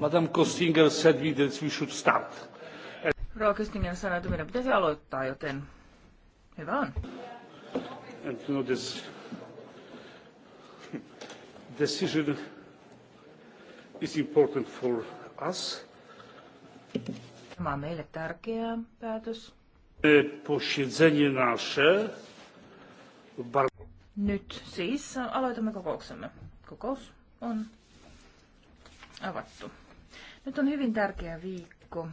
Madame sanoi, että meidän pitäisi aloittaa, joten hyvä on. And you know this decision is important for us. Tämä on meille tärkeä päätös. E, posiedzenie nasze. Nyt siis aloitamme kokouksemme. Kokous on avattu. Nyt on hyvin tärkeä viikko.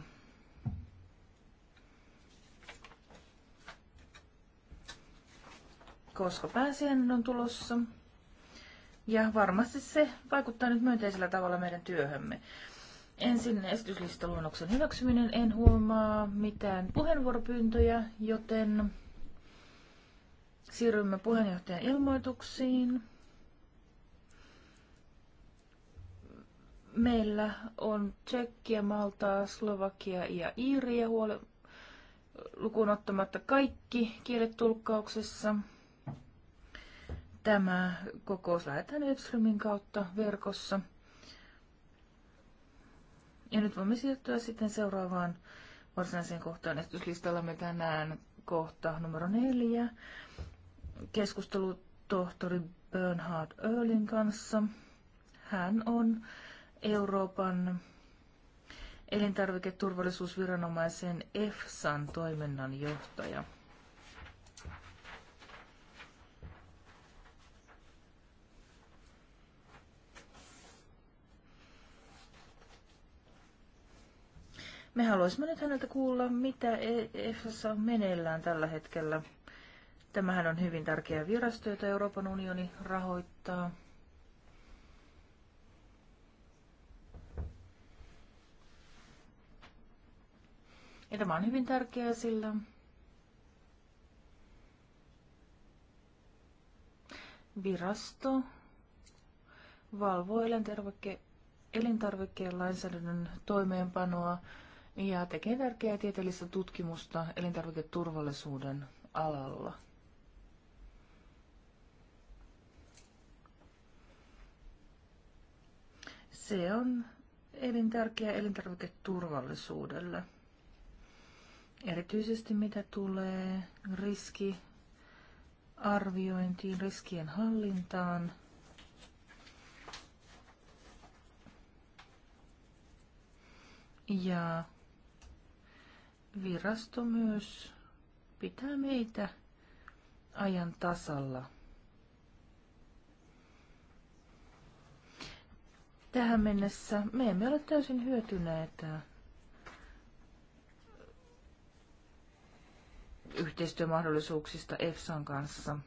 Koska pääsiäinen on tulossa. Ja varmasti se vaikuttaa nyt myönteisellä tavalla meidän työhömme. Ensin esityslistaluonnoksen hyväksyminen. En huomaa mitään puheenvuoropyyntöjä, joten siirrymme puheenjohtajan ilmoituksiin. Meillä on Tsekkiä, Maltaa, Slovakia ja Iiriä huole lukuun ottamatta kaikki kieletulkkauksessa. Tämä kokous lähetään Webströmin kautta verkossa. Ja nyt voimme siirtyä sitten seuraavaan varsinaiseen kohtaan esityslistallamme tänään kohta numero neljä. Keskustelu tohtori Bernhard Öhlin kanssa. Hän on Euroopan elintarviketurvallisuusviranomaisen EFSAn toiminnanjohtaja. Me haluaisimme nyt häneltä kuulla, mitä EFSA on meneillään tällä hetkellä. Tämähän on hyvin tärkeä virasto, jota Euroopan unioni rahoittaa. Ja tämä on hyvin tärkeää, sillä virasto valvoo elintarvike- elintarvikkeen lainsäädännön toimeenpanoa ja tekee tärkeää tieteellistä tutkimusta elintarviketurvallisuuden alalla. Se on elintärkeä elintarviketurvallisuudelle. Erityisesti mitä tulee riskiarviointiin, riskien hallintaan, ja virasto myös pitää meitä ajan tasalla. Tähän mennessä me emme ole täysin hyötyneet yhteistyömahdollisuuksista EFSAn kanssa.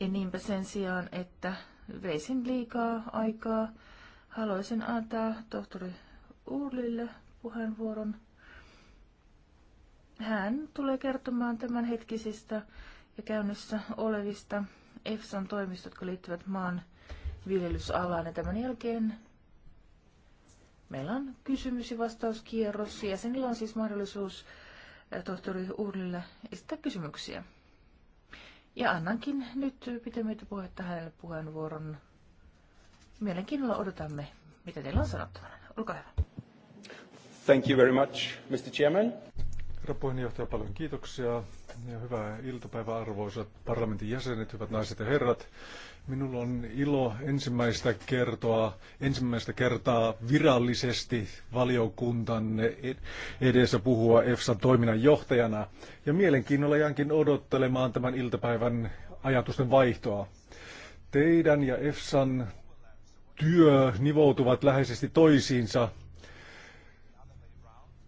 Ja niinpä sen sijaan, että veisin liikaa aikaa, haluaisin antaa tohtori Ullille puheenvuoron. Hän tulee kertomaan tämän hetkisistä ja käynnissä olevista EFSAn toimista, jotka liittyvät maan viljelysalaan. Ja tämän jälkeen meillä on kysymys- ja vastauskierros. Jäsenillä on siis mahdollisuus tohtori Urlille esittää kysymyksiä. Ja annankin nyt pitemmittä puhetta hänelle puheenvuoron. Mielenkiinnolla odotamme, mitä teillä on sanottavana. Olkaa hyvä. Thank you very much, Mr. Chairman. Herra puheenjohtaja, paljon kiitoksia ja hyvää iltapäivää arvoisat parlamentin jäsenet, hyvät naiset ja herrat. Minulla on ilo ensimmäistä kertoa, ensimmäistä kertaa virallisesti valiokuntan edessä puhua EFSAn toiminnan johtajana. Ja mielenkiinnolla jäänkin odottelemaan tämän iltapäivän ajatusten vaihtoa. Teidän ja EFSAn työ nivoutuvat läheisesti toisiinsa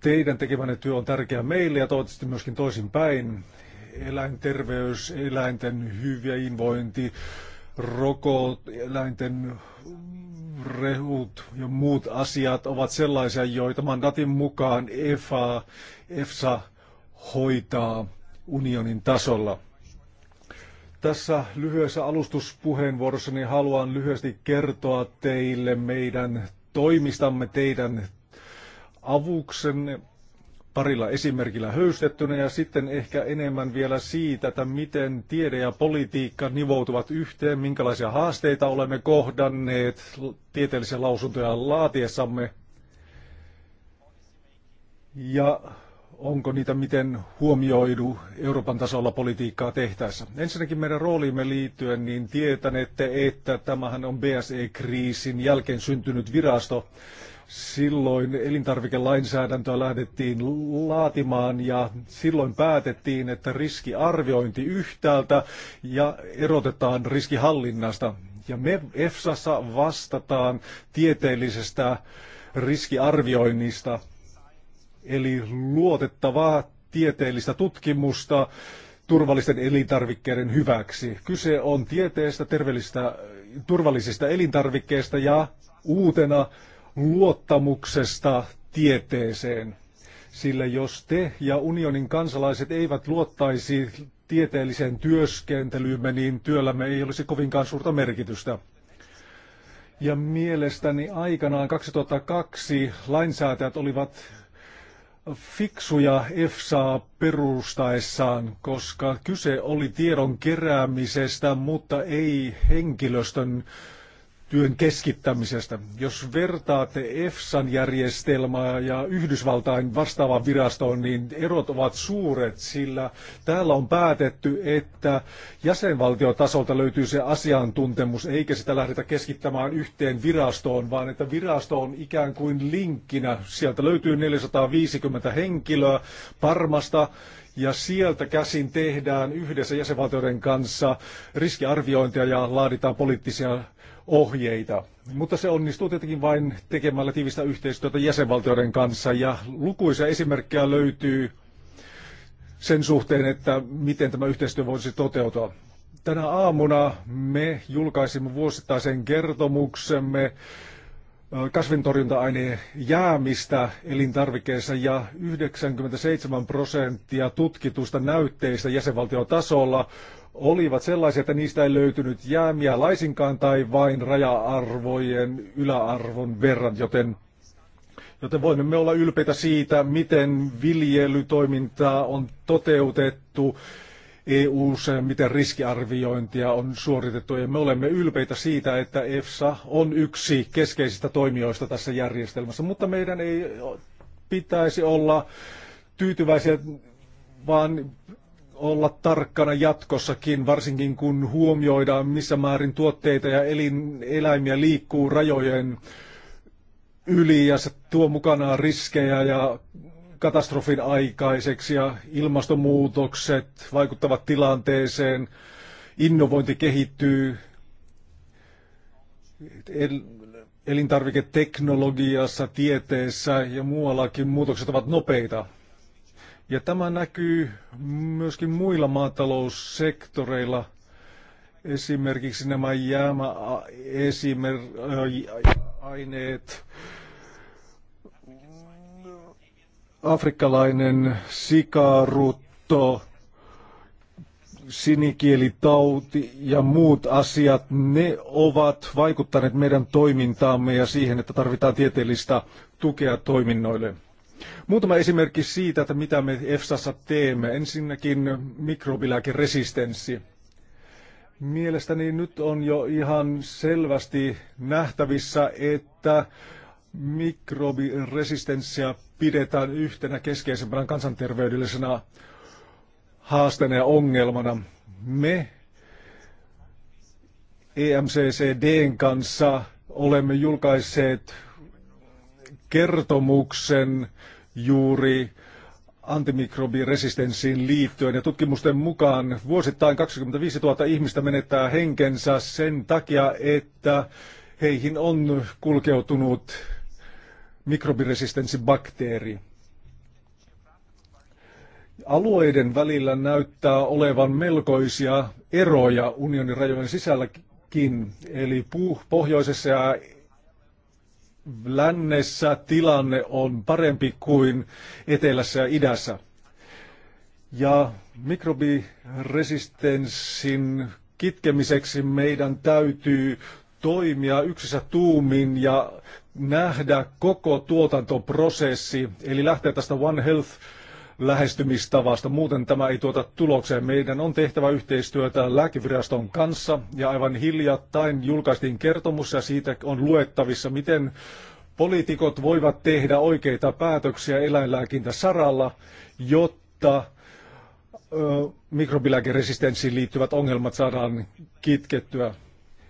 teidän tekemänne työ on tärkeä meille ja toivottavasti myöskin toisinpäin eläinterveys, eläinten hyvinvointi, rokot, eläinten rehut ja muut asiat ovat sellaisia, joita mandatin mukaan EFA, EFSA hoitaa unionin tasolla. Tässä lyhyessä alustuspuheenvuorossani haluan lyhyesti kertoa teille meidän toimistamme teidän avuksenne parilla esimerkillä höystettynä ja sitten ehkä enemmän vielä siitä, että miten tiede ja politiikka nivoutuvat yhteen, minkälaisia haasteita olemme kohdanneet tieteellisiä lausuntoja laatiessamme ja onko niitä miten huomioidu Euroopan tasolla politiikkaa tehtäessä. Ensinnäkin meidän rooliimme liittyen, niin tietänette, että tämähän on BSE-kriisin jälkeen syntynyt virasto, Silloin elintarvikelainsäädäntöä lähdettiin laatimaan ja silloin päätettiin, että riskiarviointi yhtäältä ja erotetaan riskihallinnasta. Ja me EFSassa vastataan tieteellisestä riskiarvioinnista, eli luotettavaa tieteellistä tutkimusta turvallisten elintarvikkeiden hyväksi. Kyse on tieteestä, terveellisistä, turvallisista elintarvikkeista ja uutena luottamuksesta tieteeseen. Sillä jos te ja unionin kansalaiset eivät luottaisi tieteelliseen työskentelyymme, niin työllämme ei olisi kovinkaan suurta merkitystä. Ja mielestäni aikanaan 2002 lainsäätäjät olivat fiksuja EFSA perustaessaan, koska kyse oli tiedon keräämisestä, mutta ei henkilöstön työn keskittämisestä. Jos vertaatte EFSAn järjestelmää ja Yhdysvaltain vastaavan virastoon, niin erot ovat suuret, sillä täällä on päätetty, että jäsenvaltiotasolta löytyy se asiantuntemus, eikä sitä lähdetä keskittämään yhteen virastoon, vaan että virasto on ikään kuin linkkinä. Sieltä löytyy 450 henkilöä Parmasta, ja sieltä käsin tehdään yhdessä jäsenvaltioiden kanssa riskiarviointia ja laaditaan poliittisia ohjeita. Mutta se onnistuu tietenkin vain tekemällä tiivistä yhteistyötä jäsenvaltioiden kanssa ja lukuisia esimerkkejä löytyy sen suhteen, että miten tämä yhteistyö voisi toteutua. Tänä aamuna me julkaisimme vuosittaisen kertomuksemme kasvintorjunta-aineen jäämistä elintarvikkeissa ja 97 prosenttia tutkitusta näytteistä jäsenvaltiotasolla olivat sellaisia, että niistä ei löytynyt jäämiä laisinkaan tai vain raja-arvojen yläarvon verran, joten Joten voimme me olla ylpeitä siitä, miten viljelytoimintaa on toteutettu eu miten riskiarviointia on suoritettu. Ja me olemme ylpeitä siitä, että EFSA on yksi keskeisistä toimijoista tässä järjestelmässä. Mutta meidän ei pitäisi olla tyytyväisiä, vaan olla tarkkana jatkossakin, varsinkin kun huomioidaan, missä määrin tuotteita ja elin, eläimiä liikkuu rajojen yli ja se tuo mukanaan riskejä ja katastrofin aikaiseksi ja ilmastonmuutokset vaikuttavat tilanteeseen, innovointi kehittyy, elintarviketeknologiassa, tieteessä ja muuallakin muutokset ovat nopeita. Ja tämä näkyy myöskin muilla maataloussektoreilla. Esimerkiksi nämä jäämäaineet, äh, afrikkalainen sikarutto, sinikielitauti ja muut asiat, ne ovat vaikuttaneet meidän toimintaamme ja siihen, että tarvitaan tieteellistä tukea toiminnoille. Muutama esimerkki siitä, että mitä me EFSAssa teemme. Ensinnäkin mikrobilääkeresistenssi. Mielestäni nyt on jo ihan selvästi nähtävissä, että mikrobiresistenssiä pidetään yhtenä keskeisempänä kansanterveydellisenä haasteena ja ongelmana. Me EMCCDn kanssa olemme julkaisseet kertomuksen juuri antimikrobiresistenssiin liittyen. Ja tutkimusten mukaan vuosittain 25 000 ihmistä menettää henkensä sen takia, että heihin on kulkeutunut mikrobiresistenssibakteeri. Alueiden välillä näyttää olevan melkoisia eroja unionin rajojen sisälläkin, eli pohjoisessa ja lännessä tilanne on parempi kuin etelässä ja idässä. Ja mikrobiresistenssin kitkemiseksi meidän täytyy toimia yksissä tuumin ja nähdä koko tuotantoprosessi, eli lähteä tästä One Health lähestymistavasta. Muuten tämä ei tuota tulokseen. Meidän on tehtävä yhteistyötä lääkeviraston kanssa ja aivan hiljattain julkaistiin kertomus ja siitä on luettavissa, miten poliitikot voivat tehdä oikeita päätöksiä eläinlääkintä saralla, jotta mikrobilääkeresistenssiin liittyvät ongelmat saadaan kitkettyä.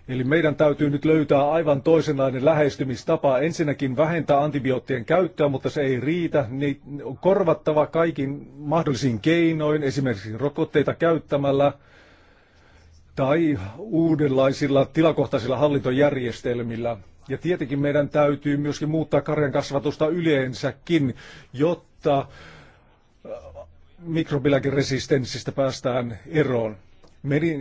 Eli meidän täytyy nyt löytää aivan toisenlainen lähestymistapa. Ensinnäkin vähentää antibioottien käyttöä, mutta se ei riitä. Niin on korvattava kaikin mahdollisiin keinoin, esimerkiksi rokotteita käyttämällä tai uudenlaisilla tilakohtaisilla hallintojärjestelmillä. Ja tietenkin meidän täytyy myöskin muuttaa karjan kasvatusta yleensäkin, jotta mikrobilääkeresistenssistä päästään eroon.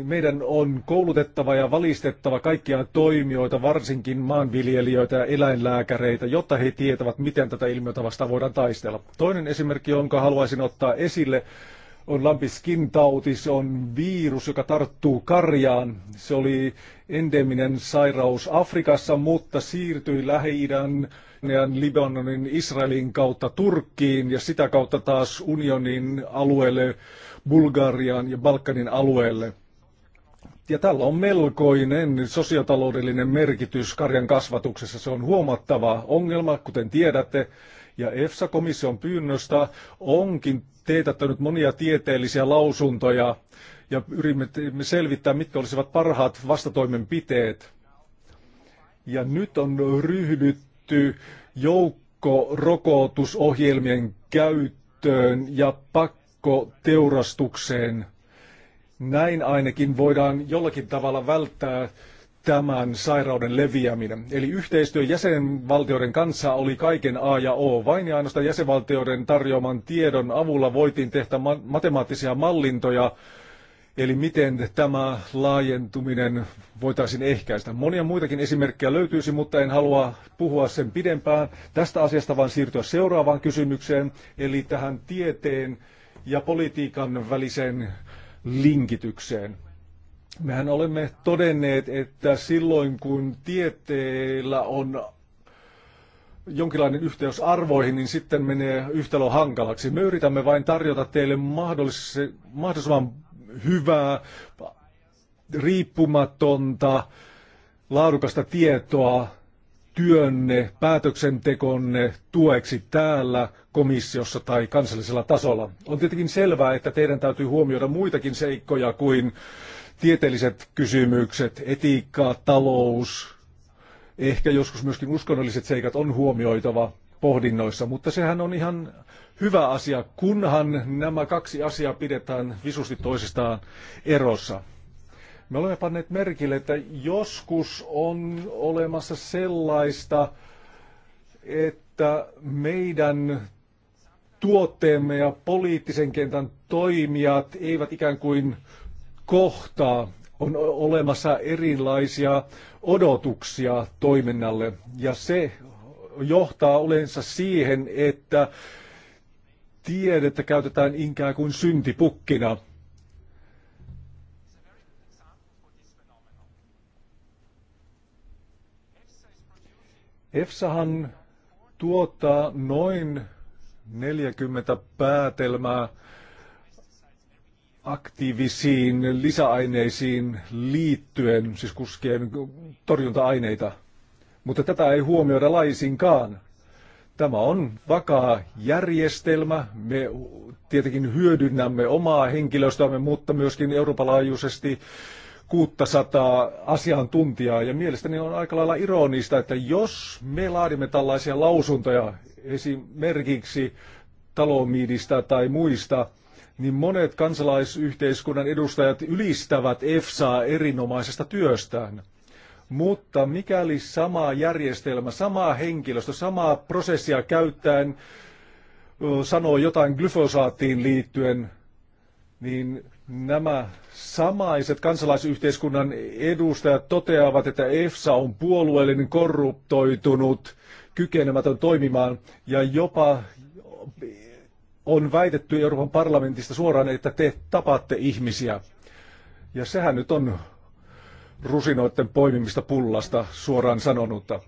Meidän on koulutettava ja valistettava kaikkia toimijoita, varsinkin maanviljelijöitä ja eläinlääkäreitä, jotta he tietävät, miten tätä ilmiötä vastaan voidaan taistella. Toinen esimerkki, jonka haluaisin ottaa esille, on lampiskin tauti, se on virus, joka tarttuu karjaan. Se oli endeminen sairaus Afrikassa, mutta siirtyi Lähi-idän Jordanian, Libanonin, Israelin kautta Turkkiin ja sitä kautta taas unionin alueelle, Bulgarian ja Balkanin alueelle. Ja tällä on melkoinen sosiotaloudellinen merkitys karjan kasvatuksessa. Se on huomattava ongelma, kuten tiedätte. Ja EFSA-komission pyynnöstä onkin teetättänyt monia tieteellisiä lausuntoja ja yritämme selvittää, mitkä olisivat parhaat vastatoimenpiteet. Ja nyt on ryhdytty liittyy joukkorokotusohjelmien käyttöön ja pakkoteurastukseen. Näin ainakin voidaan jollakin tavalla välttää tämän sairauden leviäminen. Eli yhteistyö jäsenvaltioiden kanssa oli kaiken A ja O. Vain ja ainoastaan jäsenvaltioiden tarjoaman tiedon avulla voitiin tehdä matemaattisia mallintoja Eli miten tämä laajentuminen voitaisiin ehkäistä. Monia muitakin esimerkkejä löytyisi, mutta en halua puhua sen pidempään tästä asiasta, vaan siirtyä seuraavaan kysymykseen, eli tähän tieteen ja politiikan väliseen linkitykseen. Mehän olemme todenneet, että silloin kun tieteellä on jonkinlainen yhteys arvoihin, niin sitten menee yhtälö hankalaksi. Me yritämme vain tarjota teille mahdollisimman hyvää, riippumatonta, laadukasta tietoa työnne, päätöksentekonne tueksi täällä komissiossa tai kansallisella tasolla. On tietenkin selvää, että teidän täytyy huomioida muitakin seikkoja kuin tieteelliset kysymykset, etiikka, talous, ehkä joskus myöskin uskonnolliset seikat on huomioitava pohdinnoissa, mutta sehän on ihan hyvä asia, kunhan nämä kaksi asiaa pidetään visusti toisistaan erossa. Me olemme panneet merkille, että joskus on olemassa sellaista, että meidän tuotteemme ja poliittisen kentän toimijat eivät ikään kuin kohtaa. On olemassa erilaisia odotuksia toiminnalle ja se johtaa olensa siihen, että tiedettä käytetään inkää kuin syntipukkina. EFSAhan tuottaa noin 40 päätelmää aktiivisiin lisäaineisiin liittyen, siis kuskien torjunta-aineita. Mutta tätä ei huomioida laisinkaan. Tämä on vakaa järjestelmä. Me tietenkin hyödynnämme omaa henkilöstöämme, mutta myöskin Euroopan laajuisesti 600 asiantuntijaa. Ja mielestäni on aika lailla ironista, että jos me laadimme tällaisia lausuntoja esimerkiksi talomiidista tai muista, niin monet kansalaisyhteiskunnan edustajat ylistävät EFSAa erinomaisesta työstään. Mutta mikäli sama järjestelmä, sama henkilöstö, samaa prosessia käyttäen sanoo jotain glyfosaattiin liittyen, niin nämä samaiset kansalaisyhteiskunnan edustajat toteavat, että EFSA on puolueellinen, korruptoitunut, kykenemätön toimimaan ja jopa on väitetty Euroopan parlamentista suoraan, että te tapaatte ihmisiä. Ja sehän nyt on rusinoiden poimimista pullasta suoraan sanonutta.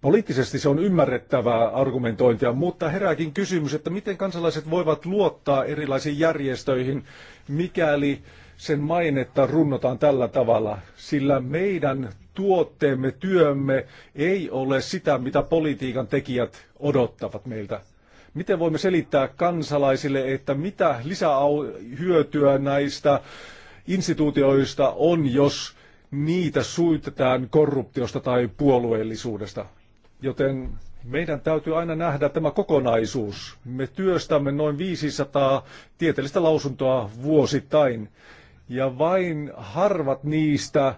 Poliittisesti se on ymmärrettävää argumentointia, mutta herääkin kysymys, että miten kansalaiset voivat luottaa erilaisiin järjestöihin, mikäli sen mainetta runnotaan tällä tavalla, sillä meidän tuotteemme, työmme ei ole sitä, mitä politiikan tekijät odottavat meiltä. Miten voimme selittää kansalaisille, että mitä lisähyötyä näistä instituutioista on, jos niitä syytetään korruptiosta tai puolueellisuudesta. Joten meidän täytyy aina nähdä tämä kokonaisuus. Me työstämme noin 500 tieteellistä lausuntoa vuosittain. Ja vain harvat niistä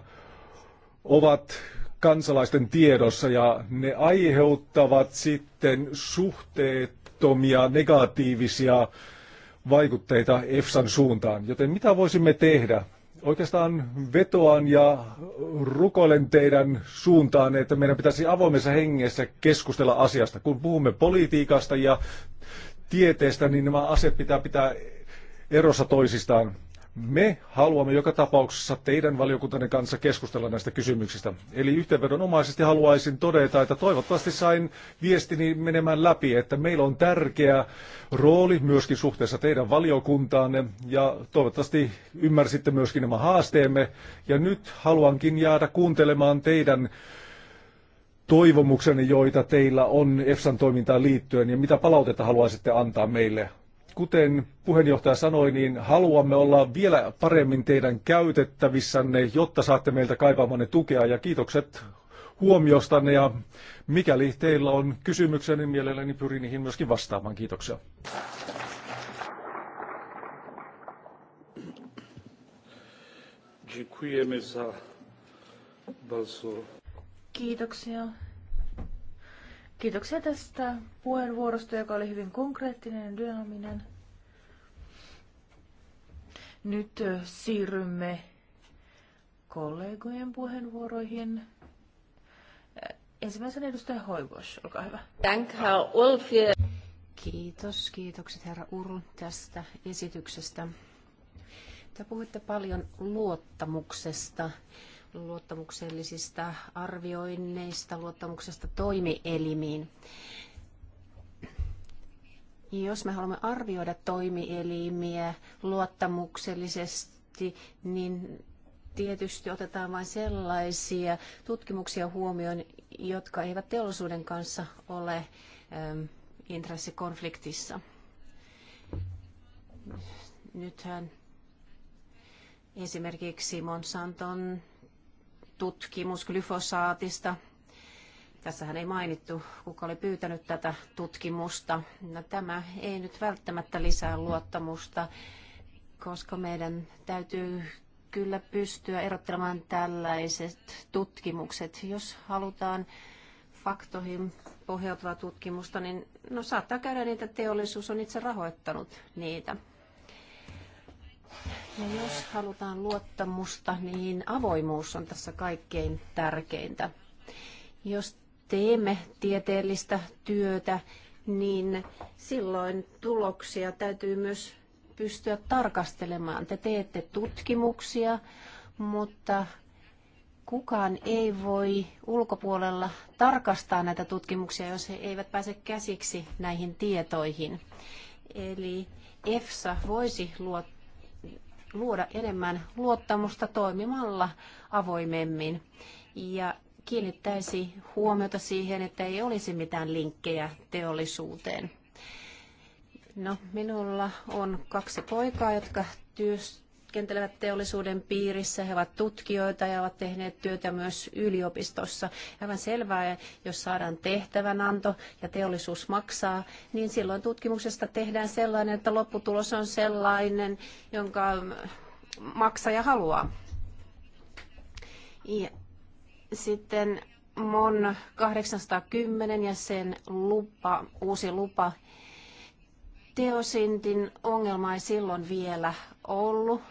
ovat kansalaisten tiedossa ja ne aiheuttavat sitten suhteettomia negatiivisia vaikutteita EFSAn suuntaan. Joten mitä voisimme tehdä? Oikeastaan vetoan ja rukoilen teidän suuntaan, että meidän pitäisi avoimessa hengessä keskustella asiasta. Kun puhumme politiikasta ja tieteestä, niin nämä asiat pitää pitää erossa toisistaan. Me haluamme joka tapauksessa teidän valiokuntanne kanssa keskustella näistä kysymyksistä. Eli yhteenvedonomaisesti haluaisin todeta, että toivottavasti sain viestini menemään läpi, että meillä on tärkeä rooli myöskin suhteessa teidän valiokuntaanne ja toivottavasti ymmärsitte myöskin nämä haasteemme. Ja nyt haluankin jäädä kuuntelemaan teidän toivomuksenne, joita teillä on EFSAn toimintaan liittyen ja mitä palautetta haluaisitte antaa meille Kuten puheenjohtaja sanoi, niin haluamme olla vielä paremmin teidän käytettävissänne, jotta saatte meiltä kaipaamanne tukea. Ja kiitokset huomiostanne ja mikäli teillä on kysymyksiä, niin mielelläni pyrin niihin myöskin vastaamaan. Kiitoksia. Kiitoksia Kiitoksia tästä puheenvuorosta, joka oli hyvin konkreettinen ja dynaaminen. Nyt siirrymme kollegojen puheenvuoroihin. Ensimmäisen edustaja Hoivos, olkaa hyvä. Thank you, Kiitos, kiitokset herra Uru tästä esityksestä. Te puhuitte paljon luottamuksesta luottamuksellisista arvioinneista, luottamuksesta toimielimiin. Jos me haluamme arvioida toimielimiä luottamuksellisesti, niin tietysti otetaan vain sellaisia tutkimuksia huomioon, jotka eivät teollisuuden kanssa ole ähm, intressikonfliktissa. Nythän esimerkiksi Monsanton tutkimus glyfosaatista. Tässähän ei mainittu, kuka oli pyytänyt tätä tutkimusta. No, tämä ei nyt välttämättä lisää luottamusta, koska meidän täytyy kyllä pystyä erottelemaan tällaiset tutkimukset. Jos halutaan faktoihin pohjautuvaa tutkimusta, niin no, saattaa käydä niitä, teollisuus on itse rahoittanut niitä. Ja jos halutaan luottamusta, niin avoimuus on tässä kaikkein tärkeintä. Jos teemme tieteellistä työtä, niin silloin tuloksia täytyy myös pystyä tarkastelemaan. Te teette tutkimuksia, mutta kukaan ei voi ulkopuolella tarkastaa näitä tutkimuksia, jos he eivät pääse käsiksi näihin tietoihin. Eli EFSA voisi luottaa luoda enemmän luottamusta toimimalla avoimemmin ja kiinnittäisi huomiota siihen, että ei olisi mitään linkkejä teollisuuteen. No, minulla on kaksi poikaa, jotka työstävät työskentelevät teollisuuden piirissä, he ovat tutkijoita ja ovat tehneet työtä myös yliopistossa. Aivan selvää, jos saadaan tehtävänanto ja teollisuus maksaa, niin silloin tutkimuksesta tehdään sellainen, että lopputulos on sellainen, jonka maksaja haluaa. Ja sitten MON 810 ja sen lupa, uusi lupa Teosintin ongelma ei silloin vielä ollut.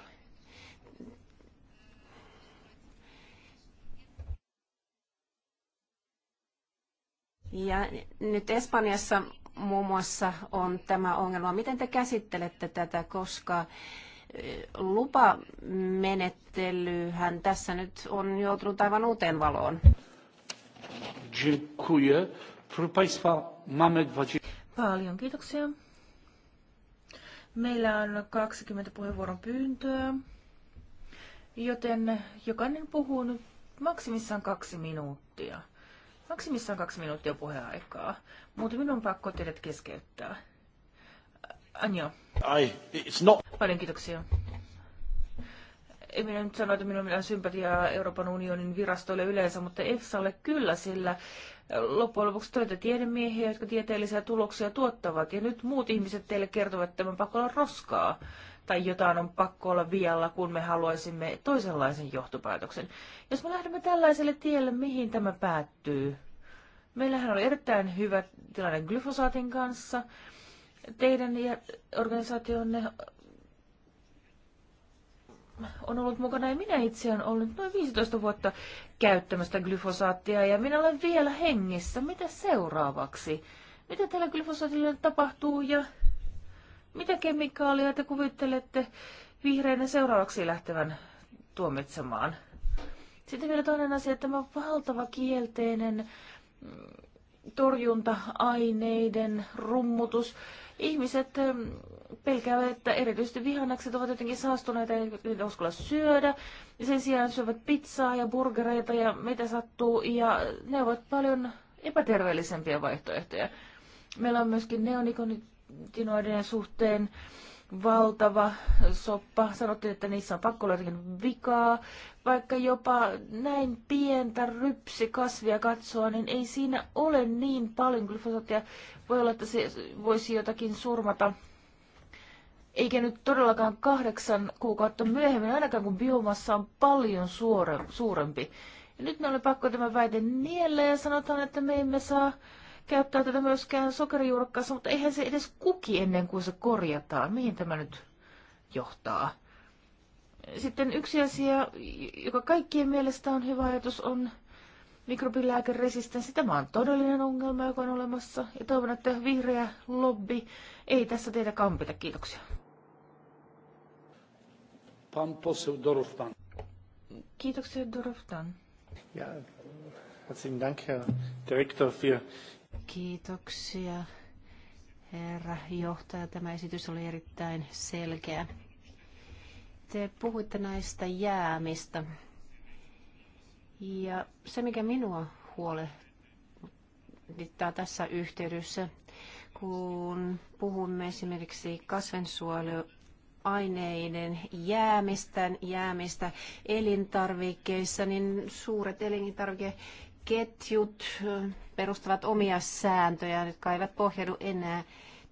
Ja nyt Espanjassa muun muassa on tämä ongelma. Miten te käsittelette tätä, koska lupamenettelyhän tässä nyt on joutunut aivan uuteen valoon? Dziękuję. Proszę Państwa, mamy 20... Paljon kiitoksia. Meillä on 20 puheenvuoron pyyntöä, joten jokainen puhuu nyt maksimissaan kaksi minuuttia. Maksimissaan kaksi minuuttia puheaikaa. Muuten minun on pakko teidät keskeyttää. Anjo. Ai, it's not... Paljon kiitoksia. Ei minä nyt sano, että minulla on sympatiaa Euroopan unionin virastoille yleensä, mutta EFSAlle kyllä, sillä loppujen lopuksi töitä tiedemiehiä, jotka tieteellisiä tuloksia tuottavat. Ja nyt muut ihmiset teille kertovat, että tämän olla roskaa tai jotain on pakko olla vialla, kun me haluaisimme toisenlaisen johtopäätöksen. Jos me lähdemme tällaiselle tielle, mihin tämä päättyy? Meillähän oli erittäin hyvä tilanne glyfosaatin kanssa. Teidän ja organisaationne on ollut mukana ja minä itse olen ollut noin 15 vuotta käyttämästä glyfosaattia ja minä olen vielä hengissä. Mitä seuraavaksi? Mitä tällä glyfosaatilla tapahtuu ja mitä kemikaalia te kuvittelette vihreänä seuraavaksi lähtevän tuomitsemaan? Sitten vielä toinen asia, että tämä valtava kielteinen mm, torjunta-aineiden rummutus. Ihmiset mm, pelkäävät, että erityisesti vihannakset ovat jotenkin saastuneita ja niitä uskalla syödä. Ja sen sijaan syövät pizzaa ja burgereita ja mitä sattuu. Ja ne ovat paljon epäterveellisempiä vaihtoehtoja. Meillä on myöskin neonikonit markkinoiden suhteen valtava soppa. Sanottiin, että niissä on pakko olla vikaa. Vaikka jopa näin pientä rypsikasvia katsoa, niin ei siinä ole niin paljon glyfosaattia. Voi olla, että se voisi jotakin surmata. Eikä nyt todellakaan kahdeksan kuukautta myöhemmin, ainakaan kun biomassa on paljon suore, suurempi. Ja nyt me oli pakko tämä väite niellä ja sanotaan, että me emme saa käyttää tätä myöskään sokerijuurikkaassa, mutta eihän se edes kuki ennen kuin se korjataan. Mihin tämä nyt johtaa? Sitten yksi asia, joka kaikkien mielestä on hyvä ajatus, on mikrobilääkeresistenssi. Tämä on todellinen ongelma, joka on olemassa. Ja toivon, että vihreä lobby ei tässä teitä kampita. Kiitoksia. Pan Kiitoksia Dorfman. Ja, herzlichen Dank, Herr Direktor, für Kiitoksia, herra johtaja. Tämä esitys oli erittäin selkeä. Te puhuitte näistä jäämistä. Ja se, mikä minua huolettaa tässä yhteydessä, kun puhumme esimerkiksi kasvinsuojeluaineiden jäämistä, jäämistä elintarvikkeissa, niin suuret elintarvike ketjut perustavat omia sääntöjä, jotka eivät pohjaudu enää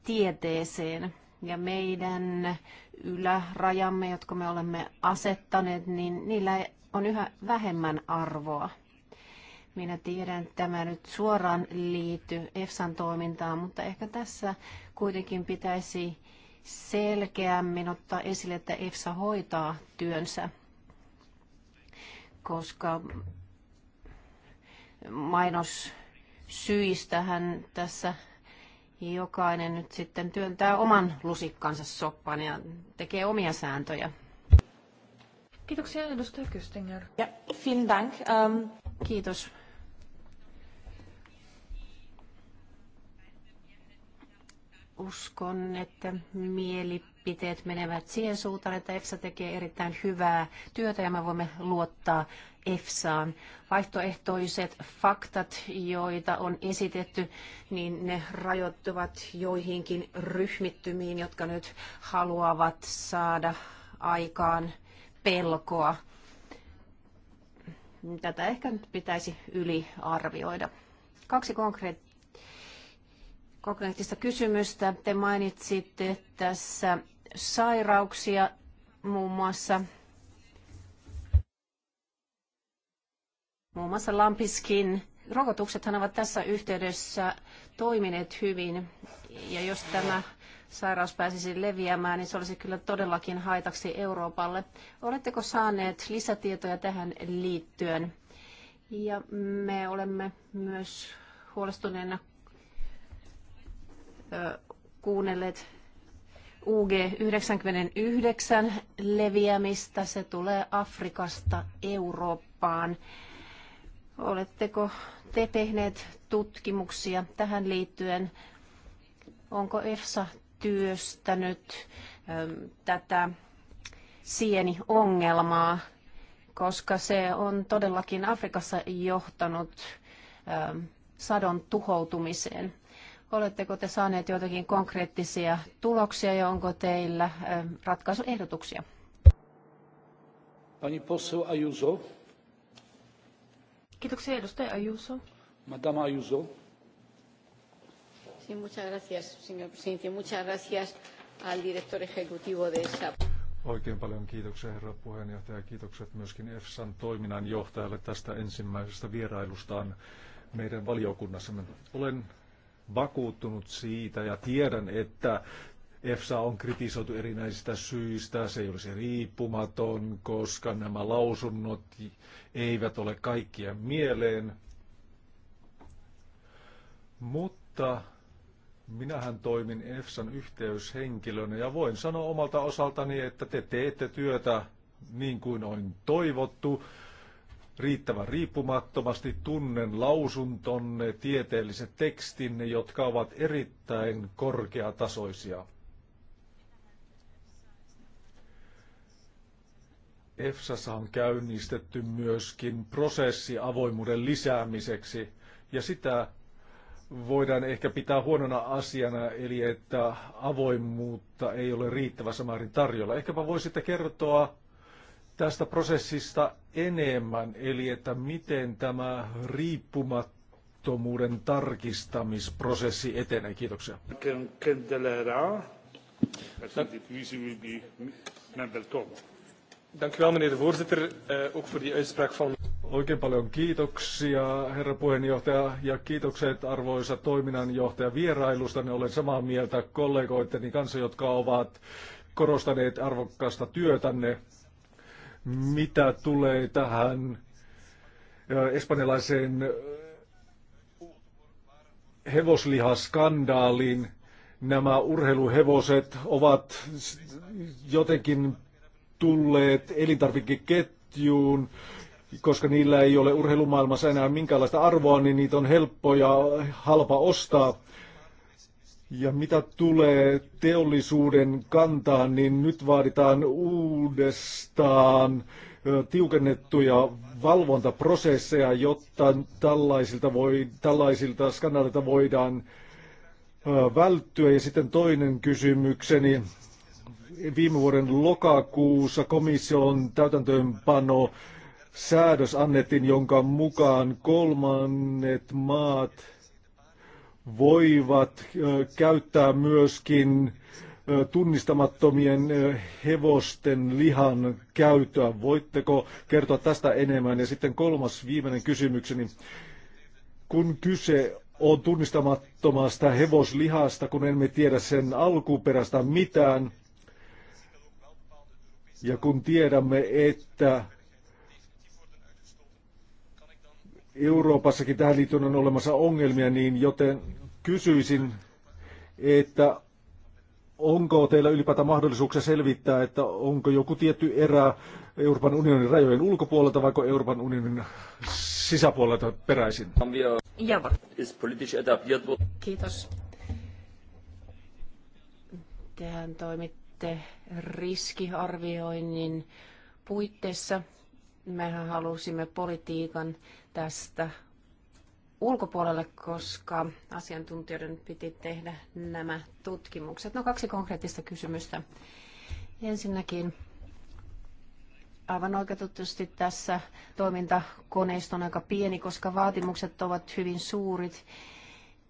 tieteeseen. Ja meidän ylärajamme, jotka me olemme asettaneet, niin niillä on yhä vähemmän arvoa. Minä tiedän, että tämä nyt suoraan liity EFSAn toimintaan, mutta ehkä tässä kuitenkin pitäisi selkeämmin ottaa esille, että EFSA hoitaa työnsä, koska hän tässä jokainen nyt sitten työntää oman lusikkansa soppaan ja tekee omia sääntöjä. Kiitoksia edustaja Köstinger. Ja, vielen dank. Um... Kiitos. Uskon, että mieli mielipiteet menevät siihen suuntaan, että EFSA tekee erittäin hyvää työtä ja me voimme luottaa EFSAan. Vaihtoehtoiset faktat, joita on esitetty, niin ne rajoittuvat joihinkin ryhmittymiin, jotka nyt haluavat saada aikaan pelkoa. Tätä ehkä nyt pitäisi yliarvioida. Kaksi konkreettista konkreettista kysymystä. Te mainitsitte tässä sairauksia muun muassa, muun muassa lampiskin. Rokotuksethan ovat tässä yhteydessä toimineet hyvin ja jos tämä sairaus pääsisi leviämään, niin se olisi kyllä todellakin haitaksi Euroopalle. Oletteko saaneet lisätietoja tähän liittyen? Ja me olemme myös huolestuneena kuunnelleet UG99 leviämistä. Se tulee Afrikasta Eurooppaan. Oletteko te tehneet tutkimuksia tähän liittyen? Onko EFSA työstänyt ähm, tätä sieniongelmaa, koska se on todellakin Afrikassa johtanut ähm, sadon tuhoutumiseen? Oletteko te saaneet joitakin konkreettisia tuloksia ja onko teillä ratkaisuehdotuksia? Pani poseu Ayuso. Kiitoksia edustaja Ayuso. Madame Ayuso. Sí, muchas gracias, señor presidente. Muchas gracias al director ejecutivo de ESA. Oikein paljon kiitoksia herra puheenjohtaja ja kiitokset myöskin EFSAn toiminnanjohtajalle tästä ensimmäisestä vierailustaan meidän valiokunnassamme. Olen vakuuttunut siitä ja tiedän, että EFSA on kritisoitu erinäisistä syistä, se ei olisi riippumaton, koska nämä lausunnot eivät ole kaikkien mieleen. Mutta minähän toimin EFSAn yhteyshenkilönä ja voin sanoa omalta osaltani, että te teette työtä niin kuin on toivottu riittävän riippumattomasti. Tunnen lausuntonne, tieteelliset tekstinne, jotka ovat erittäin korkeatasoisia. EFSAssa on käynnistetty myöskin prosessi avoimuuden lisäämiseksi ja sitä voidaan ehkä pitää huonona asiana, eli että avoimuutta ei ole riittävässä määrin tarjolla. Ehkäpä voisitte kertoa tästä prosessista enemmän, eli että miten tämä riippumattomuuden tarkistamisprosessi etenee. Kiitoksia. Eh, Oikein paljon kiitoksia, herra puheenjohtaja, ja kiitokset arvoisa toiminnanjohtaja vierailusta. Ne olen samaa mieltä kollegoitteni kanssa, jotka ovat korostaneet arvokkaasta työtänne mitä tulee tähän äh, espanjalaiseen äh, hevoslihaskandaaliin. Nämä urheiluhevoset ovat jotenkin tulleet elintarvikeketjuun, koska niillä ei ole urheilumaailmassa enää minkäänlaista arvoa, niin niitä on helppo ja halpa ostaa. Ja mitä tulee teollisuuden kantaan, niin nyt vaaditaan uudestaan tiukennettuja valvontaprosesseja, jotta tällaisilta, voi, tällaisilta skandaalilta voidaan välttyä. Ja sitten toinen kysymykseni. Viime vuoden lokakuussa komission täytäntöönpano säädös annettiin, jonka mukaan kolmannet maat voivat käyttää myöskin tunnistamattomien hevosten lihan käyttöä. Voitteko kertoa tästä enemmän? Ja sitten kolmas viimeinen kysymykseni. Kun kyse on tunnistamattomasta hevoslihasta, kun emme tiedä sen alkuperästä mitään, ja kun tiedämme, että Euroopassakin tähän liittyen on olemassa ongelmia, niin joten kysyisin, että onko teillä ylipäätään mahdollisuuksia selvittää, että onko joku tietty erä Euroopan unionin rajojen ulkopuolelta vai Euroopan unionin sisäpuolelta peräisin? Kiitos. Tehän toimitte riskiarvioinnin puitteissa. Mehän halusimme politiikan tästä ulkopuolelle, koska asiantuntijoiden piti tehdä nämä tutkimukset. No kaksi konkreettista kysymystä. Ensinnäkin aivan oikeutetusti tässä toimintakoneisto on aika pieni, koska vaatimukset ovat hyvin suurit,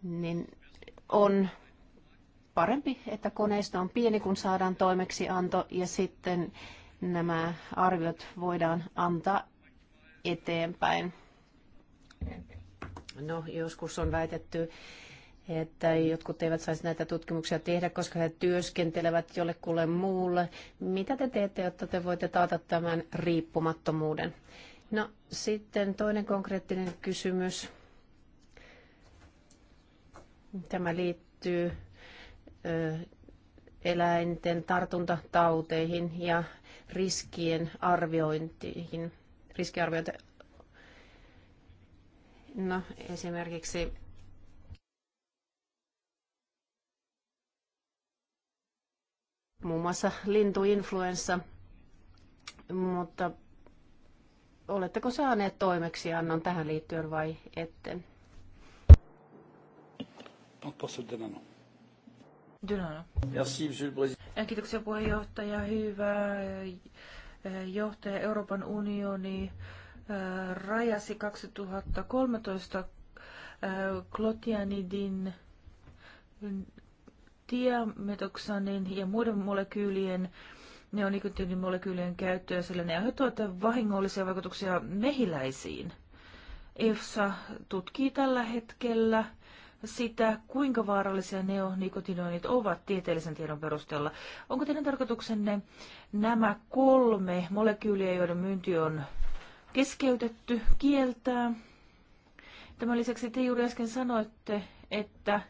niin on parempi, että koneisto on pieni, kun saadaan toimeksianto ja sitten nämä arviot voidaan antaa eteenpäin. No, joskus on väitetty, että jotkut eivät saisi näitä tutkimuksia tehdä, koska he työskentelevät jollekulle muulle. Mitä te teette, jotta te voitte taata tämän riippumattomuuden? No sitten toinen konkreettinen kysymys. Tämä liittyy ö, eläinten tartuntatauteihin ja riskien arviointiin. Riskiarviointi No esimerkiksi muun muassa lintuinfluenssa, mutta oletteko saaneet toimeksiannon tähän liittyen vai ette? No, no. No, kiitoksia puheenjohtaja. Hyvä eh, johtaja Euroopan unioni rajasi 2013 äh, klotianidin, diametoksanin ja muiden molekyylien neonikotiinin molekyylien käyttöä, sillä ne aiheuttavat vahingollisia vaikutuksia mehiläisiin. EFSA tutkii tällä hetkellä sitä, kuinka vaarallisia neonikotinoidit ovat tieteellisen tiedon perusteella. Onko teidän tarkoituksenne nämä kolme molekyyliä, joiden myynti on keskeytetty, kieltää. Tämän lisäksi te juuri äsken sanoitte, että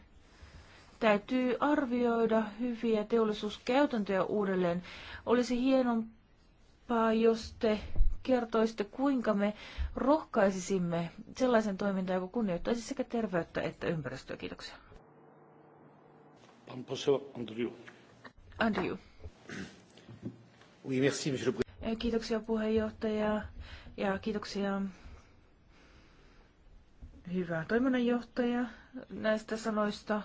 täytyy arvioida hyviä teollisuuskäytäntöjä uudelleen. Olisi hienompaa, jos te kertoisitte, kuinka me rohkaisisimme sellaisen toimintaa, joka kunnioittaisi sekä terveyttä että ympäristöä. Kiitoksia. Andrew. Kiitoksia puheenjohtaja. Ja kiitoksia hyvä toiminnanjohtaja näistä sanoista.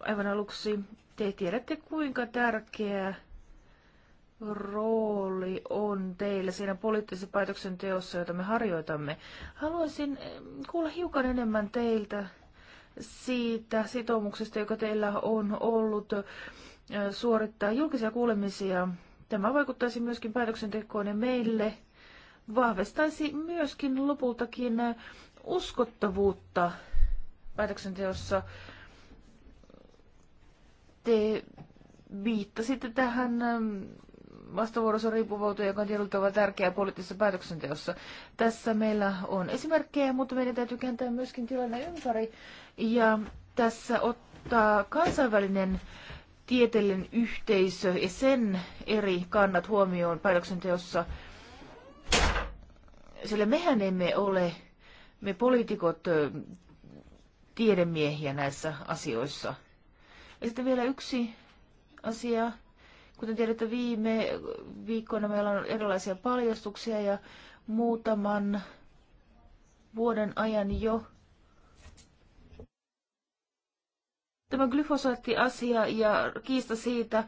Aivan aluksi te tiedätte kuinka tärkeä rooli on teillä siinä poliittisessa päätöksenteossa, jota me harjoitamme. Haluaisin eh, kuulla hiukan enemmän teiltä siitä sitoumuksesta, joka teillä on ollut eh, suorittaa julkisia kuulemisia. Tämä vaikuttaisi myöskin päätöksentekoon ja meille vahvistaisi myöskin lopultakin uskottavuutta päätöksenteossa. Te viittasitte tähän ähm, vastavuorossa riippuvuuteen, joka on tietyllä tärkeää poliittisessa päätöksenteossa. Tässä meillä on esimerkkejä, mutta meidän täytyy kääntää myöskin tilanne ympäri ja tässä ottaa kansainvälinen tieteellinen yhteisö ja sen eri kannat huomioon päätöksenteossa – sillä mehän emme ole, me poliitikot, tiedemiehiä näissä asioissa. Ja sitten vielä yksi asia. Kuten tiedätte, viime viikkoina meillä on erilaisia paljastuksia ja muutaman vuoden ajan jo tämä glyfosaattiasia ja kiista siitä,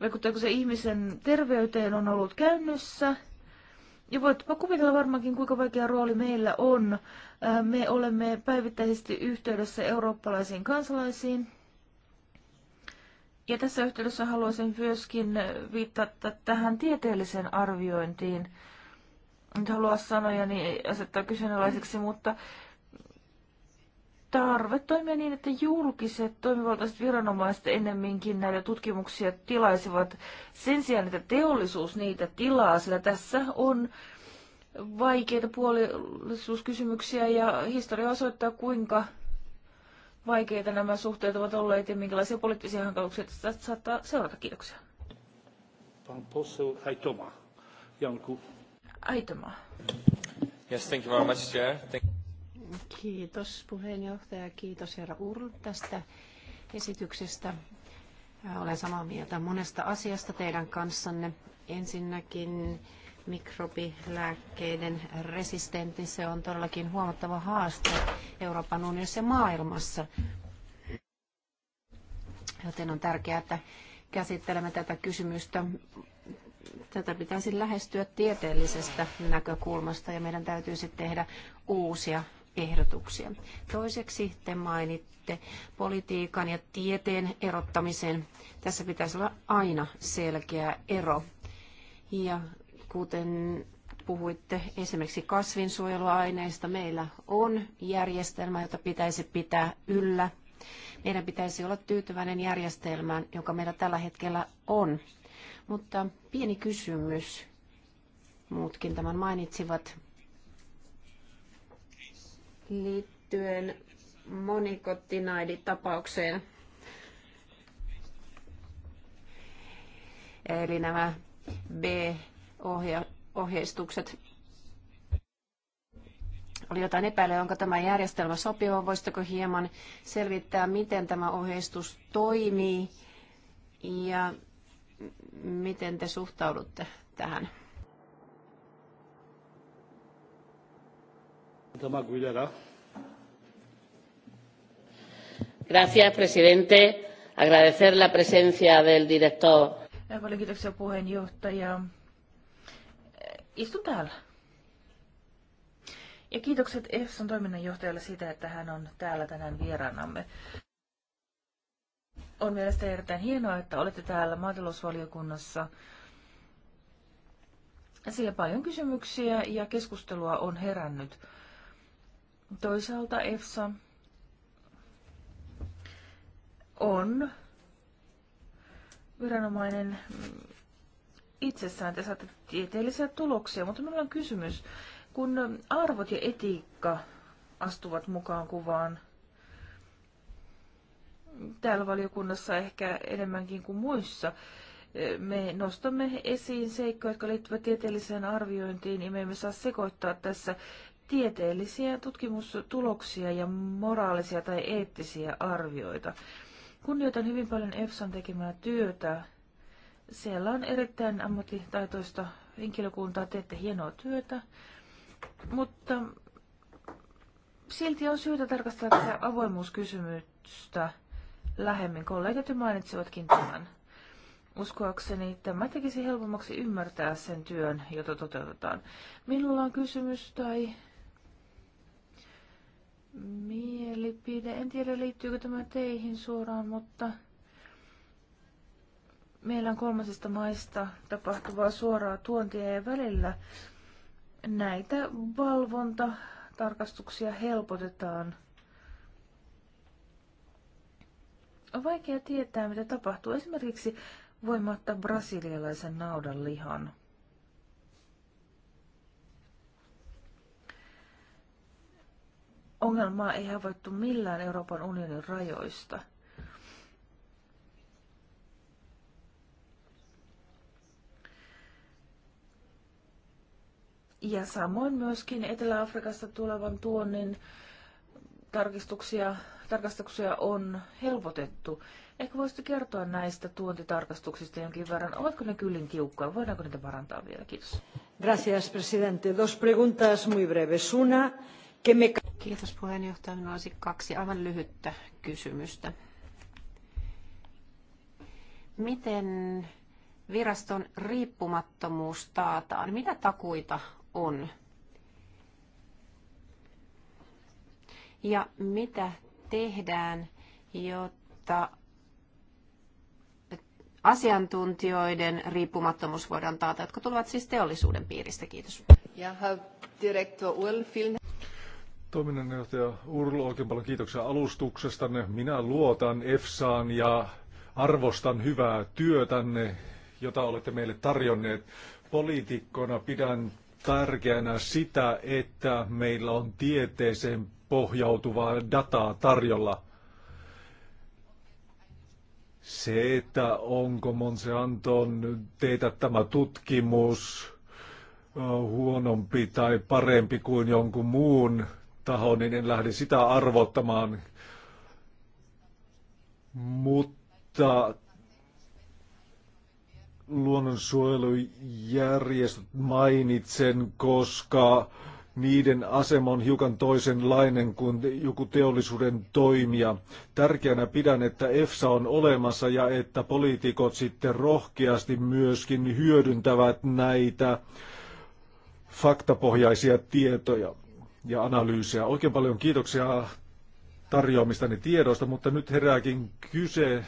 vaikuttaako se ihmisen terveyteen, on ollut käynnissä – ja voit kuvitella varmaankin, kuinka vaikea rooli meillä on. Äh, me olemme päivittäisesti yhteydessä eurooppalaisiin kansalaisiin. Ja tässä yhteydessä haluaisin myöskin viitata tähän tieteelliseen arviointiin. Nyt haluaa niin asettaa kyseenalaiseksi, mutta tarve toimia niin, että julkiset toimivaltaiset viranomaiset ennemminkin näitä tutkimuksia tilaisivat sen sijaan, että teollisuus niitä tilaa, sillä tässä on vaikeita puolisuuskysymyksiä ja historia osoittaa, kuinka vaikeita nämä suhteet ovat olleet ja minkälaisia poliittisia hankaluuksia tästä saattaa seurata. Kiitoksia. Pan Aitoma. Aitoma. Yes, thank you very much, Chair. Thank Kiitos puheenjohtaja, kiitos herra Url tästä esityksestä. Äh, olen samaa mieltä monesta asiasta teidän kanssanne. Ensinnäkin mikrobilääkkeiden resistentti, se on todellakin huomattava haaste Euroopan unionissa ja maailmassa. Joten on tärkeää, että käsittelemme tätä kysymystä. Tätä pitäisi lähestyä tieteellisestä näkökulmasta ja meidän täytyisi tehdä uusia ehdotuksia. Toiseksi te mainitte politiikan ja tieteen erottamisen. Tässä pitäisi olla aina selkeä ero. Ja kuten puhuitte esimerkiksi kasvinsuojeluaineista, meillä on järjestelmä, jota pitäisi pitää yllä. Meidän pitäisi olla tyytyväinen järjestelmään, joka meillä tällä hetkellä on. Mutta pieni kysymys, muutkin tämän mainitsivat liittyen monikottinaiditapaukseen. Eli nämä B-ohjeistukset. Oli jotain epäilyä, onko tämä järjestelmä sopiva, Voisitko hieman selvittää, miten tämä ohjeistus toimii ja miten te suhtaudutte tähän? Gracias, presidente. Agradecer la presencia del director. Paljon kiitoksia Istun täällä. Ja kiitokset EFSAn toiminnanjohtajalle siitä, että hän on täällä tänään vieraanamme. On mielestäni erittäin hienoa, että olette täällä maatalousvaliokunnassa. Sillä paljon kysymyksiä ja keskustelua on herännyt. Toisaalta EFSA on viranomainen itsessään. Te saatte tieteellisiä tuloksia, mutta minulla on kysymys. Kun arvot ja etiikka astuvat mukaan kuvaan täällä valiokunnassa ehkä enemmänkin kuin muissa, me nostamme esiin seikkoja, jotka liittyvät tieteelliseen arviointiin, ja me emme saa sekoittaa tässä tieteellisiä tutkimustuloksia ja moraalisia tai eettisiä arvioita. Kunnioitan hyvin paljon EFSAn tekemää työtä. Siellä on erittäin ammattitaitoista henkilökuntaa, teette hienoa työtä, mutta silti on syytä tarkastella tätä avoimuuskysymystä lähemmin. Kollegat jo mainitsivatkin tämän. Uskoakseni tämä tekisi helpommaksi ymmärtää sen työn, jota toteutetaan. Minulla on kysymys tai mielipide. En tiedä, liittyykö tämä teihin suoraan, mutta meillä on kolmasista maista tapahtuvaa suoraa tuontia ja välillä näitä valvontatarkastuksia helpotetaan. On vaikea tietää, mitä tapahtuu. Esimerkiksi voimatta brasilialaisen naudan lihan. ongelmaa ei havaittu millään Euroopan unionin rajoista. Ja samoin myöskin Etelä-Afrikasta tulevan tuonnin tarkistuksia, tarkastuksia on helpotettu. Ehkä voisitte kertoa näistä tuontitarkastuksista jonkin verran. Ovatko ne kyllin tiukkoja? Voidaanko niitä parantaa vielä? Kiitos. Gracias, presidente. Dos preguntas muy breves. Una, que me... Kiitos puheenjohtaja. Minulla olisi kaksi aivan lyhyttä kysymystä. Miten viraston riippumattomuus taataan? Mitä takuita on? Ja mitä tehdään, jotta asiantuntijoiden riippumattomuus voidaan taata, jotka tulevat siis teollisuuden piiristä? Kiitos. Ja, direktor Uel, Toiminnanjohtaja Urlo, oikein paljon kiitoksia alustuksestanne. Minä luotan EFSAan ja arvostan hyvää työtänne, jota olette meille tarjonneet. Poliitikkona pidän tärkeänä sitä, että meillä on tieteeseen pohjautuvaa dataa tarjolla. Se, että onko Monsanton teitä tämä tutkimus huonompi tai parempi kuin jonkun muun taho, niin en lähde sitä arvottamaan. Mutta luonnonsuojelujärjestöt mainitsen, koska niiden asema on hiukan toisenlainen kuin joku teollisuuden toimija. Tärkeänä pidän, että EFSA on olemassa ja että poliitikot sitten rohkeasti myöskin hyödyntävät näitä faktapohjaisia tietoja ja analyysiä. Oikein paljon kiitoksia tarjoamistani tiedoista, mutta nyt herääkin kyse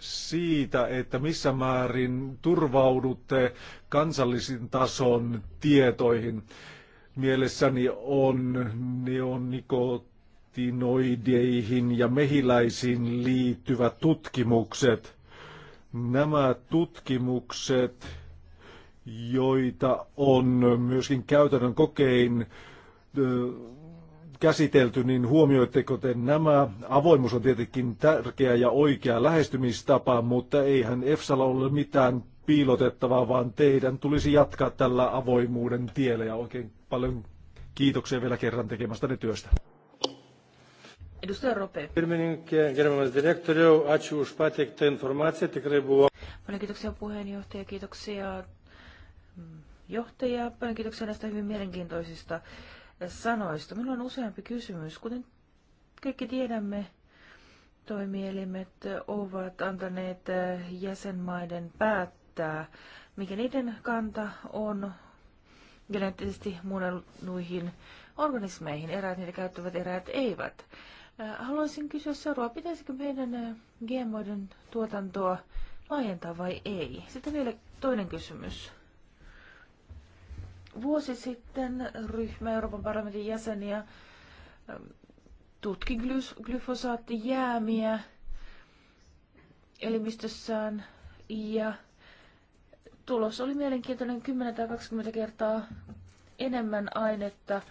siitä, että missä määrin turvaudutte kansallisin tason tietoihin. Mielessäni on neonikotinoideihin ja mehiläisiin liittyvät tutkimukset. Nämä tutkimukset, joita on myöskin käytännön kokein käsitelty, niin huomioitteko te nämä? Avoimuus on tietenkin tärkeä ja oikea lähestymistapa, mutta eihän EFSAlla ole mitään piilotettavaa, vaan teidän tulisi jatkaa tällä avoimuuden tiellä ja oikein paljon kiitoksia vielä kerran tekemästäne työstä. Edustaja Rope. Pirmininkė, gerbiamas direktoriau, ačiū už Paljon kiitoksia puheenjohtaja, kiitoksia mm, johtaja, paljon kiitoksia näistä hyvin mielenkiintoisista sanoista. Minulla on useampi kysymys. Kuten kaikki tiedämme, toimielimet ovat antaneet eh, jäsenmaiden päättää, mikä niiden kanta on geneettisesti muunnelluihin organismeihin. Eräät niitä käyttävät, eräät eivät. Eh, haluaisin kysyä seuraavaa, pitäisikö meidän eh, GMOiden tuotantoa laajentaa vai ei? Sitten vielä toinen kysymys. Vuosi sitten ryhmä Euroopan parlamentin jäseniä ähm, tutki glyfosaattijäämiä elimistössään ja tulos oli mielenkiintoinen 10 tai 20 kertaa enemmän ainetta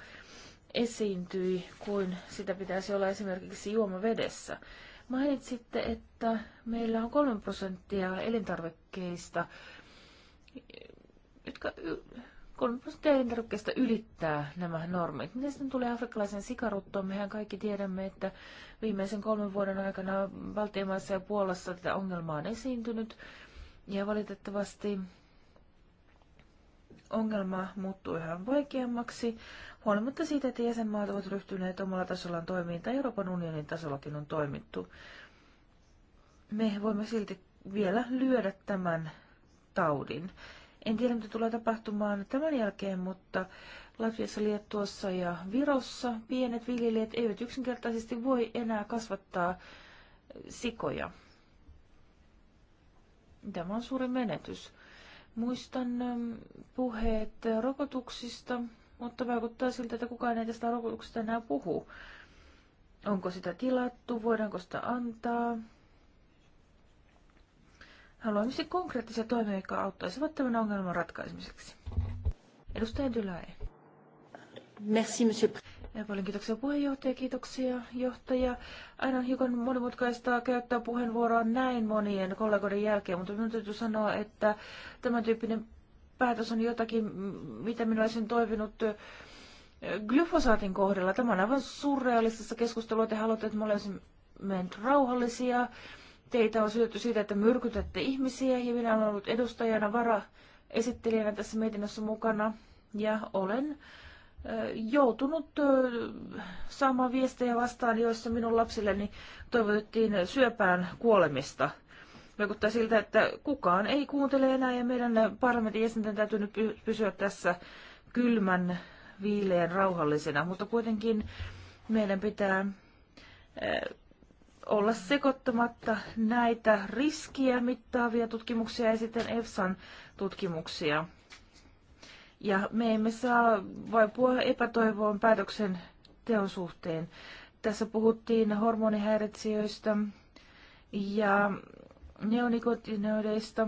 esiintyi kuin sitä pitäisi olla esimerkiksi juomavedessä. Mainitsitte, että meillä on 3 prosenttia elintarvikkeista, jotka kun prosenttia elintarvikkeista ylittää nämä normit. niin sitten tulee afrikkalaisen sikaruttoon? Mehän kaikki tiedämme, että viimeisen kolmen vuoden aikana Valtiomaissa ja Puolassa tätä ongelmaa on esiintynyt. Ja valitettavasti ongelma muuttuu yhä vaikeammaksi, huolimatta siitä, että jäsenmaat ovat ryhtyneet omalla tasollaan toimiin tai Euroopan unionin tasollakin on toimittu. Me voimme silti vielä lyödä tämän taudin. En tiedä, mitä tulee tapahtumaan tämän jälkeen, mutta Latviassa, Liettuossa ja Virossa pienet viljelijät eivät yksinkertaisesti voi enää kasvattaa sikoja. Tämä on suuri menetys. Muistan ähm, puheet rokotuksista, mutta vaikuttaa siltä, että kukaan ei tästä rokotuksesta enää puhu. Onko sitä tilattu, voidaanko sitä antaa, Haluaisitko siis konkreettisia toimia, jotka auttaisivat tämän ongelman ratkaisemiseksi. Edustaja Dylai. Merci, monsieur. Paljon kiitoksia puheenjohtaja, kiitoksia johtaja. Aina on hiukan monimutkaista käyttää puheenvuoroa näin monien kollegoiden jälkeen, mutta minun täytyy sanoa, että tämän tyyppinen päätös on jotakin, mitä minä olisin toivonut eh, glyfosaatin kohdalla. Tämä on aivan surrealistista keskustelua. Te haluatte, että me olisimme rauhallisia teitä on syytetty siitä, että myrkytätte ihmisiä ja minä olen ollut edustajana vara esittelijänä tässä mietinnössä mukana ja olen joutunut saamaan viestejä vastaan, joissa minun lapsilleni toivotettiin syöpään kuolemista. Vaikuttaa siltä, että kukaan ei kuuntele enää ja meidän parlamentin jäsenten täytyy nyt pysyä tässä kylmän, viileän, rauhallisena, mutta kuitenkin meidän pitää olla sekoittamatta näitä riskiä mittaavia tutkimuksia ja sitten EFSAn tutkimuksia. Ja me emme saa vaipua epätoivoon päätöksen teon suhteen. Tässä puhuttiin hormonihäiritsijöistä ja neonikotinoideista.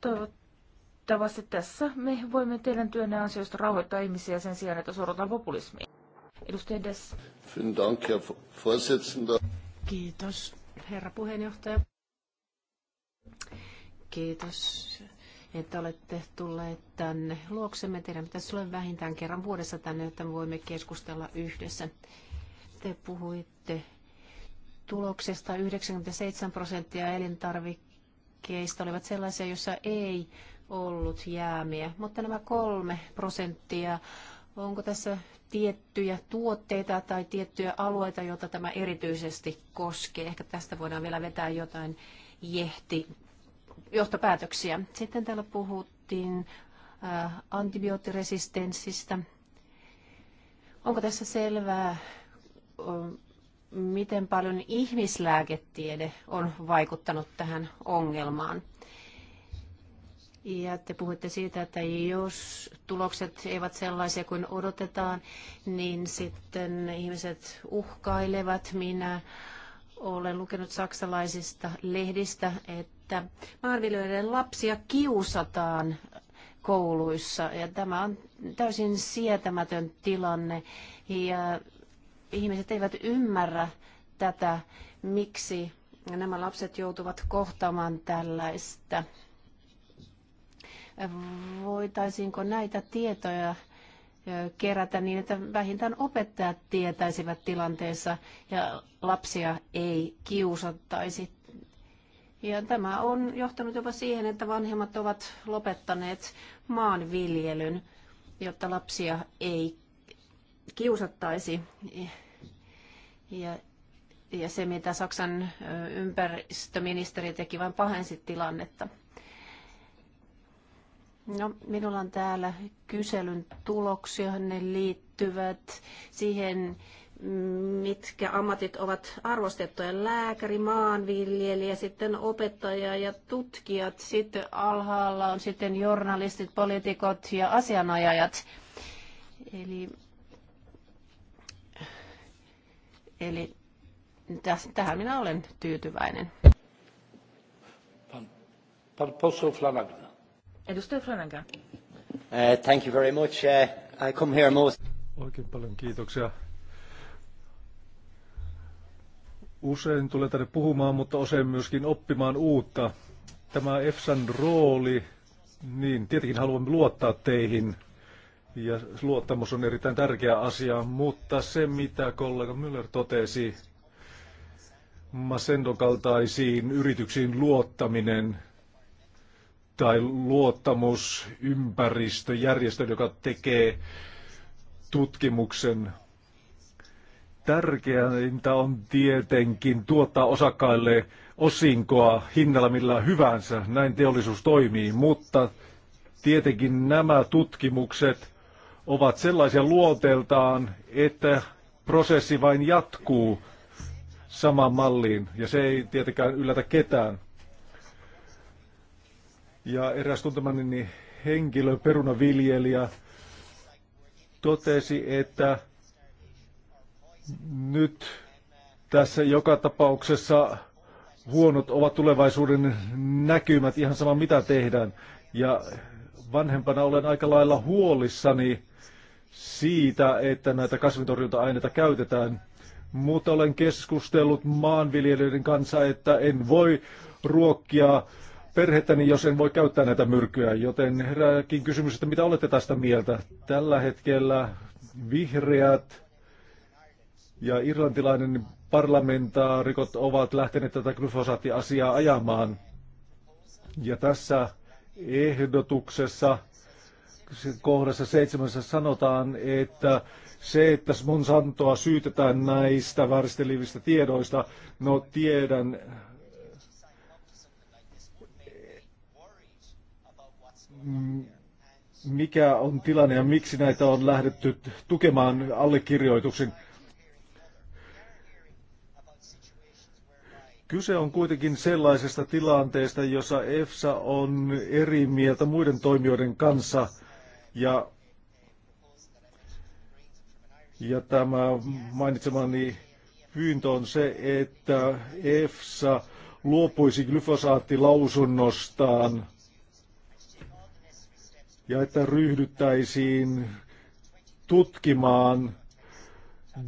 Toivottavasti tässä me voimme teidän työnne ansiosta rauhoittaa ihmisiä sen sijaan, että sorrotaan populismiin. Edustaja Dess. Kiitos, herra puheenjohtaja. Kiitos, että olette tulleet tänne luoksemme. Teidän pitäisi olla vähintään kerran vuodessa tänne, että voimme keskustella yhdessä. Te puhuitte tuloksesta 97 prosenttia elintarvikkeista olivat sellaisia, joissa ei ollut jäämiä. Mutta nämä kolme prosenttia, onko tässä tiettyjä tuotteita tai tiettyjä alueita, joita tämä erityisesti koskee. Ehkä tästä voidaan vielä vetää jotain jehti johtopäätöksiä. Sitten täällä puhuttiin äh, antibioottiresistenssistä. Onko tässä selvää, äh, miten paljon ihmislääketiede on vaikuttanut tähän ongelmaan? Ja te puhuitte siitä, että jos tulokset eivät sellaisia kuin odotetaan, niin sitten ihmiset uhkailevat. Minä olen lukenut saksalaisista lehdistä, että maanviljelijöiden lapsia kiusataan kouluissa ja tämä on täysin sietämätön tilanne ja ihmiset eivät ymmärrä tätä, miksi nämä lapset joutuvat kohtaamaan tällaista. Voitaisiinko näitä tietoja kerätä niin, että vähintään opettajat tietäisivät tilanteessa ja lapsia ei kiusattaisi. Ja tämä on johtanut jopa siihen, että vanhemmat ovat lopettaneet maanviljelyn, jotta lapsia ei kiusattaisi. Ja, ja se, mitä Saksan ympäristöministeri teki, vain pahensi tilannetta. No, minulla on täällä kyselyn tuloksia, ne liittyvät siihen, mitkä ammatit ovat arvostettuja. Lääkäri, maanviljelijä, sitten opettaja ja tutkijat. Sitten alhaalla on sitten journalistit, poliitikot ja asianajajat. Eli, eli täs, tähän minä olen tyytyväinen. Pan, pan Edustaja Flanagan. Uh, thank you very much. Uh, I come here most... Oikein paljon kiitoksia. Usein tulee tänne puhumaan, mutta usein myöskin oppimaan uutta. Tämä EFSAn rooli, niin tietenkin haluamme luottaa teihin. Ja luottamus on erittäin tärkeä asia, mutta se mitä kollega Müller totesi, Masendon kaltaisiin yrityksiin luottaminen tai luottamusympäristöjärjestö, joka tekee tutkimuksen. Tärkeintä on tietenkin tuottaa osakkaille osinkoa hinnalla millä hyvänsä, näin teollisuus toimii, mutta tietenkin nämä tutkimukset ovat sellaisia luonteeltaan, että prosessi vain jatkuu samaan malliin, ja se ei tietenkään yllätä ketään. Ja eräs tuntemani niin henkilö, perunaviljelijä, totesi, että nyt tässä joka tapauksessa huonot ovat tulevaisuuden näkymät, ihan sama mitä tehdään. Ja vanhempana olen aika lailla huolissani siitä, että näitä kasvintorjunta-aineita käytetään. Mutta olen keskustellut maanviljelijöiden kanssa, että en voi ruokkia perhettäni, jos en voi käyttää näitä myrkyjä. Joten herääkin kysymys, että mitä olette tästä mieltä? Tällä hetkellä vihreät ja irlantilainen parlamentaarikot ovat lähteneet tätä glyfosaattiasiaa ajamaan. Ja tässä ehdotuksessa kohdassa seitsemässä sanotaan, että se, että Monsantoa syytetään näistä vääristelivistä tiedoista, no tiedän, mikä on tilanne ja miksi näitä on lähdetty tukemaan allekirjoituksen. Kyse on kuitenkin sellaisesta tilanteesta, jossa EFSA on eri mieltä muiden toimijoiden kanssa ja, ja tämä mainitsemani pyyntö on se, että EFSA luopuisi glyfosaattilausunnostaan ja että ryhdyttäisiin tutkimaan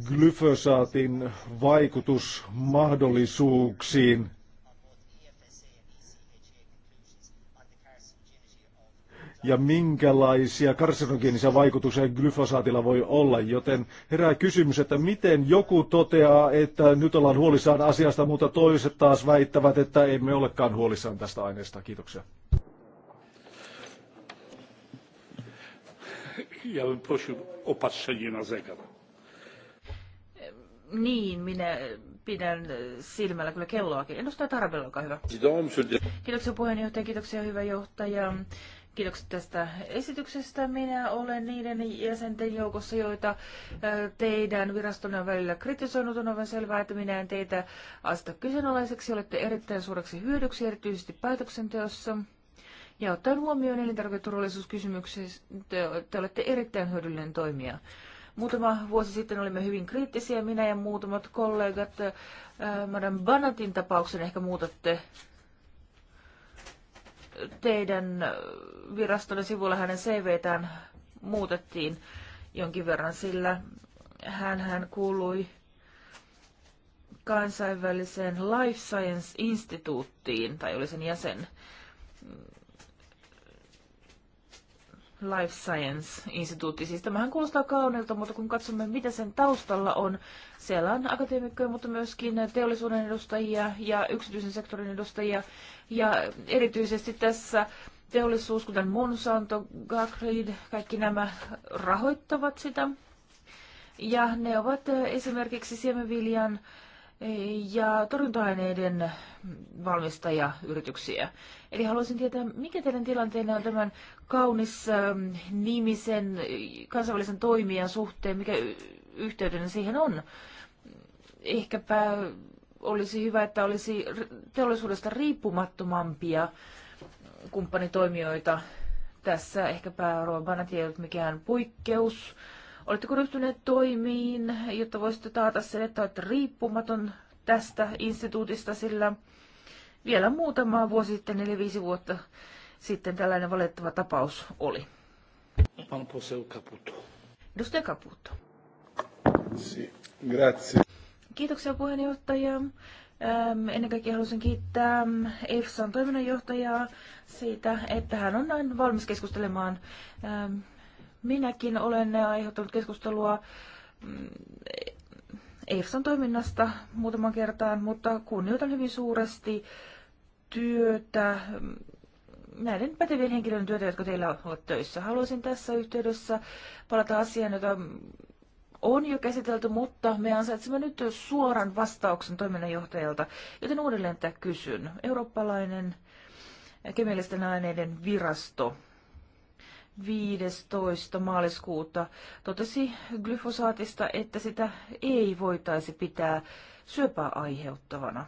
glyfosaatin vaikutusmahdollisuuksiin. ja minkälaisia karsinogenisia vaikutuksia glyfosaatilla voi olla. Joten herää kysymys, että miten joku toteaa, että nyt ollaan huolissaan asiasta, mutta toiset taas väittävät, että emme olekaan huolissaan tästä aineesta. Kiitoksia. ja bym prosił o patrzenie na zegar. Niin, minä pidän silmällä kyllä kelloakin. Edustaja Tarvelo, olkaa hyvä. Kiitoksia puheenjohtaja, kiitoksia hyvä johtaja. Kiitokset tästä esityksestä. Minä olen niiden jäsenten joukossa, joita teidän virastonne on välillä kritisoinut. On aivan selvää, että minä en teitä asta kyseenalaiseksi. Olette erittäin suureksi hyödyksi, erityisesti päätöksenteossa. Ja ottaen huomioon elintarviketurvallisuuskysymykset, te, te olette erittäin hyödyllinen toimija. Muutama vuosi sitten olimme hyvin kriittisiä, minä ja muutamat kollegat. Äh, Madame Banatin tapauksen ehkä muutatte teidän virastonne sivulla hänen CVtään muutettiin jonkin verran, sillä hän, hän kuului kansainväliseen Life Science-instituuttiin, tai oli sen jäsen. Life Science-instituutti. Siis tämähän kuulostaa kaunilta, mutta kun katsomme, mitä sen taustalla on, siellä on akateemikkoja, mutta myöskin teollisuuden edustajia ja yksityisen sektorin edustajia. Ja erityisesti tässä teollisuus, kuten Monsanto, Gagrid, kaikki nämä rahoittavat sitä. Ja ne ovat esimerkiksi siemenviljan äh, ja torjunta-aineiden valmistajayrityksiä. Eli haluaisin tietää, mikä teidän tilanteenne on tämän kaunis ähm, nimisen kansainvälisen toimijan suhteen, mikä yhteyden siihen on. Ehkäpä olisi hyvä, että olisi teollisuudesta riippumattomampia kumppanitoimijoita. Tässä ehkäpä Robana ei mikä mikään poikkeus. Oletteko ryhtyneet toimiin, jotta voisitte taata sen, että olette riippumaton tästä instituutista, sillä vielä muutama vuosi sitten, eli viisi vuotta sitten tällainen valitettava tapaus oli. Pan poseu Caputo. Edustaja Caputo. Si, grazie. Kiitoksia puheenjohtaja. Ennen kaikkea haluaisin kiittää EFSAn toiminnanjohtajaa siitä, että hän on näin valmis keskustelemaan Minäkin olen aiheuttanut keskustelua mm, EFSAn toiminnasta muutaman kertaan, mutta kunnioitan hyvin suuresti työtä, mm, näiden pätevien henkilöiden työtä, jotka teillä ovat töissä. Haluaisin tässä yhteydessä palata asiaan, jota on jo käsitelty, mutta me ansaitsemme nyt suoran vastauksen toiminnanjohtajalta, joten uudelleen tämä kysyn. Eurooppalainen kemiallisten aineiden virasto 15. maaliskuuta totesi glyfosaatista, että sitä ei voitaisi pitää syöpää aiheuttavana.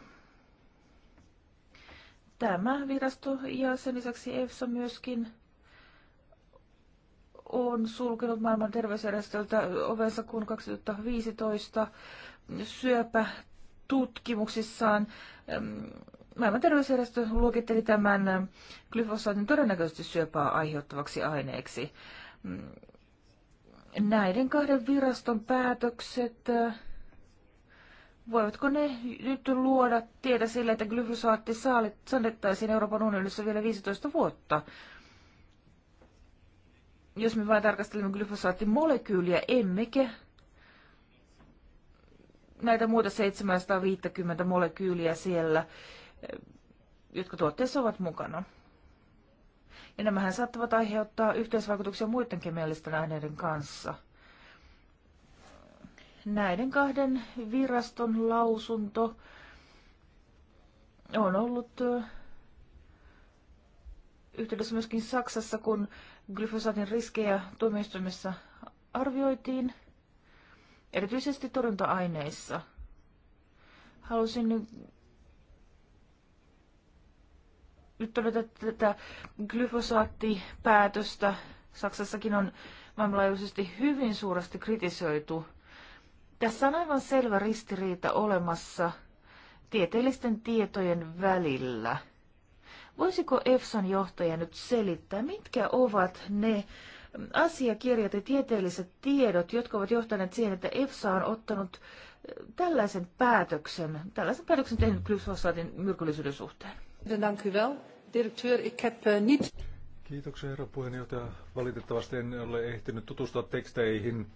Tämä virasto ja sen lisäksi EFSA myöskin on sulkenut maailman terveysjärjestöltä ovensa kun 2015 syöpätutkimuksissaan Maailman terveysjärjestö luokitteli tämän glyfosaatin todennäköisesti syöpää aiheuttavaksi aineeksi. Mm, näiden kahden viraston päätökset, voivatko ne nyt luoda tietä sille, että glyfosaatti saadettaisiin Euroopan unionissa vielä 15 vuotta? Jos me vain tarkastelemme molekyyliä, emmekä näitä muuta 750 molekyyliä siellä jotka tuotteessa ovat mukana. Ja nämähän saattavat aiheuttaa yhteisvaikutuksia muiden kemiallisten aineiden kanssa. Näiden kahden viraston lausunto on ollut yhteydessä myöskin Saksassa, kun glyfosaatin riskejä tuomioistuimessa arvioitiin, erityisesti torjunta-aineissa. Halusin nyt todeta, että tätä glyfosaattipäätöstä Saksassakin on maailmanlaajuisesti hyvin suuresti kritisoitu. Tässä on aivan selvä ristiriita olemassa tieteellisten tietojen välillä. Voisiko EFSAn johtaja nyt selittää, mitkä ovat ne asiakirjat ja tieteelliset tiedot, jotka ovat johtaneet siihen, että EFSA on ottanut eh, tällaisen päätöksen, tällaisen päätöksen tehnyt glyfosaatin myrkyllisyyden suhteen? Dank u wel. Directeur, ik heb eh, niet... Kiitoksia herra puheenjohtaja. Valitettavasti en ole ehtinyt tutustua teksteihin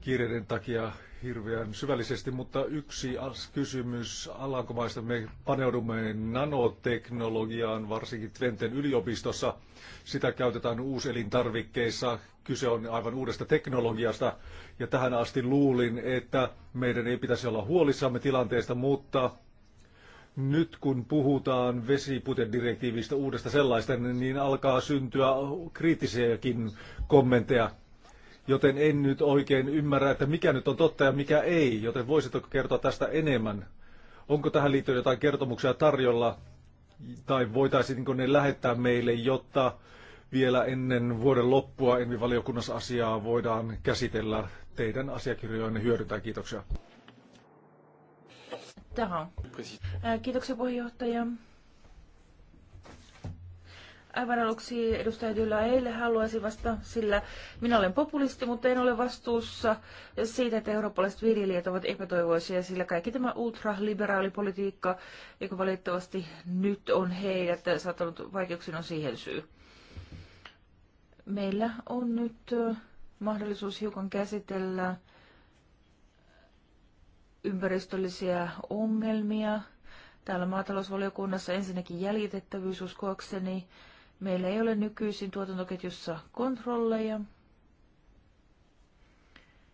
kiireiden takia hirveän syvällisesti, mutta yksi kysymys Alankomaista. Me paneudumme nanoteknologiaan, varsinkin Twenten yliopistossa. Sitä käytetään uuselintarvikkeissa. Kyse on aivan uudesta teknologiasta. Ja tähän asti luulin, että meidän ei pitäisi olla huolissamme tilanteesta, mutta nyt kun puhutaan vesiputedirektiivistä uudesta sellaista, niin alkaa syntyä kriittisiäkin kommentteja. Joten en nyt oikein ymmärrä, että mikä nyt on totta ja mikä ei, joten voisitko kertoa tästä enemmän? Onko tähän liittyen jotain kertomuksia tarjolla tai voitaisiinko ne lähettää meille, jotta vielä ennen vuoden loppua Envi-valiokunnassa asiaa voidaan käsitellä teidän asiakirjojenne hyödyntää. Kiitoksia tähän. Kiitoksia puheenjohtaja. Aivan aluksi edustaja Dylla eilen haluaisi vasta, sillä minä olen populisti, mutta en ole vastuussa siitä, että eurooppalaiset viljelijät ovat epätoivoisia, sillä kaikki tämä ultraliberaali politiikka, joka valitettavasti nyt on heidät saattanut vaikeuksiin, on siihen syy. Meillä on nyt mahdollisuus hiukan käsitellä ympäristöllisiä ongelmia. Täällä maatalousvaliokunnassa ensinnäkin jäljitettävyys uskoakseni. Meillä ei ole nykyisin tuotantoketjussa kontrolleja.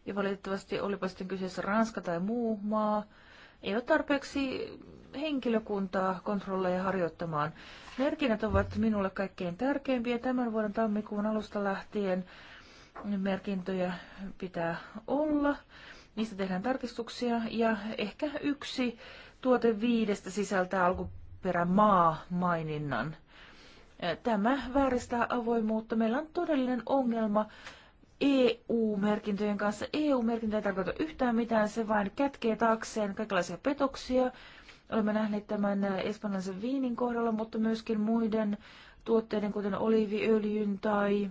Ja valitettavasti olipa sitten kyseessä Ranska tai muu maa, ei ole tarpeeksi henkilökuntaa kontrolleja harjoittamaan. Merkinnät ovat minulle kaikkein tärkeimpiä. Tämän vuoden tammikuun alusta lähtien merkintöjä pitää olla. Niistä tehdään tarkistuksia ja ehkä yksi tuote viidestä sisältää alkuperämaa maininnan. Tämä vääristää avoimuutta. Meillä on todellinen ongelma EU-merkintöjen kanssa. eu merkintö ei tarkoita yhtään mitään, se vain kätkee taakseen kaikenlaisia petoksia. Olemme nähneet tämän espanjalaisen viinin kohdalla, mutta myöskin muiden tuotteiden, kuten oliiviöljyn tai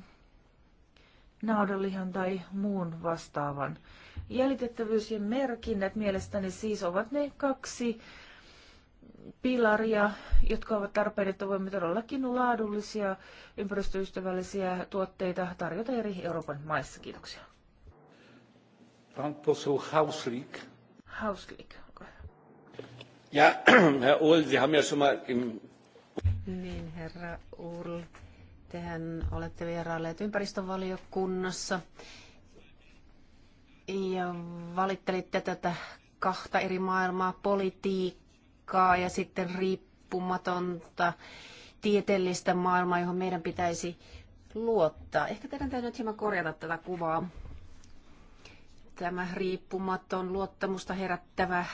naudanlihan tai muun vastaavan. Jäljitettävyys ja merkinnät mielestäni siis ovat ne kaksi pilaria, jotka ovat tarpeen, että voimme todellakin laadullisia, ympäristöystävällisiä tuotteita tarjota eri Euroopan maissa. Kiitoksia. Hauslik. Hauslik. Ja, herra Ull, Niin, herra Ull, tehän olette vierailleet ympäristövaliokunnassa ja valittelitte tätä kahta eri maailmaa, politiikkaa ja sitten riippumatonta tieteellistä maailmaa, johon meidän pitäisi luottaa. Ehkä teidän täytyy nyt hieman korjata tätä kuvaa. Tämä riippumaton, luottamusta herättävä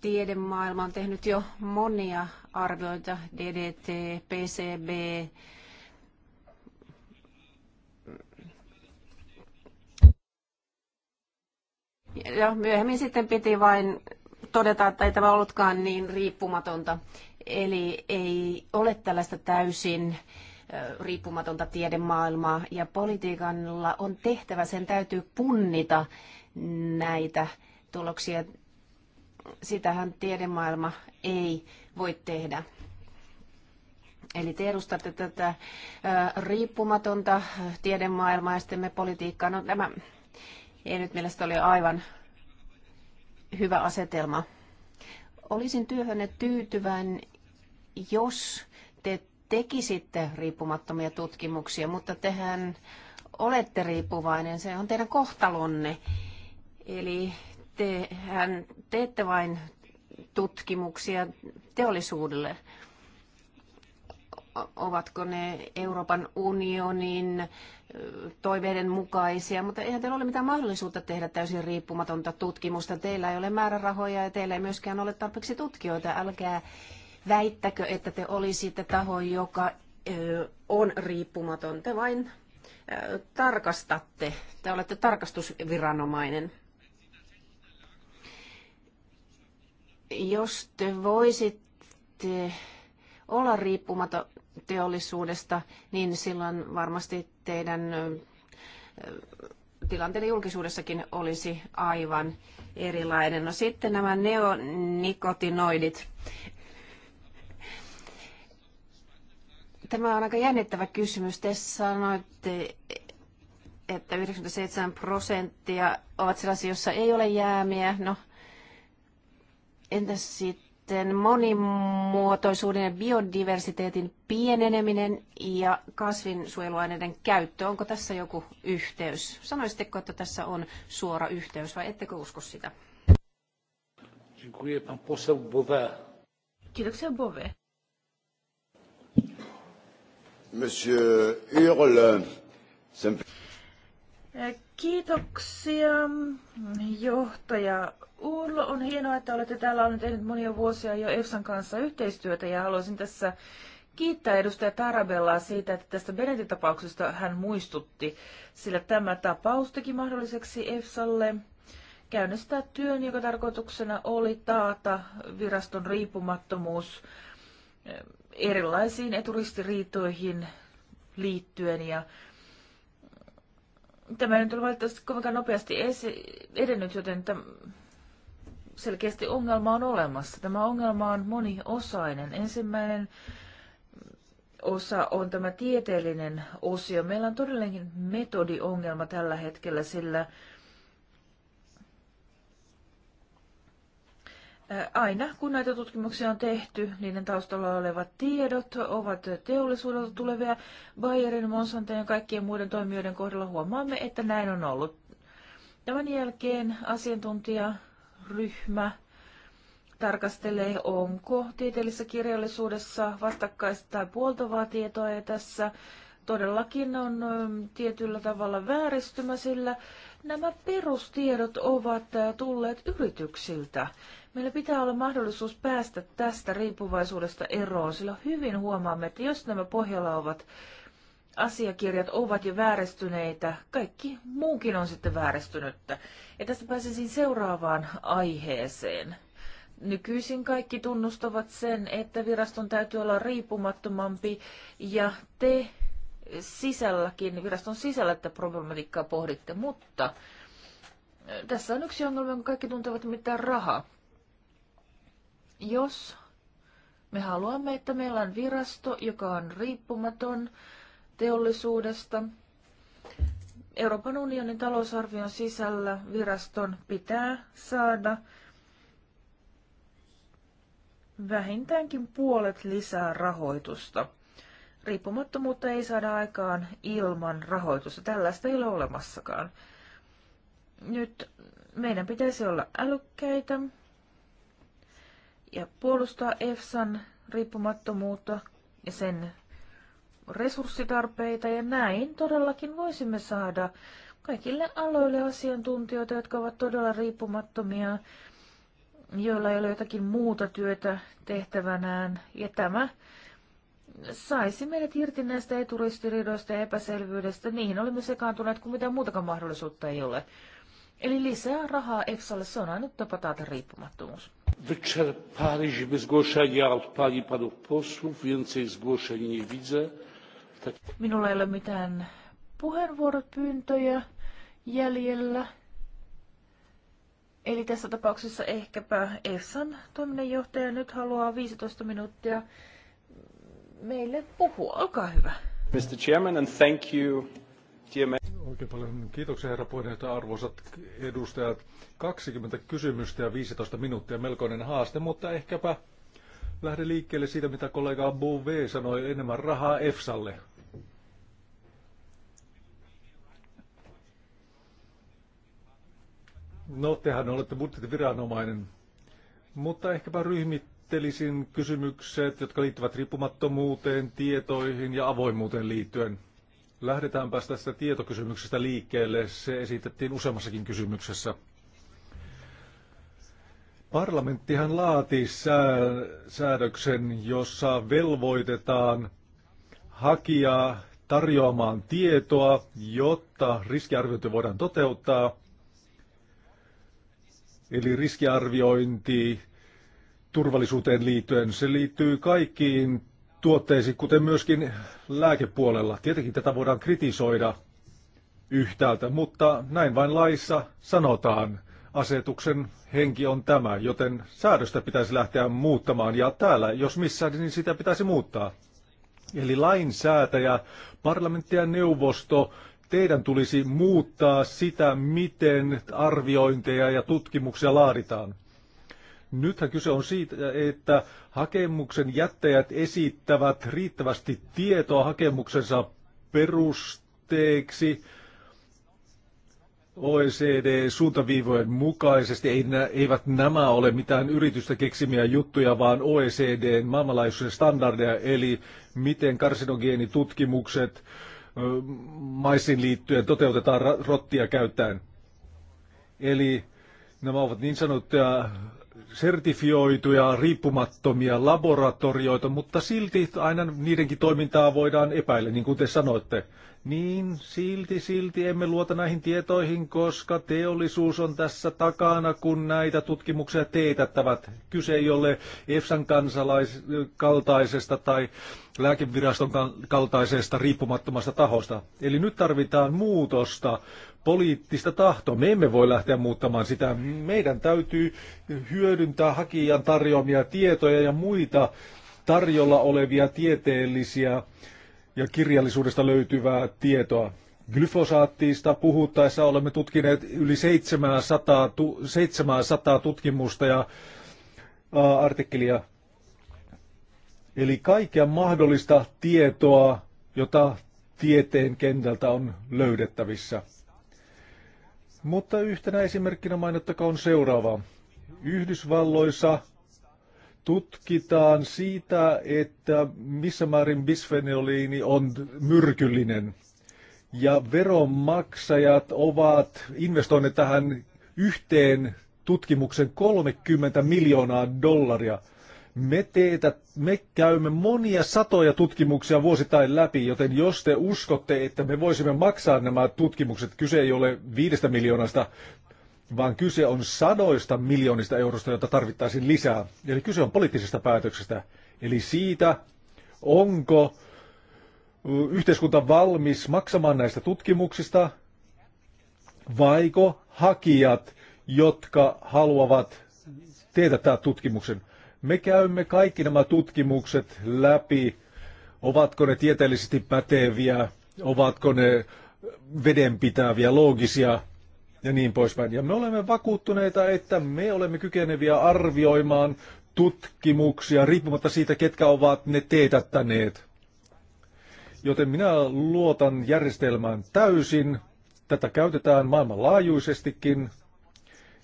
tiedemaailma on tehnyt jo monia arvioita, DDT, PCB, Ja myöhemmin sitten piti vain todeta, että ei tämä ollutkaan niin riippumatonta. Eli ei ole tällaista täysin riippumatonta tiedemaailmaa ja politiikalla on tehtävä, sen täytyy punnita näitä tuloksia. Sitähän tiedemaailma ei voi tehdä. Eli te edustatte tätä riippumatonta tiedemaailmaa ja sitten me politiikkaa. No, nämä ei nyt mielestäni oli aivan hyvä asetelma. Olisin työhönne tyytyväinen, jos te tekisitte riippumattomia tutkimuksia, mutta tehän olette riippuvainen, se on teidän kohtalonne. Eli tehän teette vain tutkimuksia teollisuudelle ovatko ne Euroopan unionin toiveiden mukaisia, mutta eihän teillä ole mitään mahdollisuutta tehdä täysin riippumatonta tutkimusta. Teillä ei ole määrärahoja ja teillä ei myöskään ole tarpeeksi tutkijoita. Älkää väittäkö, että te olisitte taho, joka on riippumaton. Te vain tarkastatte. Te olette tarkastusviranomainen. Jos te voisitte olla riippumaton teollisuudesta, niin silloin varmasti teidän tilanteen julkisuudessakin olisi aivan erilainen. No sitten nämä neonikotinoidit. Tämä on aika jännittävä kysymys. Te sanoitte, että 97 prosenttia ovat sellaisia, joissa ei ole jäämiä. No, entäs sitten? sitten monimuotoisuuden ja biodiversiteetin pieneneminen ja kasvinsuojeluaineiden käyttö. Onko tässä joku yhteys? Sanoisitteko, että tässä on suora yhteys vai ettekö usko sitä? Kiitoksia, Bove. Monsieur Hurle. Kiitoksia, johtaja Urlo, on hienoa, että olette täällä. Olen tehnyt monia vuosia jo EFSAn kanssa yhteistyötä ja haluaisin tässä kiittää edustaja Tarabellaa siitä, että tästä Benetin tapauksesta hän muistutti, sillä tämä tapaus teki mahdolliseksi EFSAlle käynnistää työn, joka tarkoituksena oli taata viraston riippumattomuus eh, erilaisiin eturistiriitoihin liittyen. Ja tämä ei nyt ole valitettavasti kovinkaan nopeasti edennyt, joten selkeästi ongelma on olemassa. Tämä ongelma on moniosainen. Ensimmäinen osa on tämä tieteellinen osio. Meillä on todellakin metodiongelma tällä hetkellä, sillä Aina kun näitä tutkimuksia on tehty, niiden taustalla olevat tiedot ovat teollisuudelta tulevia. Bayerin, Monsanto ja kaikkien muiden toimijoiden kohdalla huomaamme, että näin on ollut. Tämän jälkeen asiantuntija ryhmä tarkastelee, onko tieteellisessä kirjallisuudessa vastakkaista tai puoltavaa tietoa ja tässä todellakin on tietyllä tavalla vääristymä, sillä nämä perustiedot ovat tulleet yrityksiltä. Meillä pitää olla mahdollisuus päästä tästä riippuvaisuudesta eroon, sillä hyvin huomaamme, että jos nämä pohjalla ovat asiakirjat ovat jo vääristyneitä, kaikki muukin on sitten vääristynyttä. Ja tästä pääsisin seuraavaan aiheeseen. Nykyisin kaikki tunnustavat sen, että viraston täytyy olla riippumattomampi ja te sisälläkin, viraston sisällä tätä problematiikkaa pohditte, mutta tässä on yksi ongelma, kun kaikki tuntevat mitään raha. Jos me haluamme, että meillä on virasto, joka on riippumaton teollisuudesta, Euroopan unionin talousarvion sisällä viraston pitää saada vähintäänkin puolet lisää rahoitusta. Riippumattomuutta ei saada aikaan ilman rahoitusta. Tällaista ei ole olemassakaan. Nyt meidän pitäisi olla älykkäitä ja puolustaa EFSAn riippumattomuutta ja sen resurssitarpeita ja näin todellakin voisimme saada kaikille aloille asiantuntijoita, jotka ovat todella riippumattomia, joilla ei ole jotakin muuta työtä tehtävänään. Ja tämä saisi meidät irti näistä eturistiriidoista ja epäselvyydestä. Niihin olemme sekaantuneet, kun mitään muutakaan mahdollisuutta ei ole. Eli lisää rahaa EFSAlle, se on ainut tapa taata riippumattomuus. Wyczerpaliśmy zgłoszenia od pani panów posłów. Więcej zgłoszeń nie widzę. Minulla ei ole mitään puheenvuoropyyntöjä jäljellä. Eli tässä tapauksessa ehkäpä Essan toiminnanjohtaja nyt haluaa 15 minuuttia meille puhua. Olkaa hyvä. Mr. Chairman, and thank you, dear Oikein paljon kiitoksia herra puheenjohtaja, arvoisat edustajat. 20 kysymystä ja 15 minuuttia, melkoinen haaste, mutta ehkäpä lähde liikkeelle siitä, mitä kollega Bouvet sanoi, enemmän rahaa EFSAlle. No, tehän olette budjettiviranomainen, mutta ehkäpä ryhmittelisin kysymykset, jotka liittyvät riippumattomuuteen, tietoihin ja avoimuuteen liittyen. Lähdetäänpä tästä tietokysymyksestä liikkeelle. Se esitettiin useammassakin kysymyksessä. Parlamenttihan laati säädöksen, jossa velvoitetaan hakijaa tarjoamaan tietoa, jotta riskiarviointi voidaan toteuttaa – Eli riskiarviointi turvallisuuteen liittyen, se liittyy kaikkiin tuotteisiin, kuten myöskin lääkepuolella. Tietenkin tätä voidaan kritisoida yhtäältä, mutta näin vain laissa sanotaan. Asetuksen henki on tämä, joten säädöstä pitäisi lähteä muuttamaan ja täällä, jos missään, niin sitä pitäisi muuttaa. Eli lainsäätäjä, parlamentti ja neuvosto teidän tulisi muuttaa sitä, miten arviointeja ja tutkimuksia laaditaan. Nythän kyse on siitä, että hakemuksen jättäjät esittävät riittävästi tietoa hakemuksensa perusteeksi OECD-suuntaviivojen mukaisesti. Eivät nämä ole mitään yritystä keksimiä juttuja, vaan OECDn maailmanlaajuisia standardeja, eli miten karsinogeenitutkimukset tutkimukset maisiin liittyen toteutetaan rottia käyttäen. Eli nämä ovat niin sanottuja sertifioituja, riippumattomia laboratorioita, mutta silti aina niidenkin toimintaa voidaan epäillä, niin kuin te sanoitte niin silti silti emme luota näihin tietoihin, koska teollisuus on tässä takana, kun näitä tutkimuksia teetättävät. Kyse ei ole EFSAn kansalaiskaltaisesta kaltaisesta tai lääkeviraston kaltaisesta riippumattomasta tahosta. Eli nyt tarvitaan muutosta, poliittista tahtoa. Me emme voi lähteä muuttamaan sitä. Meidän täytyy hyödyntää hakijan tarjoamia tietoja ja muita tarjolla olevia tieteellisiä ja kirjallisuudesta löytyvää tietoa. Glyfosaattiista puhuttaessa olemme tutkineet yli 700, 700 tutkimusta ja ää, artikkelia. Eli kaikkea mahdollista tietoa, jota tieteen kentältä on löydettävissä. Mutta yhtenä esimerkkinä mainittakoon seuraava. Yhdysvalloissa tutkitaan siitä, että missä määrin bisfenoliini on myrkyllinen. Ja veronmaksajat ovat investoineet tähän yhteen tutkimuksen 30 miljoonaa dollaria. Me, teetä, me käymme monia satoja tutkimuksia vuosittain läpi, joten jos te uskotte, että me voisimme maksaa nämä tutkimukset, kyse ei ole viidestä miljoonasta vaan kyse on sadoista miljoonista eurosta, joita tarvittaisiin lisää. Eli kyse on poliittisesta päätöksestä, eli siitä, onko yhteiskunta valmis maksamaan näistä tutkimuksista, vaiko hakijat, jotka haluavat tehdä tämän tutkimuksen. Me käymme kaikki nämä tutkimukset läpi, ovatko ne tieteellisesti päteviä, ovatko ne vedenpitäviä, loogisia – ja niin poispäin. Ja me olemme vakuuttuneita, että me olemme kykeneviä arvioimaan tutkimuksia riippumatta siitä, ketkä ovat ne teetättäneet. Joten minä luotan järjestelmään täysin. Tätä käytetään maailmanlaajuisestikin.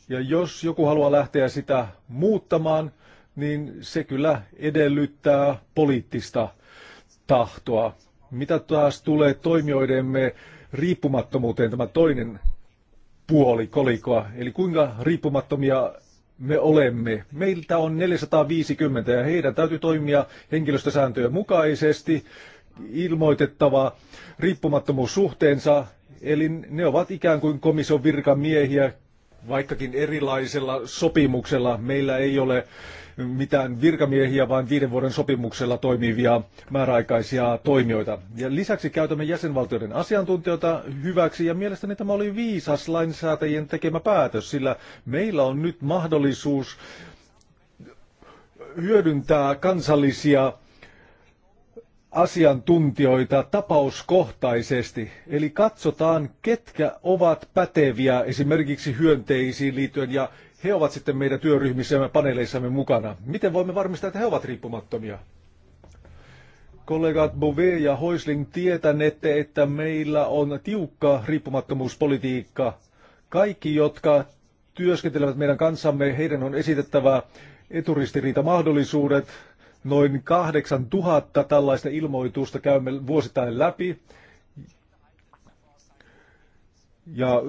Ja jos joku haluaa lähteä sitä muuttamaan, niin se kyllä edellyttää poliittista tahtoa. Mitä taas tulee toimijoidemme riippumattomuuteen, tämä toinen puoli kolikoa, eli kuinka riippumattomia me olemme. Meiltä on 450 ja heidän täytyy toimia henkilöstösääntöjen mukaisesti, ilmoitettava riippumattomuussuhteensa, eli ne ovat ikään kuin komission virkamiehiä, vaikkakin erilaisella sopimuksella. Meillä ei ole mitään virkamiehiä, vaan viiden vuoden sopimuksella toimivia määräaikaisia toimijoita. Ja lisäksi käytämme jäsenvaltioiden asiantuntijoita hyväksi, ja mielestäni tämä oli viisas lainsäätäjien tekemä päätös, sillä meillä on nyt mahdollisuus hyödyntää kansallisia asiantuntijoita tapauskohtaisesti. Eli katsotaan, ketkä ovat päteviä esimerkiksi hyönteisiin liittyen ja he ovat sitten meidän työryhmissä ja paneeleissamme mukana. Miten voimme varmistaa, että he ovat riippumattomia? Kollegat Bove ja Hoisling tietänette, että meillä on tiukka riippumattomuuspolitiikka. Kaikki, jotka työskentelevät meidän kanssamme, heidän on esitettävä eturistiriitamahdollisuudet. Noin 8000 tällaista ilmoitusta käymme vuosittain läpi. Ja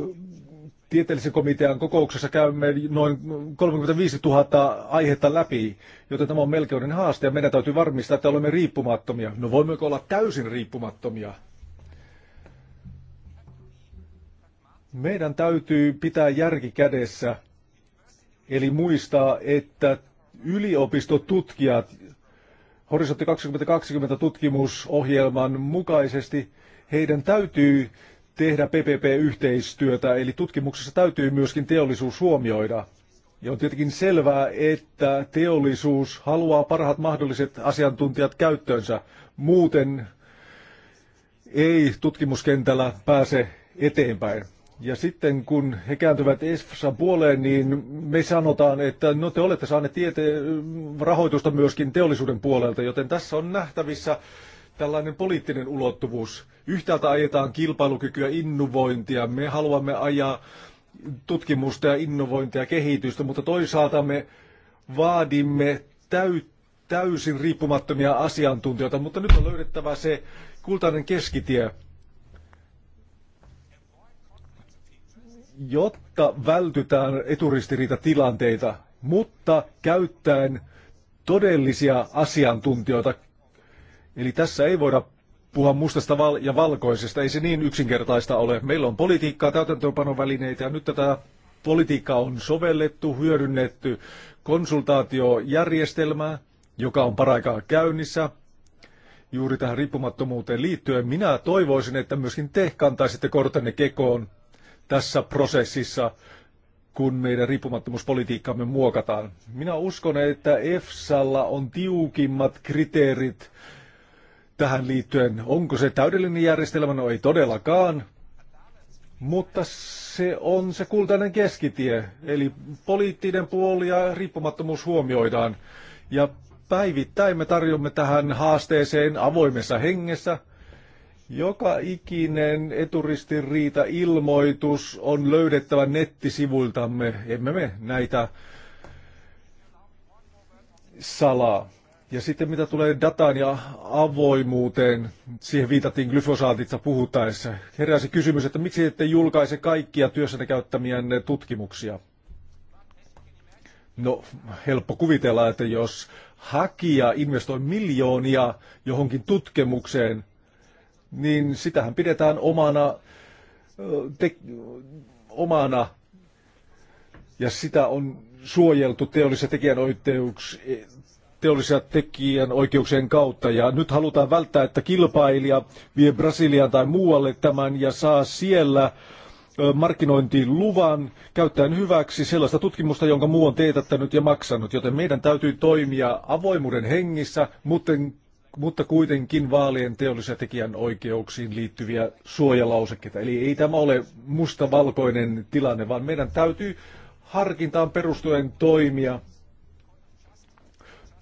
tieteellisen komitean kokouksessa käymme noin 35 000 aihetta läpi, joten tämä on melkoinen haaste ja meidän täytyy varmistaa, että olemme riippumattomia. No voimmeko olla täysin riippumattomia? Meidän täytyy pitää järki kädessä, eli muistaa, että yliopistotutkijat Horisontti 2020 tutkimusohjelman mukaisesti heidän täytyy tehdä PPP-yhteistyötä, eli tutkimuksessa täytyy myöskin teollisuus huomioida. Ja on tietenkin selvää, että teollisuus haluaa parhaat mahdolliset asiantuntijat käyttöönsä. Muuten ei tutkimuskentällä pääse eteenpäin. Ja sitten kun he kääntyvät ESFSan puoleen, niin me sanotaan, että no te olette saaneet tiete- rahoitusta myöskin teollisuuden puolelta, joten tässä on nähtävissä tällainen poliittinen ulottuvuus. Yhtäältä ajetaan kilpailukykyä, innovointia. Me haluamme ajaa tutkimusta ja innovointia ja kehitystä, mutta toisaalta me vaadimme täyt, täysin riippumattomia asiantuntijoita, mutta nyt on löydettävä se kultainen keskitie, jotta vältytään eturistiriitatilanteita, mutta käyttäen todellisia asiantuntijoita, Eli tässä ei voida puhua mustasta val- ja valkoisesta, ei se niin yksinkertaista ole. Meillä on politiikkaa, täytäntöönpanovälineitä ja nyt tätä politiikkaa on sovellettu, hyödynnetty konsultaatiojärjestelmää, joka on paraikaa käynnissä juuri tähän riippumattomuuteen liittyen. Minä toivoisin, että myöskin te kantaisitte kortenne kekoon tässä prosessissa, kun meidän riippumattomuuspolitiikkaamme muokataan. Minä uskon, että EFSAlla on tiukimmat kriteerit tähän liittyen. Onko se täydellinen järjestelmä? No ei todellakaan, mutta se on se kultainen keskitie, eli poliittinen puoli ja riippumattomuus huomioidaan. Ja päivittäin me tarjomme tähän haasteeseen avoimessa hengessä. Joka ikinen eturistiriita ilmoitus on löydettävä nettisivuiltamme. Emme me näitä salaa. Ja sitten mitä tulee dataan ja avoimuuteen, siihen viitattiin glyfosaatista puhuttaessa. Heräsi kysymys, että miksi ette julkaise kaikkia työssänne käyttämiänne tutkimuksia? No, helppo kuvitella, että jos hakija investoi miljoonia johonkin tutkimukseen, niin sitähän pidetään omana, te, omana ja sitä on suojeltu teollisen ja tekijänoikeuksien teollisia tekijän oikeuksien kautta. Ja nyt halutaan välttää, että kilpailija vie Brasiliaan tai muualle tämän ja saa siellä markkinointiin luvan käyttäen hyväksi sellaista tutkimusta, jonka muu on teetättänyt ja maksanut. Joten meidän täytyy toimia avoimuuden hengissä, mutta, mutta kuitenkin vaalien teollisia tekijän oikeuksiin liittyviä suojalausekkeita. Eli ei tämä ole mustavalkoinen tilanne, vaan meidän täytyy harkintaan perustuen toimia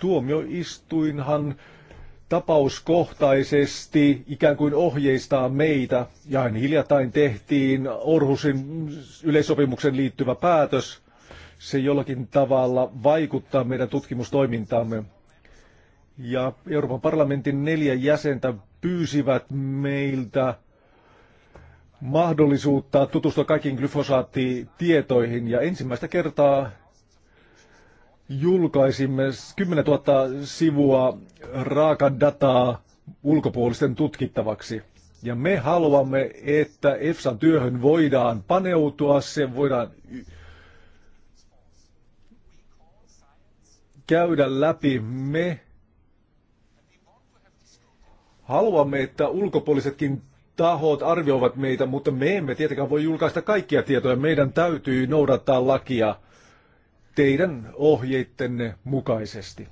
tuomioistuinhan tapauskohtaisesti ikään kuin ohjeistaa meitä. Ja hiljattain tehtiin Orhusin yleissopimuksen liittyvä päätös. Se jollakin tavalla vaikuttaa meidän tutkimustoimintaamme. Ja Euroopan parlamentin neljä jäsentä pyysivät meiltä mahdollisuutta tutustua kaikkiin glyfosaattitietoihin. Ja ensimmäistä kertaa julkaisimme 10 000 sivua raakadataa ulkopuolisten tutkittavaksi. Ja me haluamme, että EFSAn työhön voidaan paneutua, se voidaan käydä läpi. Me haluamme, että ulkopuolisetkin tahot arvioivat meitä, mutta me emme tietenkään voi julkaista kaikkia tietoja. Meidän täytyy noudattaa lakia teidän ohjeittenne mukaisesti.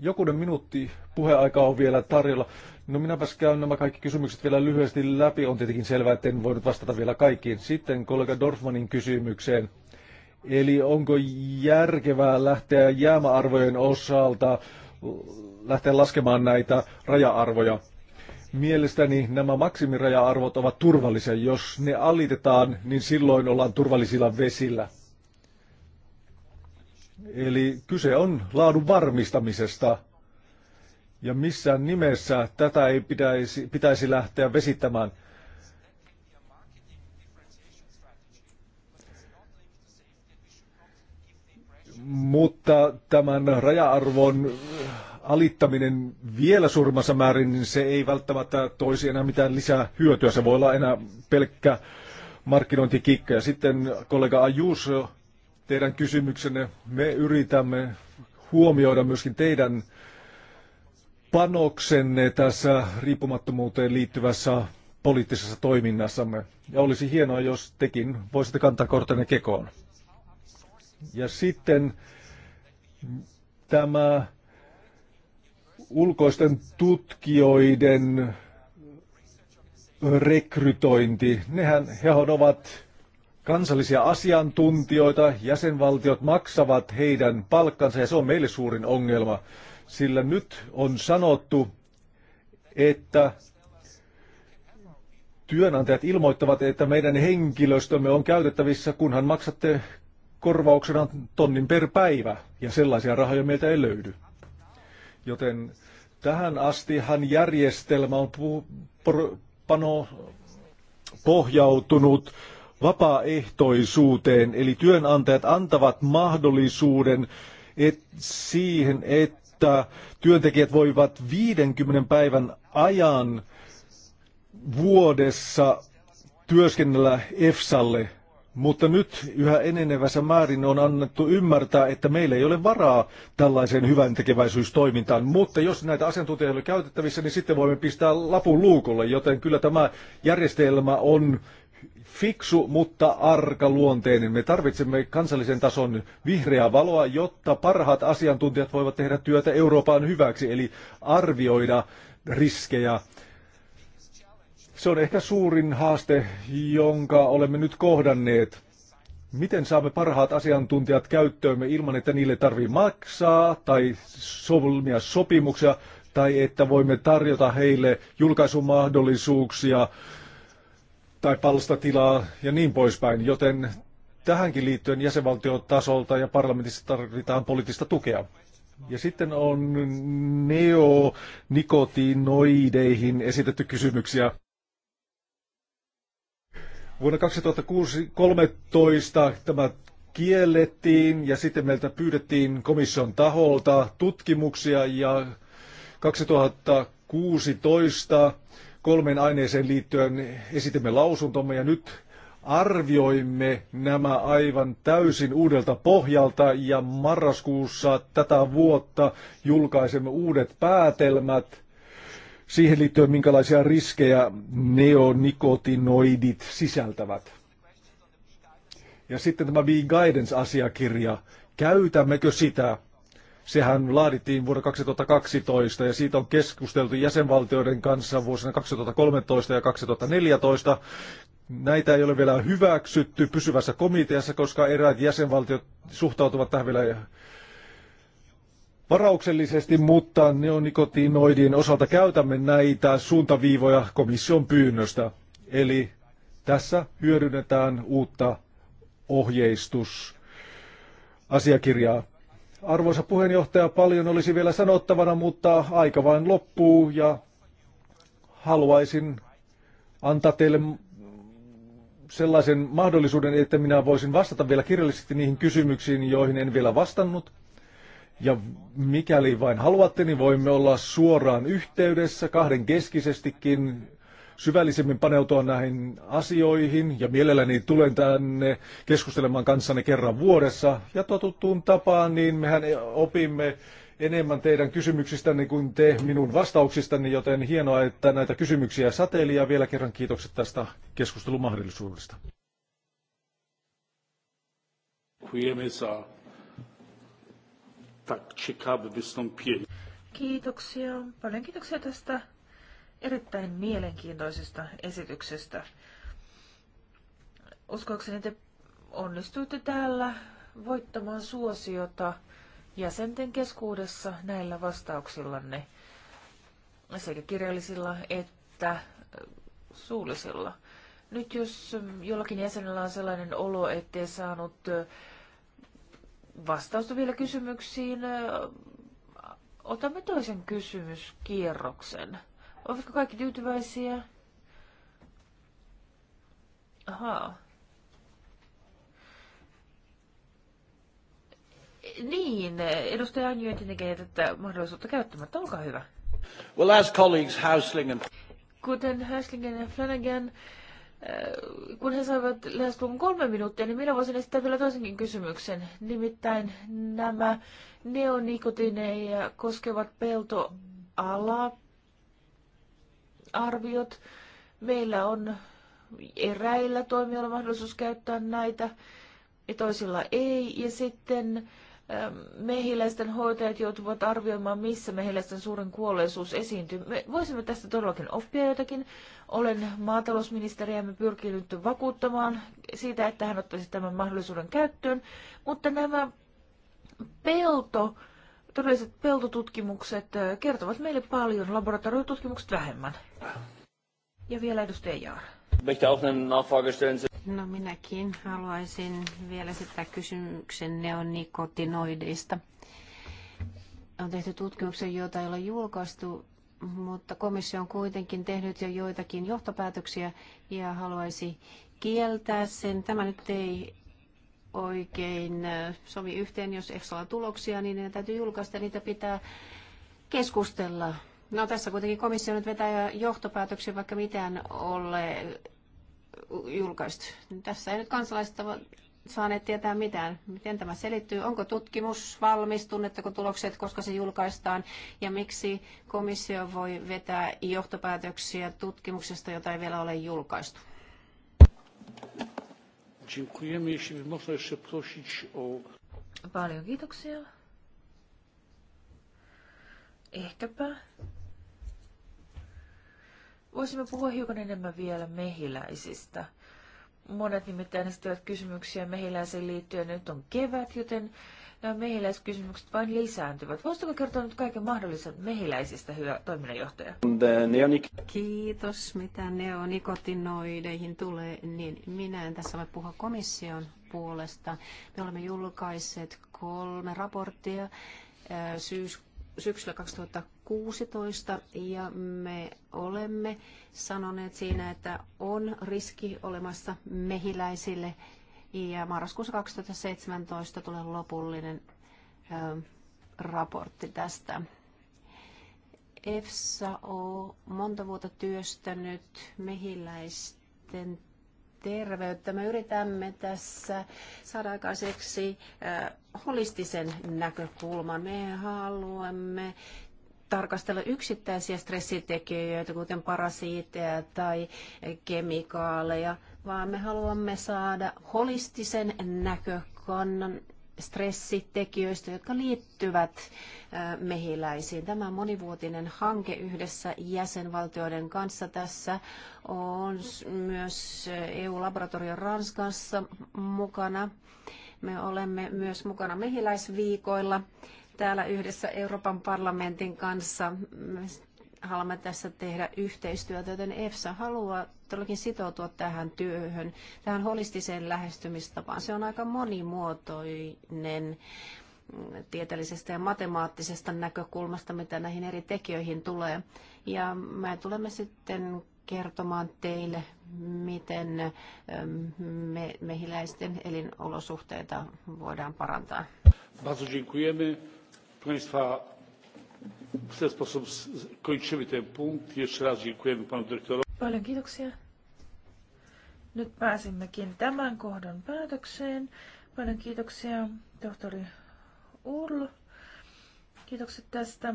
Jokunen minuutti puheaikaa on vielä tarjolla. No minäpäs käyn nämä kaikki kysymykset vielä lyhyesti läpi. On tietenkin selvää, että en voinut vastata vielä kaikkiin. Sitten kollega Dorfmanin kysymykseen. Eli onko järkevää lähteä jäämäarvojen osalta lähteä laskemaan näitä raja-arvoja? Mielestäni nämä maksimiraja-arvot ovat turvallisia. Jos ne alitetaan, niin silloin ollaan turvallisilla vesillä. Eli kyse on laadun varmistamisesta. Ja missään nimessä tätä ei pitäisi, pitäisi lähteä vesittämään. Mutta tämän raja-arvon alittaminen vielä suurimmassa määrin, niin se ei välttämättä toisi enää mitään lisää hyötyä. Se voi olla enää pelkkä markkinointikikka. Ja sitten kollega Ajus, teidän kysymyksenne, me yritämme huomioida myöskin teidän panoksenne tässä riippumattomuuteen liittyvässä poliittisessa toiminnassamme. Ja olisi hienoa, jos tekin voisitte kantaa kortenne kekoon. Ja sitten tämä ulkoisten tutkijoiden rekrytointi, nehän he ovat kansallisia asiantuntijoita, jäsenvaltiot maksavat heidän palkkansa ja se on meille suurin ongelma, sillä nyt on sanottu, että työnantajat ilmoittavat, että meidän henkilöstömme on käytettävissä, kunhan maksatte korvauksena tonnin per päivä, ja sellaisia rahoja meiltä ei löydy. Joten tähän astihan järjestelmä on pano pohjautunut vapaaehtoisuuteen, eli työnantajat antavat mahdollisuuden et, siihen, että työntekijät voivat 50 päivän ajan vuodessa työskennellä EFSAlle mutta nyt yhä enenevässä määrin on annettu ymmärtää, että meillä ei ole varaa tällaiseen hyvän tekeväisyystoimintaan. Mutta jos näitä asiantuntijoita ei käytettävissä, niin sitten voimme pistää lapun luukolle. Joten kyllä tämä järjestelmä on fiksu, mutta arka luonteinen. Me tarvitsemme kansallisen tason vihreää valoa, jotta parhaat asiantuntijat voivat tehdä työtä Euroopan hyväksi, eli arvioida riskejä se on ehkä suurin haaste, jonka olemme nyt kohdanneet. Miten saamme parhaat asiantuntijat käyttöömme ilman, että niille tarvii maksaa tai solmia sopimuksia, tai että voimme tarjota heille julkaisumahdollisuuksia tai palstatilaa ja niin poispäin. Joten tähänkin liittyen jäsenvaltiotasolta ja parlamentissa tarvitaan poliittista tukea. Ja sitten on neonikotinoideihin esitetty kysymyksiä. Vuonna 2013 tämä kiellettiin ja sitten meiltä pyydettiin komission taholta tutkimuksia ja 2016 kolmen aineeseen liittyen esitimme lausuntomme ja nyt arvioimme nämä aivan täysin uudelta pohjalta ja marraskuussa tätä vuotta julkaisemme uudet päätelmät siihen liittyen, minkälaisia riskejä neonikotinoidit sisältävät. Ja sitten tämä Be Guidance-asiakirja, käytämmekö sitä? Sehän laadittiin vuonna 2012 ja siitä on keskusteltu jäsenvaltioiden kanssa vuosina 2013 ja 2014. Näitä ei ole vielä hyväksytty pysyvässä komiteassa, koska eräät jäsenvaltiot suhtautuvat tähän vielä varauksellisesti, mutta neonikotinoidien osalta käytämme näitä suuntaviivoja komission pyynnöstä. Eli tässä hyödynnetään uutta ohjeistusasiakirjaa. Arvoisa puheenjohtaja, paljon olisi vielä sanottavana, mutta aika vain loppuu ja haluaisin antaa teille sellaisen mahdollisuuden, että minä voisin vastata vielä kirjallisesti niihin kysymyksiin, joihin en vielä vastannut. Ja mikäli vain haluatte, niin voimme olla suoraan yhteydessä kahden keskisestikin syvällisemmin paneutua näihin asioihin ja mielelläni tulen tänne keskustelemaan kanssanne kerran vuodessa. Ja totuttuun tapaan, niin mehän opimme enemmän teidän kysymyksistänne kuin te minun vastauksistani, joten hienoa, että näitä kysymyksiä sateeli ja vielä kerran kiitokset tästä keskustelumahdollisuudesta. Kiitos tak ciekawe wystąpienie. Kiitoksia. Paljon kiitoksia tästä erittäin mielenkiintoisesta esityksestä. Uskoakseni te onnistuitte täällä voittamaan suosiota jäsenten keskuudessa näillä vastauksillanne sekä kirjallisilla että suullisilla. Nyt jos jollakin jäsenellä on sellainen olo, ettei saanut vastausta vielä kysymyksiin. Otamme toisen kysymyskierroksen. Ovatko kaikki tyytyväisiä? Ahaa. Niin, edustaja Anju ei tietenkin jätettä mahdollisuutta käyttämättä. Olkaa hyvä. Well, as colleagues, Hauslingen. Kuten Hauslingen ja Flanagan, äh, kun he saivat lähes kolme minuuttia, niin minä voisin esittää vielä toisenkin kysymyksen. Nimittäin nämä neonikotineja koskevat peltoala arviot. Meillä on eräillä toimijoilla mahdollisuus käyttää näitä ja toisilla ei. Ja sitten mehiläisten hoitajat joutuvat arvioimaan, missä mehiläisten suurin kuolleisuus esiintyy. Me voisimme tästä todellakin oppia jotakin. Olen maatalousministeriämme pyrkinyt vakuuttamaan siitä, että hän ottaisi tämän mahdollisuuden käyttöön, mutta nämä pelto, todelliset peltotutkimukset äh, kertovat meille paljon, laboratoriotutkimukset vähemmän. Ja vielä edustaja Jaara. No minäkin haluaisin vielä sitä kysymyksen neonikotinoideista. On tehty tutkimuksia, joita ei ole julkaistu, mutta komissio on kuitenkin tehnyt jo joitakin johtopäätöksiä ja haluaisi kieltää sen. Tämä nyt ei oikein äh, sovi yhteen, jos EFSA on tuloksia, niin ne täytyy julkaista, niitä pitää keskustella. No tässä kuitenkin komissio nyt vetää johtopäätöksiä, vaikka mitään ole julkaistu. Tässä ei nyt kansalaiset saaneet tietää mitään. Miten tämä selittyy? Onko tutkimus valmis? Tunnetteko tulokset, koska se julkaistaan? Ja miksi komissio voi vetää johtopäätöksiä tutkimuksesta, jota ei vielä ole julkaistu? Paljon kiitoksia. Ehkäpä Voisimme puhua hiukan enemmän vielä mehiläisistä. Monet nimittäin esittävät kysymyksiä mehiläisiin liittyen. Nyt on kevät, joten nämä mehiläiskysymykset vain lisääntyvät. Voisitko kertoa nyt kaiken mahdollisen mehiläisistä, hyvä toiminnanjohtaja? Kiitos, mitä neonikotinoideihin tulee, niin minä en tässä voi puhua komission puolesta. Me olemme julkaisseet kolme raporttia syys, syksyllä 2000 2016 ja me olemme sanoneet siinä, että on riski olemassa mehiläisille ja marraskuussa 2017 tulee lopullinen ö, raportti tästä. EFSA on monta vuotta työstänyt mehiläisten terveyttä. Me yritämme tässä saada aikaiseksi holistisen näkökulman. Me haluamme tarkastella yksittäisiä stressitekijöitä, kuten parasiiteja tai kemikaaleja, vaan me haluamme saada holistisen näkökannan stressitekijöistä, jotka liittyvät mehiläisiin. Tämä monivuotinen hanke yhdessä jäsenvaltioiden kanssa tässä on myös EU-laboratorio Ranskassa mukana. Me olemme myös mukana mehiläisviikoilla täällä yhdessä Euroopan parlamentin kanssa haluamme tässä tehdä yhteistyötä, joten EFSA haluaa todellakin sitoutua tähän työhön, tähän holistiseen lähestymistapaan. Se on aika monimuotoinen tieteellisestä ja matemaattisesta näkökulmasta, mitä näihin eri tekijöihin tulee. Ja me tulemme sitten kertomaan teille, miten ähm, me, mehiläisten elinolosuhteita voidaan parantaa. Bardzo dziękujemy proszę państwa w ten sposób kończymy ten punkt. Jeszcze raz dziękujemy panu dyrektorowi. Paljon kiitoksia. Nyt pääsimmekin tämän kohdan päätökseen. Paljon kiitoksia tohtori Url. Kiitokset tästä.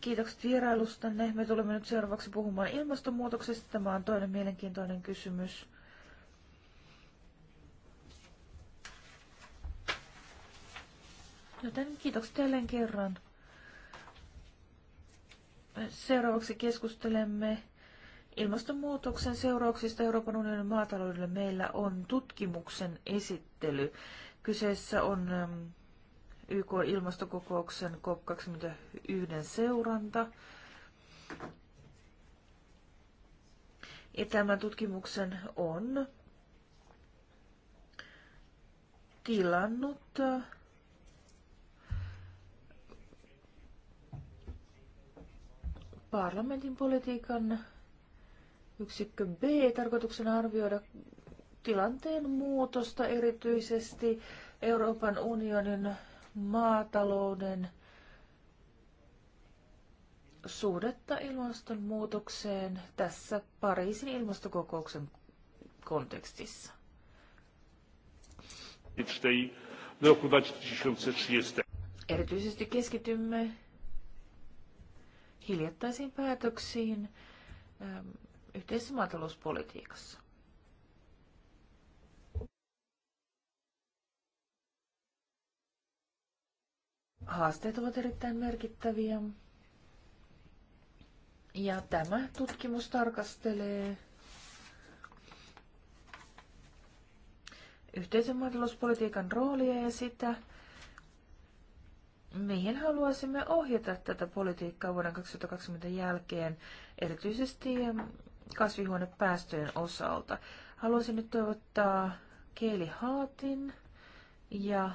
Kiitokset vierailustanne. Me tulemme nyt seuraavaksi puhumaan ilmastonmuutoksesta. Tämä on toinen mielenkiintoinen kysymys. Joten kiitokset jälleen kerran. Seuraavaksi keskustelemme ilmastonmuutoksen seurauksista Euroopan unionin maataloudelle. Meillä on tutkimuksen esittely. Kyseessä on ähm, YK-ilmastokokouksen COP21 seuranta. Ja tämän tutkimuksen on tilannut äh, parlamentin politiikan yksikkö B tarkoituksena arvioida tilanteen muutosta erityisesti Euroopan unionin maatalouden suhdetta ilmastonmuutokseen tässä Pariisin ilmastokokouksen kontekstissa. Erityisesti keskitymme hiljattaisiin päätöksiin ähm, yhteisessä maatalouspolitiikassa. Haasteet ovat erittäin merkittäviä. Ja tämä tutkimus tarkastelee yhteisen maatalouspolitiikan roolia ja sitä, Mihin haluaisimme ohjata tätä politiikkaa vuoden 2020 jälkeen, erityisesti kasvihuonepäästöjen osalta. Haluaisin nyt toivottaa Keili Haatin ja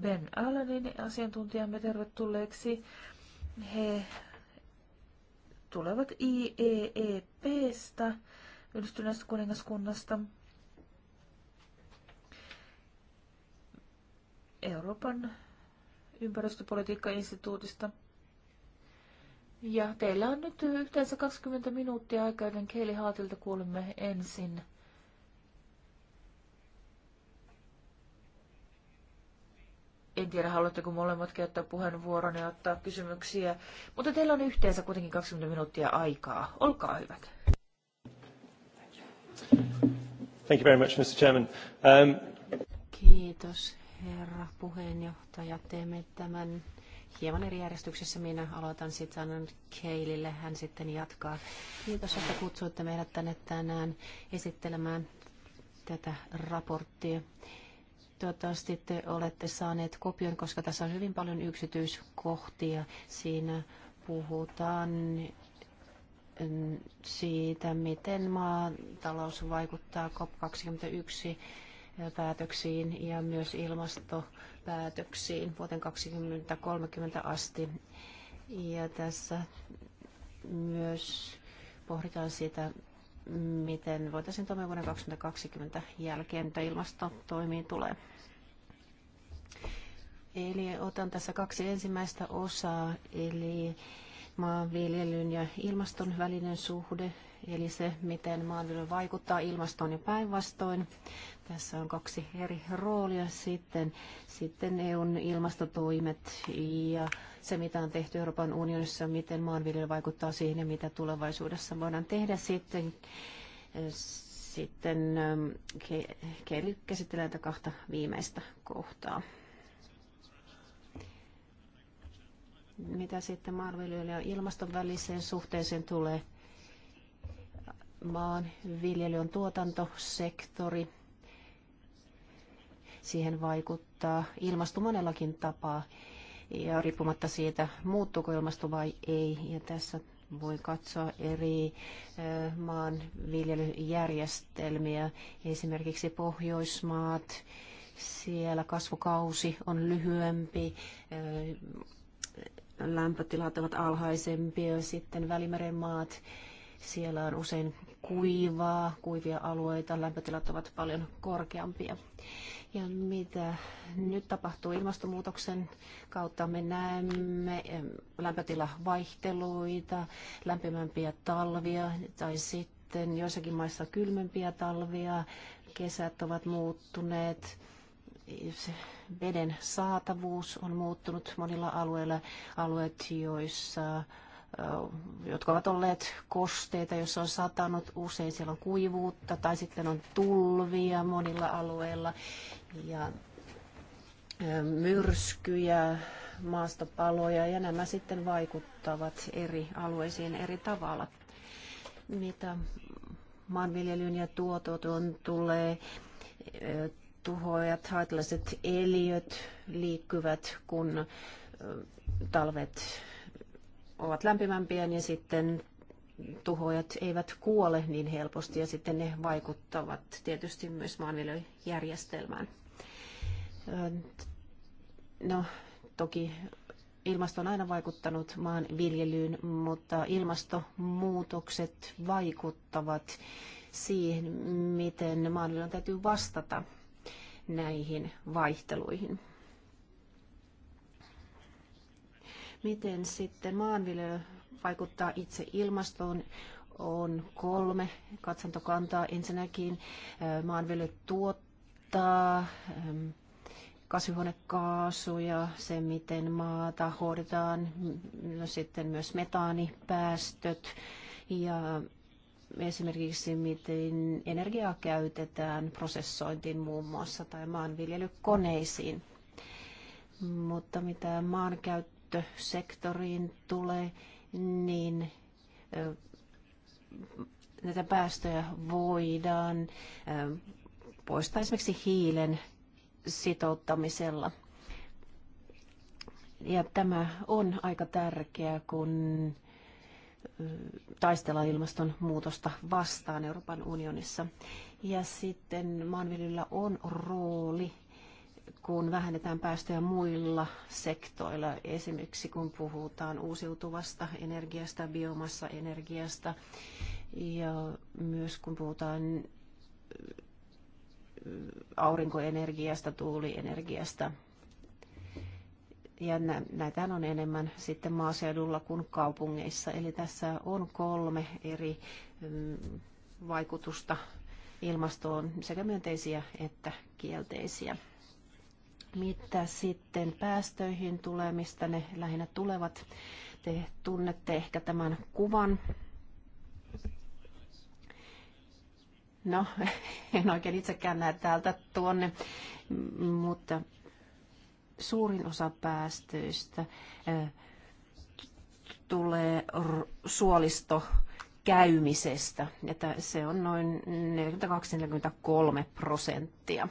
Ben Allenin asiantuntijamme tervetulleeksi. He tulevat IEEPstä, yhdistyneestä kuningaskunnasta. Euroopan ympäristöpolitiikka-instituutista. Ja teillä on nyt yhteensä 20 minuuttia aikaa, joten Keili Haatilta kuulemme ensin. En tiedä, haluatteko molemmat käyttää puheenvuoron ja ottaa kysymyksiä, mutta teillä on yhteensä kuitenkin 20 minuuttia aikaa. Olkaa hyvät. Thank you very much, Mr. Chairman. Um... Kiitos, herra puheenjohtaja. Teemme tämän hieman eri järjestyksessä. Minä aloitan sitten sanon Keilille, hän sitten jatkaa. Kiitos, että kutsuitte meidät tänne tänään esittelemään tätä raporttia. Toivottavasti te olette saaneet kopion, koska tässä on hyvin paljon yksityiskohtia. Siinä puhutaan mm, siitä, miten maatalous vaikuttaa COP21 päätöksiin ja myös ilmastopäätöksiin vuoteen 2030 asti. Ja tässä myös pohditaan sitä, miten voitaisiin toimia vuoden 2020 jälkeen, mitä ilmastotoimiin tulee. Eli otan tässä kaksi ensimmäistä osaa, eli maanviljelyn ja ilmaston välinen suhde, eli se, miten maanviljely vaikuttaa ilmastoon ja päinvastoin. Tässä on kaksi eri roolia sitten. Sitten EUn ilmastotoimet ja se, mitä on tehty Euroopan unionissa, miten maanviljely vaikuttaa siihen ja mitä tulevaisuudessa voidaan tehdä sitten. Sitten ähm, Kelly käsittelee tätä kahta viimeistä kohtaa. Mitä sitten maanviljelyyn ja ilmaston väliseen suhteeseen tulee? Maanviljely on tuotantosektori Siihen vaikuttaa ilmasto monellakin tapaa ja riippumatta siitä, muuttuuko ilmasto vai ei. Ja tässä voi katsoa eri maanviljelyjärjestelmiä, esimerkiksi Pohjoismaat, siellä kasvukausi on lyhyempi, lämpötilat ovat alhaisempia, sitten Välimeren maat, siellä on usein kuivaa, kuivia alueita, lämpötilat ovat paljon korkeampia. Ja mitä nyt tapahtuu ilmastonmuutoksen kautta, me näemme lämpötilavaihteluita, lämpimämpiä talvia tai sitten joissakin maissa kylmempiä talvia, kesät ovat muuttuneet veden saatavuus on muuttunut monilla alueilla, alueet, joissa jotka ovat olleet kosteita, jos on satanut, usein siellä on kuivuutta tai sitten on tulvia monilla alueilla ja myrskyjä, maastopaloja ja nämä sitten vaikuttavat eri alueisiin eri tavalla. Mitä maanviljelyn ja tuototon tulee, tuhoajat, haitalliset eliöt liikkyvät, kun talvet ovat lämpimämpiä, niin sitten tuhojat eivät kuole niin helposti ja sitten ne vaikuttavat tietysti myös maanviljelyjärjestelmään. No, toki ilmasto on aina vaikuttanut maanviljelyyn, mutta ilmastonmuutokset vaikuttavat siihen, miten maanviljelyn täytyy vastata näihin vaihteluihin. Miten sitten maanviljely vaikuttaa itse ilmastoon? On kolme katsantokantaa. Ensinnäkin maanviljely tuottaa kasvihuonekaasuja, se miten maata hoidetaan, no sitten myös metaanipäästöt ja esimerkiksi miten energiaa käytetään prosessointiin muun muassa tai maanviljelykoneisiin. Mutta mitä maankäyttö ympäristösektoriin tulee, niin näitä päästöjä voidaan poistaa esimerkiksi hiilen sitouttamisella. Ja tämä on aika tärkeää, kun taistellaan ilmastonmuutosta vastaan Euroopan unionissa. Ja sitten maanviljelyllä on rooli kun vähennetään päästöjä muilla sektoilla, esimerkiksi kun puhutaan uusiutuvasta energiasta, biomassa-energiasta ja myös kun puhutaan aurinkoenergiasta, tuulienergiasta. Ja näitä on enemmän sitten maaseudulla kuin kaupungeissa. Eli tässä on kolme eri vaikutusta ilmastoon, sekä myönteisiä että kielteisiä. Mitä sitten päästöihin tulee, mistä ne lähinnä tulevat? Te tunnette ehkä tämän kuvan. No, en oikein itsekään näe täältä tuonne, mutta suurin osa päästöistä tulee suolisto käymisestä, että se on noin 42-43 prosenttia.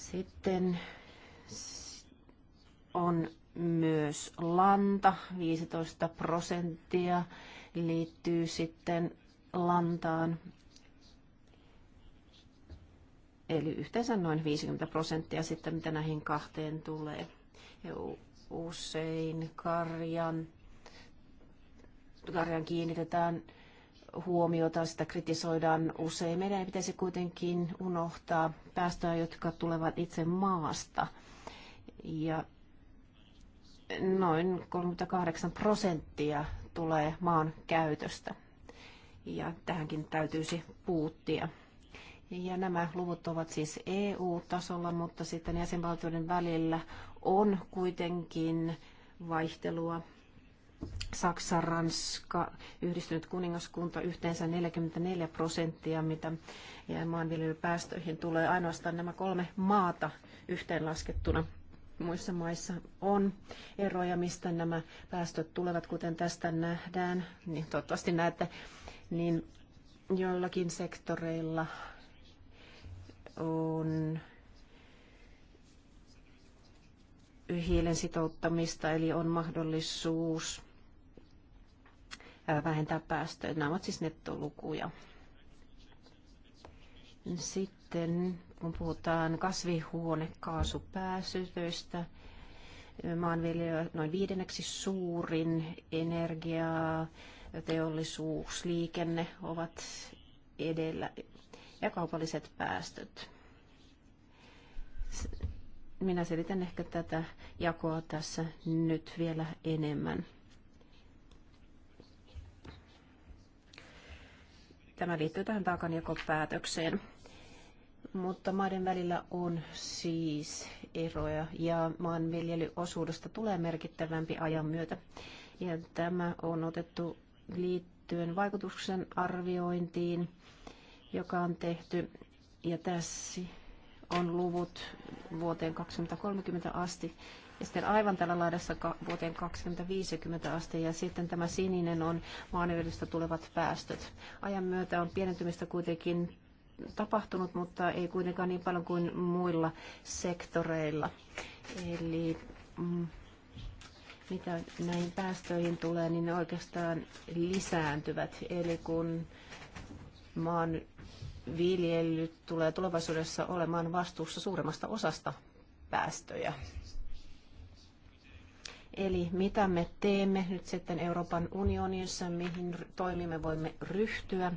Sitten on myös lanta, 15 prosenttia liittyy sitten lantaan. Eli yhteensä noin 50 prosenttia sitten, mitä näihin kahteen tulee. Ja usein karjan, karjan kiinnitetään huomiota, sitä kritisoidaan usein. Meidän ei pitäisi kuitenkin unohtaa päästöjä, jotka tulevat itse maasta. Ja noin 38 prosenttia tulee maan käytöstä. Ja tähänkin täytyisi puuttia. Ja nämä luvut ovat siis EU-tasolla, mutta sitten jäsenvaltioiden välillä on kuitenkin vaihtelua Saksa, Ranska, yhdistynyt kuningaskunta yhteensä 44 prosenttia, mitä maanviljelypäästöihin tulee. Ainoastaan nämä kolme maata yhteenlaskettuna muissa maissa on eroja, mistä nämä päästöt tulevat, kuten tästä nähdään. Niin toivottavasti näette, niin joillakin sektoreilla on hiilen sitouttamista, eli on mahdollisuus vähentää päästöjä. Nämä ovat siis nettolukuja. Sitten kun puhutaan kasvihuonekaasupäästöistä, maanviljelijä noin viidenneksi suurin energia, teollisuus, liikenne ovat edellä ja kaupalliset päästöt. Minä selitän ehkä tätä jakoa tässä nyt vielä enemmän. Tämä liittyy tähän taakanjakopäätökseen. Mutta maiden välillä on siis eroja ja maanviljelyosuudesta tulee merkittävämpi ajan myötä. Ja tämä on otettu liittyen vaikutuksen arviointiin, joka on tehty. Ja tässä on luvut vuoteen 2030 asti ja sitten aivan täällä laidassa vuoteen 2050 asti ja sitten tämä sininen on maanöljystä tulevat päästöt. Ajan myötä on pienentymistä kuitenkin tapahtunut, mutta ei kuitenkaan niin paljon kuin muilla sektoreilla. Eli mm, mitä näihin päästöihin tulee, niin ne oikeastaan lisääntyvät. Eli kun maan viljely tulee tulevaisuudessa olemaan vastuussa suuremmasta osasta päästöjä. Eli mitä me teemme nyt sitten Euroopan unionissa, mihin toimimme voimme ryhtyä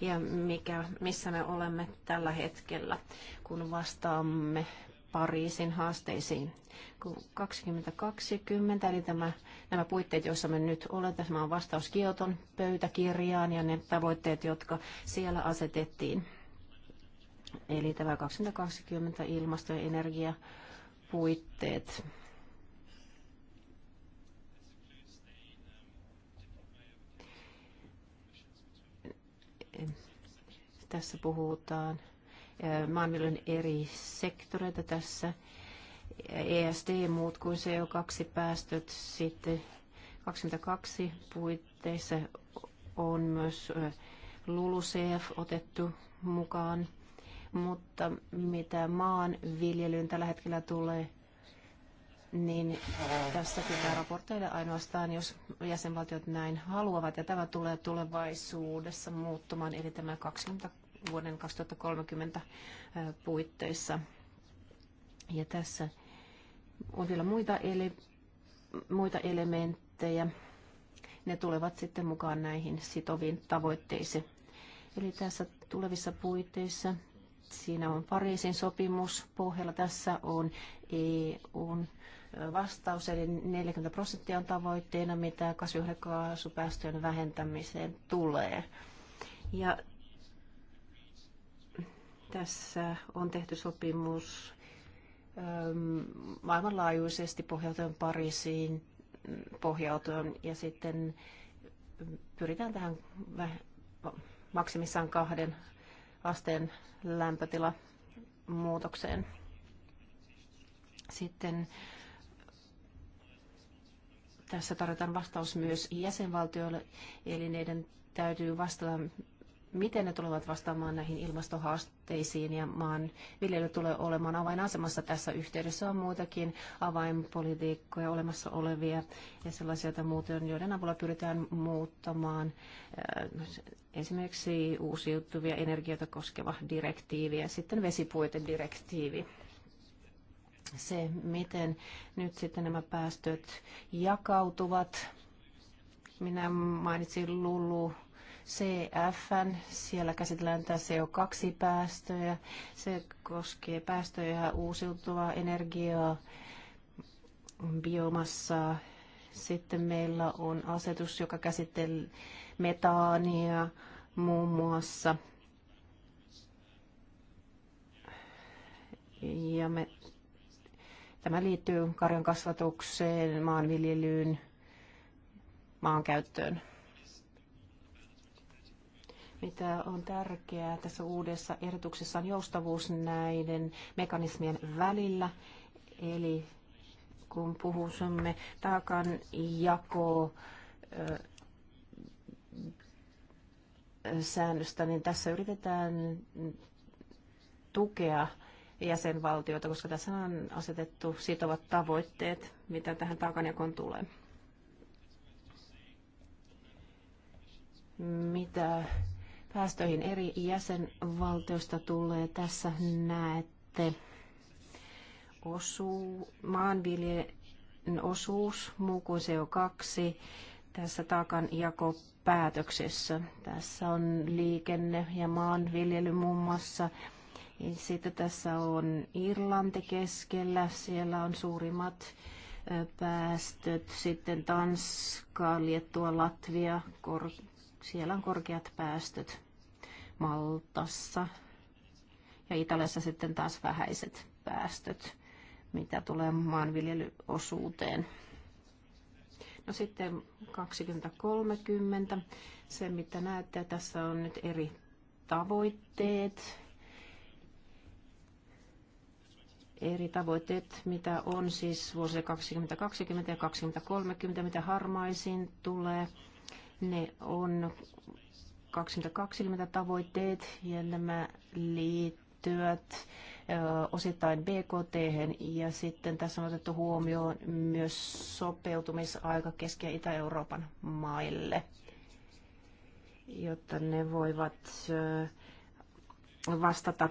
ja mikä, missä me olemme tällä hetkellä, kun vastaamme Pariisin haasteisiin. 2020, eli tämä, nämä puitteet, joissa me nyt olemme, tämä on vastaus Kioton pöytäkirjaan ja ne tavoitteet, jotka siellä asetettiin. Eli tämä 2020 ilmasto- ja energiapuitteet. Tässä puhutaan maanviljelyn eri sektoreita tässä. ESD muut kuin CO2-päästöt sitten 22 puitteissa on myös LULUCF otettu mukaan, mutta mitä maanviljelyyn tällä hetkellä tulee, niin tässä pitää raportoida ainoastaan, jos jäsenvaltiot näin haluavat. Ja tämä tulee tulevaisuudessa muuttumaan, eli tämä 22 vuoden 2030 puitteissa. Ja tässä on vielä muita, ele, muita elementtejä. Ne tulevat sitten mukaan näihin sitoviin tavoitteisiin. Eli tässä tulevissa puitteissa siinä on Pariisin sopimus pohjalla. Tässä on EUn vastaus, eli 40 prosenttia on tavoitteena, mitä kasvihuonekaasupäästöjen vähentämiseen tulee. Ja tässä on tehty sopimus ähm, maailmanlaajuisesti pohjautuen Pariisiin pohjautuen ja sitten pyritään tähän maksimissaan kahden asteen lämpötila muutokseen. Sitten tässä tarjotaan vastaus myös jäsenvaltioille, eli niiden täytyy vastata miten ne tulevat vastaamaan näihin ilmastohaasteisiin ja maan viljely tulee olemaan avainasemassa tässä yhteydessä. On muitakin avainpolitiikkoja olemassa olevia ja sellaisia, tai muuta, joiden avulla pyritään muuttamaan äh, esimerkiksi uusiutuvia energioita koskeva direktiivi ja sitten vesipuitedirektiivi se, miten nyt sitten nämä päästöt jakautuvat. Minä mainitsin Lulu CF, siellä käsitellään tätä CO2-päästöjä, se koskee päästöjä uusiutuvaa energiaa, biomassaa. Sitten meillä on asetus, joka käsittelee metaania muun muassa. Ja me, tämä liittyy karjan kasvatukseen, maanviljelyyn, maankäyttöön mitä on tärkeää tässä uudessa ehdotuksessa on joustavuus näiden mekanismien välillä. Eli kun puhumme taakan jako säännöstä, niin tässä yritetään tukea jäsenvaltioita, koska tässä on asetettu sitovat tavoitteet, mitä tähän taakanjakoon tulee. Mitä päästöihin eri jäsenvaltioista tulee. Tässä näette osu, maanviljelijän osuus, muu kuin CO2, tässä taakanjakopäätöksessä. Tässä on liikenne ja maanviljely muun muassa. Sitten tässä on Irlanti keskellä, siellä on suurimmat päästöt. Sitten Tanska, Liettua, Latvia, kor- siellä on korkeat päästöt. Maltassa ja Italiassa sitten taas vähäiset päästöt, mitä tulee maanviljelyosuuteen. No sitten 2030, se mitä näette, tässä on nyt eri tavoitteet, eri tavoitteet, mitä on siis vuosille 2020 ja 2030, mitä harmaisiin tulee. Ne on 2020 tavoitteet ja nämä liittyvät osittain BKT ja sitten tässä on otettu huomioon myös sopeutumisaika Keski- ja Itä-Euroopan maille, jotta ne voivat vastata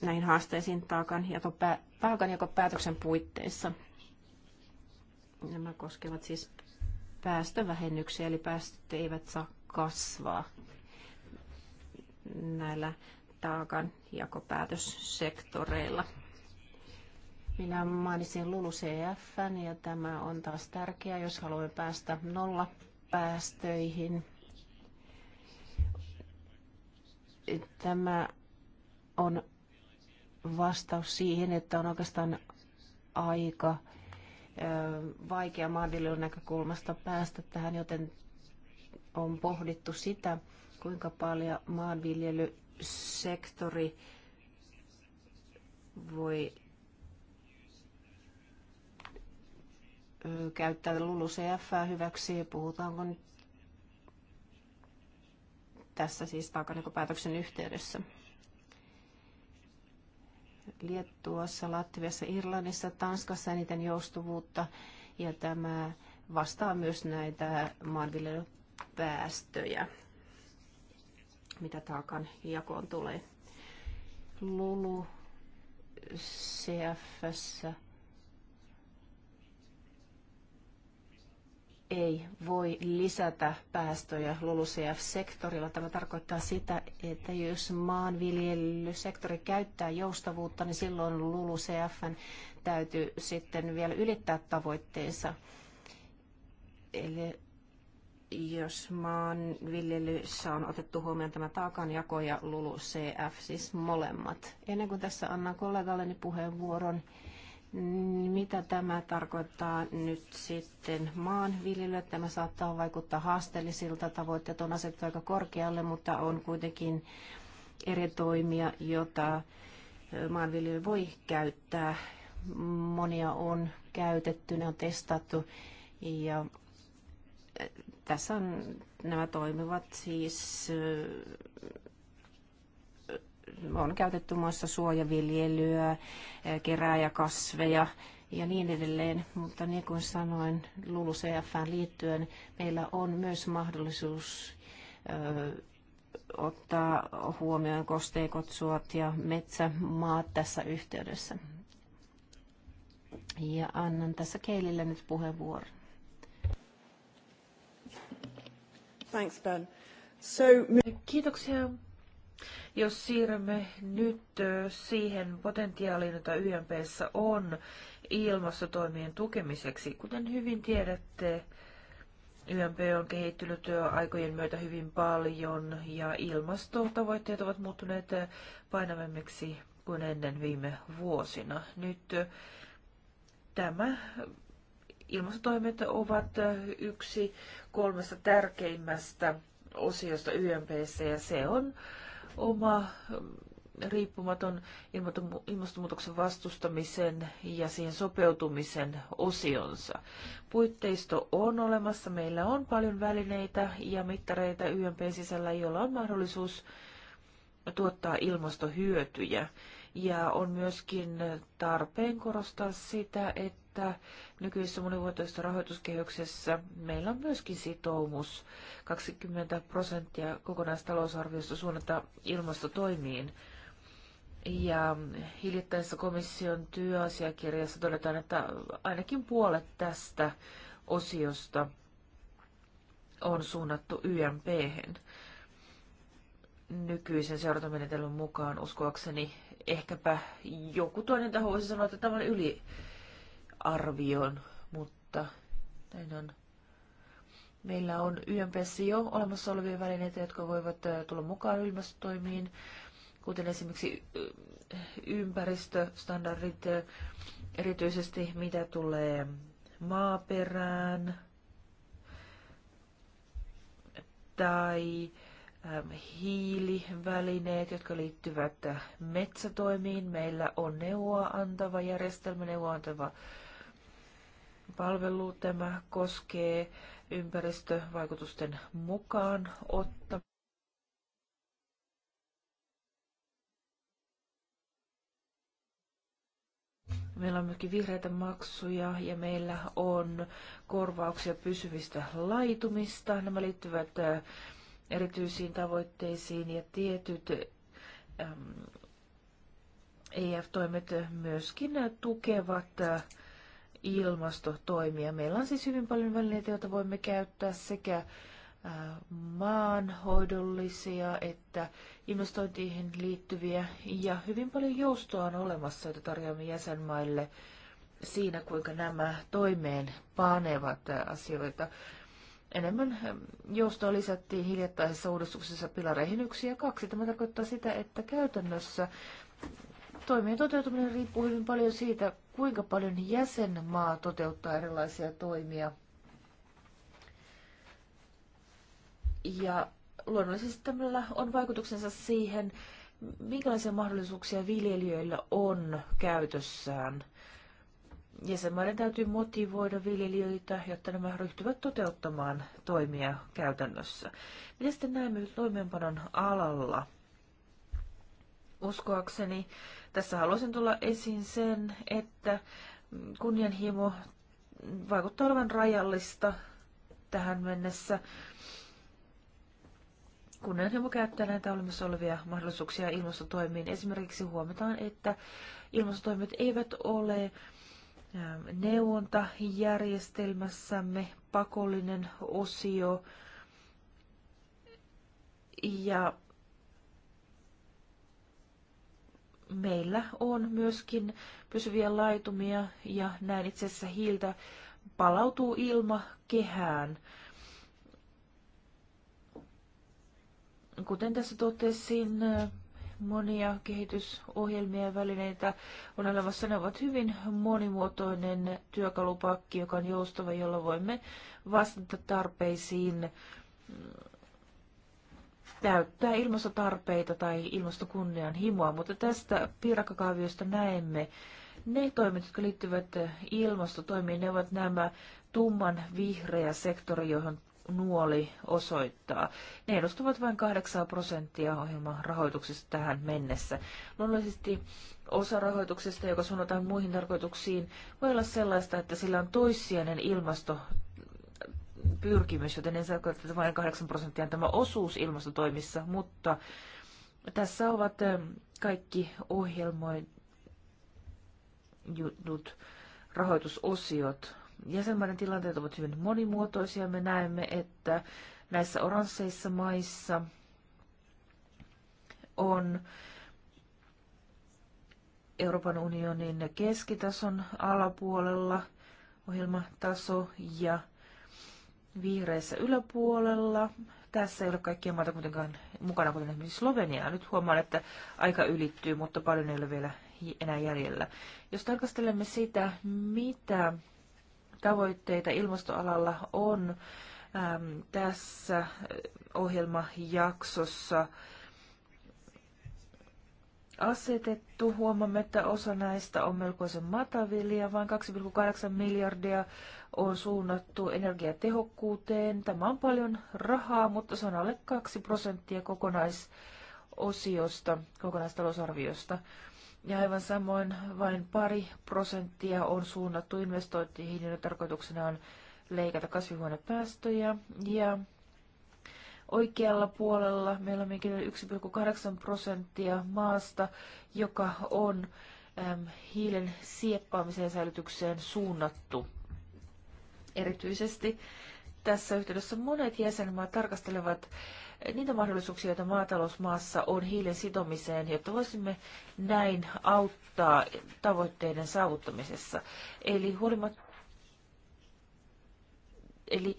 näihin haasteisiin taakan, jako, taakan joko päätöksen puitteissa. Nämä koskevat siis päästövähennyksiä, eli päästöt eivät saa kasvaa näillä taakan jakopäätössektoreilla. Minä mainitsin LULU-CF, ja tämä on taas tärkeää, jos haluamme päästä nolla päästöihin. Tämä on vastaus siihen, että on oikeastaan aika vaikea maanviljelyn näkökulmasta päästä tähän, joten on pohdittu sitä, kuinka paljon maanviljelysektori voi käyttää LULUCF hyväksi. Puhutaanko nyt tässä siis taakanjakopäätöksen yhteydessä? Liettuassa, Latviassa, Irlannissa, Tanskassa eniten joustuvuutta ja tämä vastaa myös näitä maanviljelypäästöjä mitä taakan jakoon tulee. Lulu CF ei voi lisätä päästöjä LULUCF-sektorilla. Tämä tarkoittaa sitä, että jos maanviljelysektori käyttää joustavuutta, niin silloin LULUCF täytyy sitten vielä ylittää tavoitteensa. Eli jos maanviljelyssä on otettu huomioon tämä taakanjako ja LULU-CF, siis molemmat. Ennen kuin tässä annan kollegalleni puheenvuoron, niin mitä tämä tarkoittaa nyt sitten maanviljelyä? Tämä saattaa vaikuttaa haasteellisilta. Tavoitteet on asettu aika korkealle, mutta on kuitenkin eri toimia, joita maanviljely voi käyttää. Monia on käytetty, ne on testattu ja tässä on, nämä toimivat siis, on käytetty muassa suojaviljelyä, kerääjäkasveja ja niin edelleen. Mutta niin kuin sanoin LULUCFään liittyen, meillä on myös mahdollisuus ottaa huomioon kosteikot, suot ja metsämaat tässä yhteydessä. Ja annan tässä Keilille nyt puheenvuoron. Thanks, Ben. So... Kiitoksia. Jos siirrymme nyt siihen potentiaaliin, jota YMPssä on ilmastotoimien tukemiseksi, kuten hyvin tiedätte, YMP on kehittynyt aikojen myötä hyvin paljon ja ilmastotavoitteet ovat muuttuneet painavammiksi kuin ennen viime vuosina. Nyt tämä Ilmastotoimet ovat yksi kolmesta tärkeimmästä osiosta YMPC ja se on oma riippumaton ilmastonmuutoksen vastustamisen ja siihen sopeutumisen osionsa. Puitteisto on olemassa, meillä on paljon välineitä ja mittareita YMP sisällä, joilla on mahdollisuus tuottaa ilmastohyötyjä. Ja on myöskin tarpeen korostaa sitä, että että nykyisessä monivuotoisessa rahoituskehyksessä meillä on myöskin sitoumus 20 prosenttia kokonaistalousarviosta suunnata ilmastotoimiin. Ja hiljattaisessa komission työasiakirjassa todetaan, että ainakin puolet tästä osiosta on suunnattu YMP. -hän. Nykyisen seurantamenetelmän mukaan uskoakseni ehkäpä joku toinen taho voisi sanoa, että tämä on yli arvioon, mutta näin on. Meillä on YMPS jo olemassa olevia välineitä, jotka voivat tulla mukaan ilmastotoimiin, kuten esimerkiksi ympäristöstandardit, erityisesti mitä tulee maaperään tai hiilivälineet, jotka liittyvät metsätoimiin. Meillä on neuvoa antava järjestelmä, neuvoa antava palvelu. Tämä koskee ympäristövaikutusten mukaan ottaa. Meillä on myöskin vihreitä maksuja ja meillä on korvauksia pysyvistä laitumista. Nämä liittyvät äh, erityisiin tavoitteisiin ja tietyt EF-toimet myöskin tukevat äh, ilmastotoimia. Meillä on siis hyvin paljon välineitä, joita voimme käyttää sekä maanhoidollisia että investointiin liittyviä ja hyvin paljon joustoa on olemassa, jota tarjoamme jäsenmaille siinä, kuinka nämä toimeen panevat asioita. Enemmän joustoa lisättiin hiljattaisessa uudistuksessa pilareihin yksi ja kaksi. Tämä tarkoittaa sitä, että käytännössä Toimien toteutuminen riippuu hyvin paljon siitä, kuinka paljon jäsenmaa toteuttaa erilaisia toimia. Ja luonnollisesti tämällä on vaikutuksensa siihen, minkälaisia mahdollisuuksia viljelijöillä on käytössään. Jäsenmaiden täytyy motivoida viljelijöitä, jotta nämä ryhtyvät toteuttamaan toimia käytännössä. Mitä sitten näemme nyt toimeenpanon alalla? Uskoakseni tässä haluaisin tulla esiin sen, että kunnianhimo vaikuttaa olevan rajallista tähän mennessä. Kunnianhimo käyttää näitä olemassa olevia mahdollisuuksia ilmastotoimiin. Esimerkiksi huomataan, että ilmastotoimet eivät ole ähm, neuvontajärjestelmässämme pakollinen osio. Ja meillä on myöskin pysyviä laitumia ja näin itse asiassa hiiltä palautuu ilma kehään. Kuten tässä totesin, monia kehitysohjelmia ja välineitä on olemassa. Ne ovat hyvin monimuotoinen työkalupakki, joka on joustava, jolla voimme vastata tarpeisiin täyttää ilmastotarpeita tai himoa, mutta tästä piirakkakaaviosta näemme ne toimet, jotka liittyvät ilmastotoimiin, ne ovat nämä tumman vihreä sektori, johon nuoli osoittaa. Ne edustavat vain 8 prosenttia ohjelman rahoituksesta tähän mennessä. Luonnollisesti osa rahoituksesta, joka suunnataan muihin tarkoituksiin, voi olla sellaista, että sillä on toissijainen ilmasto pyrkimys, joten en sano, että vain 8 prosenttia on tämä osuus ilmastotoimissa, mutta tässä ovat kaikki ohjelmoidut rahoitusosiot. Jäsenmaiden tilanteet ovat hyvin monimuotoisia. Me näemme, että näissä oransseissa maissa on Euroopan unionin keskitason alapuolella ohjelmataso ja vihreässä yläpuolella. Tässä ei ole kaikkia maata kuitenkaan mukana, kuten esimerkiksi Sloveniaa. Nyt huomaan, että aika ylittyy, mutta paljon ei ole vielä enää jäljellä. Jos tarkastelemme sitä, mitä tavoitteita ilmastoalalla on äm, tässä äh, ohjelmajaksossa asetettu, huomaamme, että osa näistä on melkoisen matavilja, vain 2,8 miljardia on suunnattu energiatehokkuuteen. Tämä on paljon rahaa, mutta se on alle 2 prosenttia kokonaisosiosta, kokonaistalousarviosta. Ja aivan samoin vain pari prosenttia on suunnattu investointiin, joiden tarkoituksena on leikata kasvihuonepäästöjä. Ja oikealla puolella meillä on 1,8 prosenttia maasta, joka on äm, hiilen sieppaamiseen ja säilytykseen suunnattu erityisesti tässä yhteydessä monet jäsenmaat tarkastelevat niitä mahdollisuuksia, joita maatalousmaassa on hiilen sitomiseen, jotta voisimme näin auttaa tavoitteiden saavuttamisessa. Eli huolimatta Eli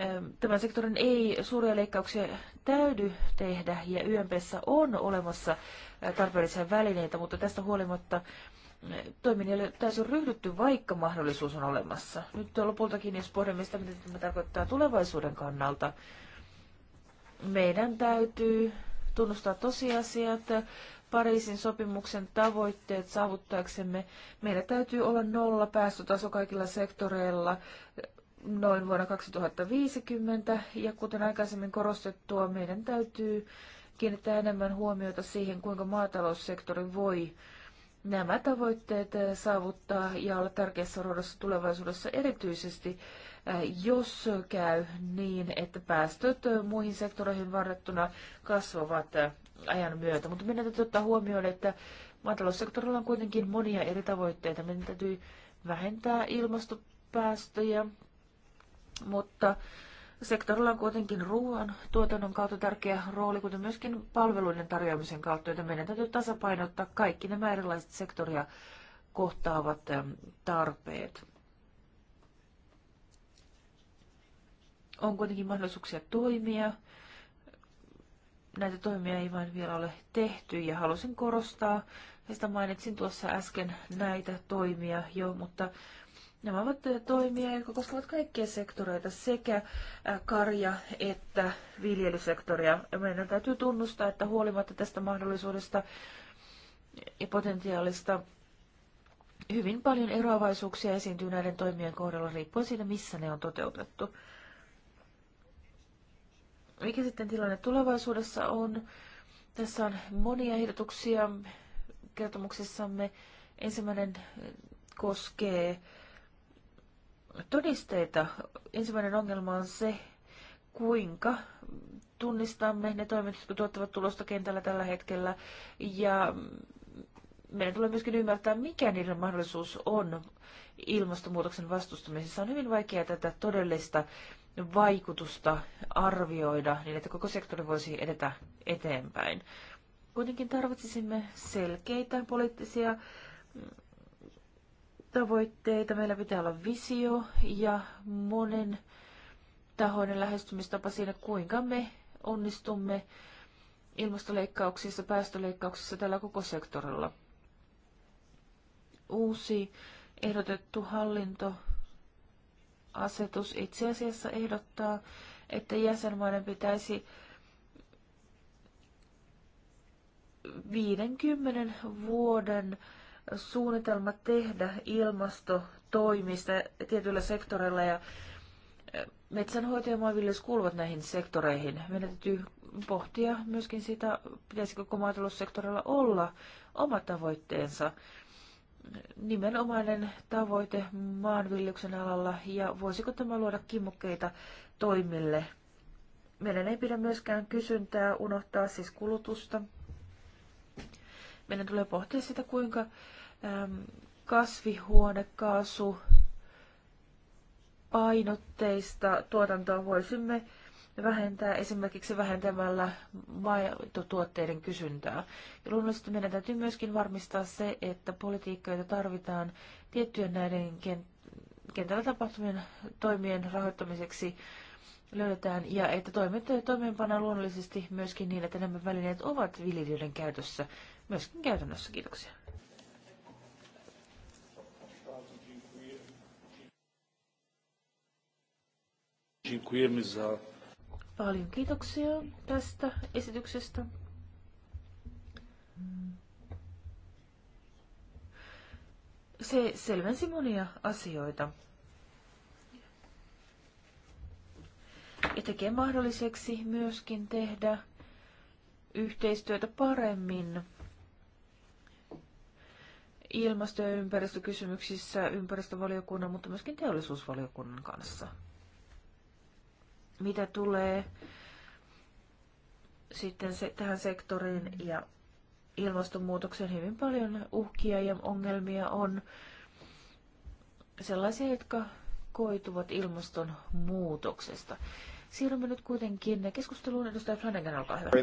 ähm, tämän sektorin ei suuria leikkauksia täydy tehdä ja YMPssä on olemassa äh, tarpeellisia välineitä, mutta tästä huolimatta toimiin taisi on ryhdytty, vaikka mahdollisuus on olemassa. Nyt lopultakin, jos pohdimme sitä, mitä tämä tarkoittaa tulevaisuuden kannalta, meidän täytyy tunnustaa tosiasiat, Pariisin sopimuksen tavoitteet saavuttaaksemme. meidän täytyy olla nolla päästötaso kaikilla sektoreilla noin vuonna 2050, ja kuten aikaisemmin korostettua, meidän täytyy kiinnittää enemmän huomiota siihen, kuinka maataloussektori voi nämä tavoitteet eh, saavuttaa ja olla tärkeässä roolissa tulevaisuudessa erityisesti, eh, jos käy niin, että päästöt eh, muihin sektoreihin varrettuna kasvavat ajan myötä. Mutta meidän täytyy ottaa huomioon, että maataloussektorilla on kuitenkin monia eri tavoitteita. Meidän täytyy vähentää ilmastopäästöjä, mutta Sektorilla on kuitenkin ruoan tuotannon kautta tärkeä rooli, kuten myöskin palveluiden tarjoamisen kautta, joten meidän täytyy tasapainottaa kaikki nämä erilaiset sektoria kohtaavat tarpeet. On kuitenkin mahdollisuuksia toimia. Näitä toimia ei vain vielä ole tehty ja halusin korostaa, sitä mainitsin tuossa äsken näitä toimia jo, mutta Nämä ovat eh, toimia, jotka koskevat kaikkia sektoreita, sekä eh, karja- että viljelysektoria. Meidän täytyy tunnustaa, että huolimatta tästä mahdollisuudesta ja potentiaalista hyvin paljon eroavaisuuksia esiintyy näiden toimien kohdalla riippuen siitä, missä ne on toteutettu. Mikä sitten tilanne tulevaisuudessa on? Tässä on monia ehdotuksia kertomuksessamme. Ensimmäinen koskee todisteita. Ensimmäinen ongelma on se, kuinka tunnistamme ne toimet, jotka tuottavat tulosta kentällä tällä hetkellä. Ja meidän tulee myöskin ymmärtää, mikä niiden mahdollisuus on ilmastonmuutoksen vastustamisessa. On hyvin vaikea tätä todellista vaikutusta arvioida niin, että koko sektori voisi edetä eteenpäin. Kuitenkin tarvitsisimme selkeitä poliittisia tavoitteita. Meillä pitää olla visio ja monen tahoinen lähestymistapa siinä, kuinka me onnistumme ilmastoleikkauksissa, päästöleikkauksissa tällä koko sektorilla. Uusi ehdotettu hallintoasetus itse asiassa ehdottaa, että jäsenmaiden pitäisi 50 vuoden suunnitelma tehdä ilmastotoimista tietyillä sektoreilla ja e, metsänhoito ja maanviljelys kuuluvat näihin sektoreihin. Meidän täytyy pohtia myöskin sitä, pitäisikö maataloussektorilla olla oma tavoitteensa nimenomainen tavoite maanviljelyksen alalla ja voisiko tämä luoda kimmokkeita toimille. Meidän ei pidä myöskään kysyntää unohtaa siis kulutusta. Meidän tulee pohtia sitä, kuinka kasvihuonekaasu painotteista tuotantoa voisimme vähentää esimerkiksi vähentämällä maitotuotteiden kysyntää. Ja luonnollisesti meidän täytyy myöskin varmistaa se, että politiikka, jota tarvitaan tiettyjen näiden kentällä tapahtumien toimien rahoittamiseksi, löydetään ja että toimintoja toimeenpanna luonnollisesti myöskin niin, että nämä välineet ovat viljelijöiden käytössä myöskin käytännössä. Kiitoksia. Paljon kiitoksia tästä esityksestä. Se selvensi monia asioita ja tekee mahdolliseksi myöskin tehdä yhteistyötä paremmin ilmasto- ja ympäristökysymyksissä ympäristövaliokunnan, mutta myöskin teollisuusvaliokunnan kanssa. Mitä tulee sitten se, tähän sektoriin ja ilmastonmuutoksen hyvin paljon uhkia ja ongelmia on sellaisia, jotka koituvat ilmastonmuutoksesta. Siirrymme nyt kuitenkin keskusteluun. Edustaja Flanagan, olkaa hyvä. Uh,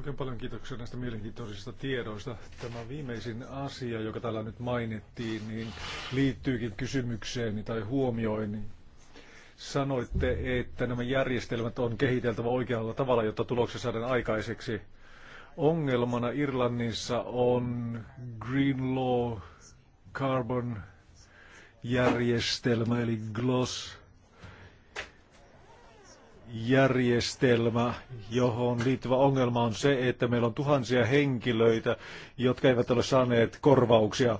Oikein paljon kiitoksia näistä mielenkiintoisista tiedoista. Tämä viimeisin asia, joka täällä nyt mainittiin, niin liittyykin kysymykseen tai huomioin. Sanoitte, että nämä järjestelmät on kehiteltävä oikealla tavalla, jotta tuloksia saadaan aikaiseksi. Ongelmana Irlannissa on Green Law Carbon järjestelmä, eli GLOSS, järjestelmä, johon liittyvä ongelma on se, että meillä on tuhansia henkilöitä, jotka eivät ole saaneet korvauksia.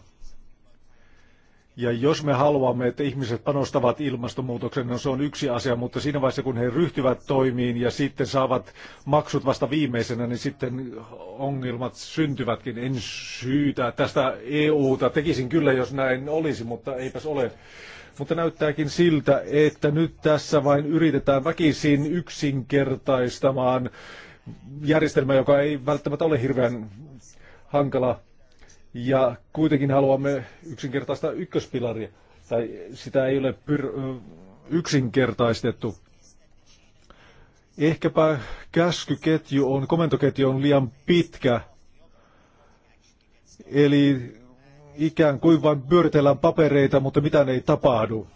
Ja jos me haluamme, että ihmiset panostavat ilmastonmuutokseen, no se on yksi asia, mutta siinä vaiheessa kun he ryhtyvät toimiin ja sitten saavat maksut vasta viimeisenä, niin sitten ongelmat syntyvätkin. En syytä tästä EUta. Tekisin kyllä, jos näin olisi, mutta eipäs ole. Mutta näyttääkin siltä, että nyt tässä vain yritetään väkisin yksinkertaistamaan järjestelmä, joka ei välttämättä ole hirveän hankala. Ja kuitenkin haluamme yksinkertaista ykköspilaria, tai sitä ei ole pyr- yksinkertaistettu. Ehkäpä käskyketju on, komentoketju on liian pitkä, eli ikään kuin vain pyöritellään papereita, mutta mitään ei tapahdu.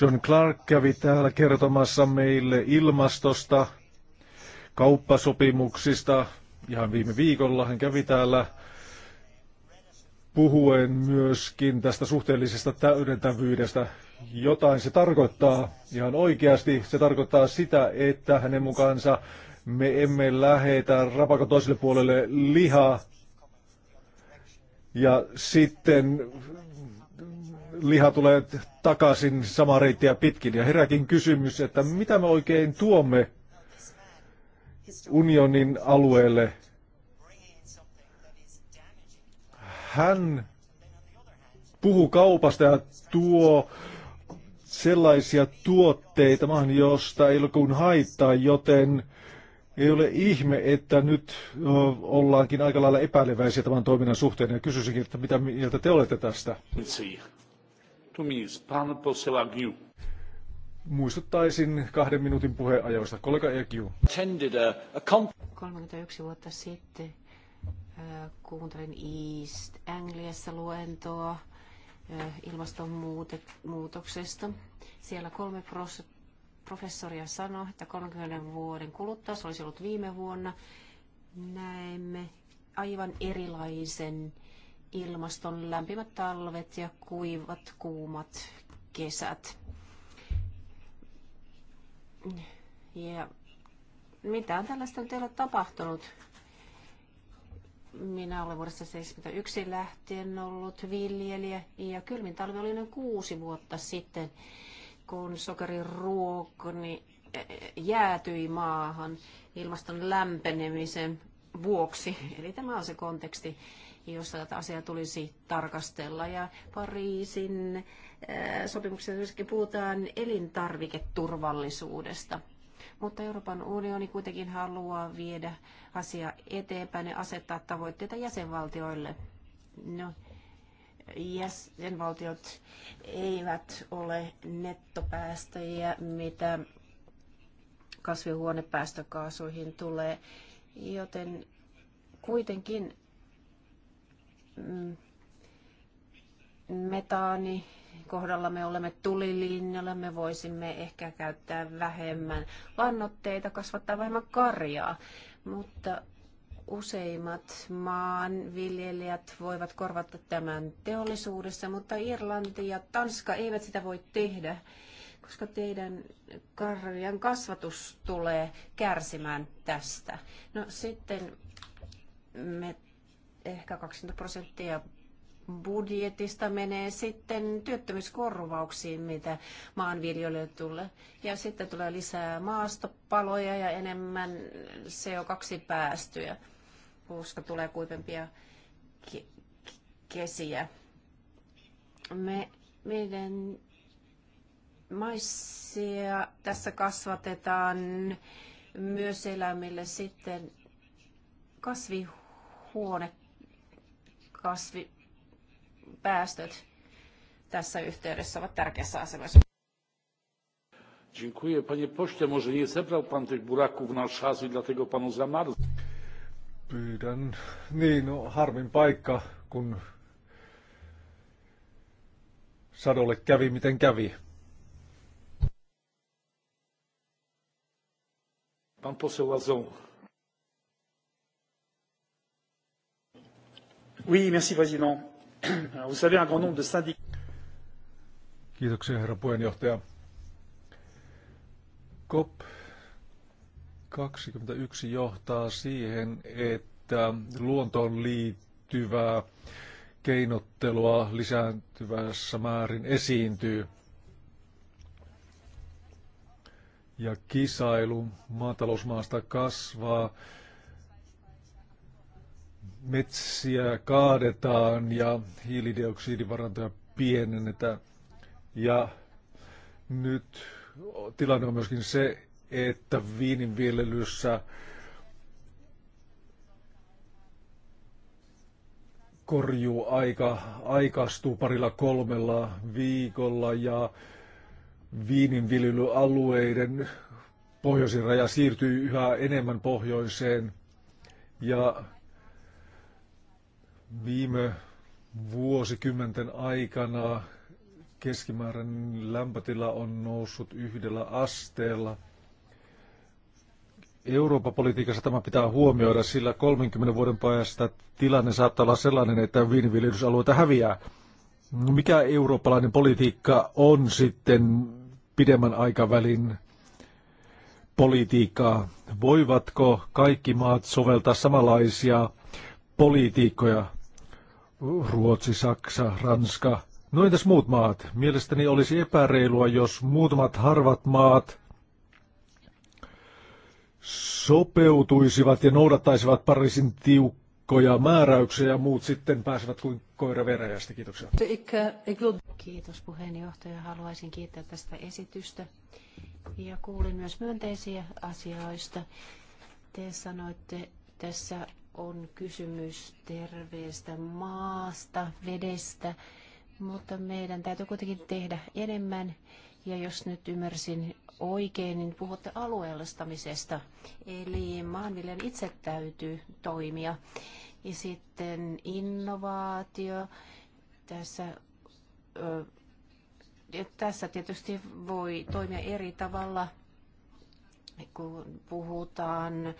John Clark kävi täällä kertomassa meille ilmastosta, kauppasopimuksista. Ihan viime viikolla hän kävi täällä puhuen myöskin tästä suhteellisesta täydentävyydestä. Jotain se tarkoittaa ihan oikeasti. Se tarkoittaa sitä, että hänen mukaansa me emme lähetä rapako toiselle puolelle lihaa, ja sitten liha tulee takaisin samaa reittiä pitkin. Ja heräkin kysymys, että mitä me oikein tuomme unionin alueelle. Hän puhuu kaupasta ja tuo sellaisia tuotteita, josta ei ole kuin haittaa, joten ei ole ihme, että nyt ollaankin aika lailla epäileväisiä tämän toiminnan suhteen ja kysyisinkin, että mitä mieltä te olette tästä? Muistuttaisin kahden minuutin puheenajoista. Kollega Ekiu. 31 vuotta sitten kuuntelin East Angliassa luentoa ilmastonmuutoksesta. Siellä kolme prosenttia professoria sanoi, että 30 vuoden kuluttua, se olisi ollut viime vuonna, näemme aivan erilaisen ilmaston lämpimät talvet ja kuivat, kuumat kesät. Ja mitään tällaista nyt ei ole tapahtunut. Minä olen vuodesta 1971 lähtien ollut viljelijä ja kylmin talvi oli noin kuusi vuotta sitten kun sokeriruokoni eh, eh, jäätyi maahan ilmaston lämpenemisen vuoksi. Eli tämä on se konteksti, jossa tätä asiaa tulisi tarkastella. Ja Pariisin eh, sopimuksessa myöskin puhutaan elintarviketurvallisuudesta. Mutta Euroopan unioni kuitenkin haluaa viedä asiaa eteenpäin ja asettaa tavoitteita jäsenvaltioille. No, jäsenvaltiot eivät ole nettopäästäjiä, mitä kasvihuonepäästökaasuihin tulee, joten kuitenkin mm, metaani kohdalla me olemme tulilinjalla, me voisimme ehkä käyttää vähemmän lannoitteita, kasvattaa vähemmän karjaa, mutta Useimmat maanviljelijät voivat korvata tämän teollisuudessa, mutta Irlanti ja Tanska eivät sitä voi tehdä, koska teidän karjan kasvatus tulee kärsimään tästä. No sitten me ehkä 20 prosenttia budjetista menee sitten työttömyyskorvauksiin, mitä maanviljelijöille tulee. Ja sitten tulee lisää maastopaloja ja enemmän CO2-päästöjä koska tulee kuivempia ke- kesiä. Me, meidän maissia tässä kasvatetaan myös eläimille sitten kasvihuone, kasvipäästöt tässä yhteydessä ovat tärkeässä asemassa. Dziękuję. Panie pośle, może nie zebrał pan tych buraków na czas i dlatego panu zamarł. Pyydän. Niin, no, harmin paikka, kun sadolle kävi miten kävi. Pan poseł Lazon. Oui, merci président. vous savez, un grand nombre de syndicats... Kiitoksia herra puheenjohtaja. COP 21 johtaa siihen, että luontoon liittyvää keinottelua lisääntyvässä määrin esiintyy. Ja kisailu maatalousmaasta kasvaa, metsiä kaadetaan ja hiilidioksidivarantoja pienennetään. Ja nyt tilanne on myöskin se, että viininviljelyssä korjuu aika aikaistuu parilla kolmella viikolla ja viininviljelyalueiden pohjoisin raja siirtyy yhä enemmän pohjoiseen ja viime vuosikymmenten aikana keskimääräinen lämpötila on noussut yhdellä asteella – Euroopan politiikassa tämä pitää huomioida, sillä 30 vuoden päästä tilanne saattaa olla sellainen, että viiniviljelysalueita häviää. No, mikä eurooppalainen politiikka on sitten pidemmän aikavälin politiikkaa? Voivatko kaikki maat soveltaa samanlaisia politiikkoja? Ruotsi, Saksa, Ranska. No entäs muut maat? Mielestäni olisi epäreilua, jos muutamat harvat maat sopeutuisivat ja noudattaisivat Pariisin tiukkoja määräyksiä ja muut sitten pääsevät kuin koira veräjästä. Kiitoksia. Kiitos puheenjohtaja. Haluaisin kiittää tästä esitystä ja kuulin myös myönteisiä asioista. Te sanoitte, tässä on kysymys terveestä maasta, vedestä, mutta meidän täytyy kuitenkin tehdä enemmän. Ja jos nyt ymmärsin oikein, niin puhutte alueellistamisesta. Eli maanviljelijän itse täytyy toimia. Ja sitten innovaatio. Tässä, ö, tässä tietysti voi toimia eri tavalla, kun puhutaan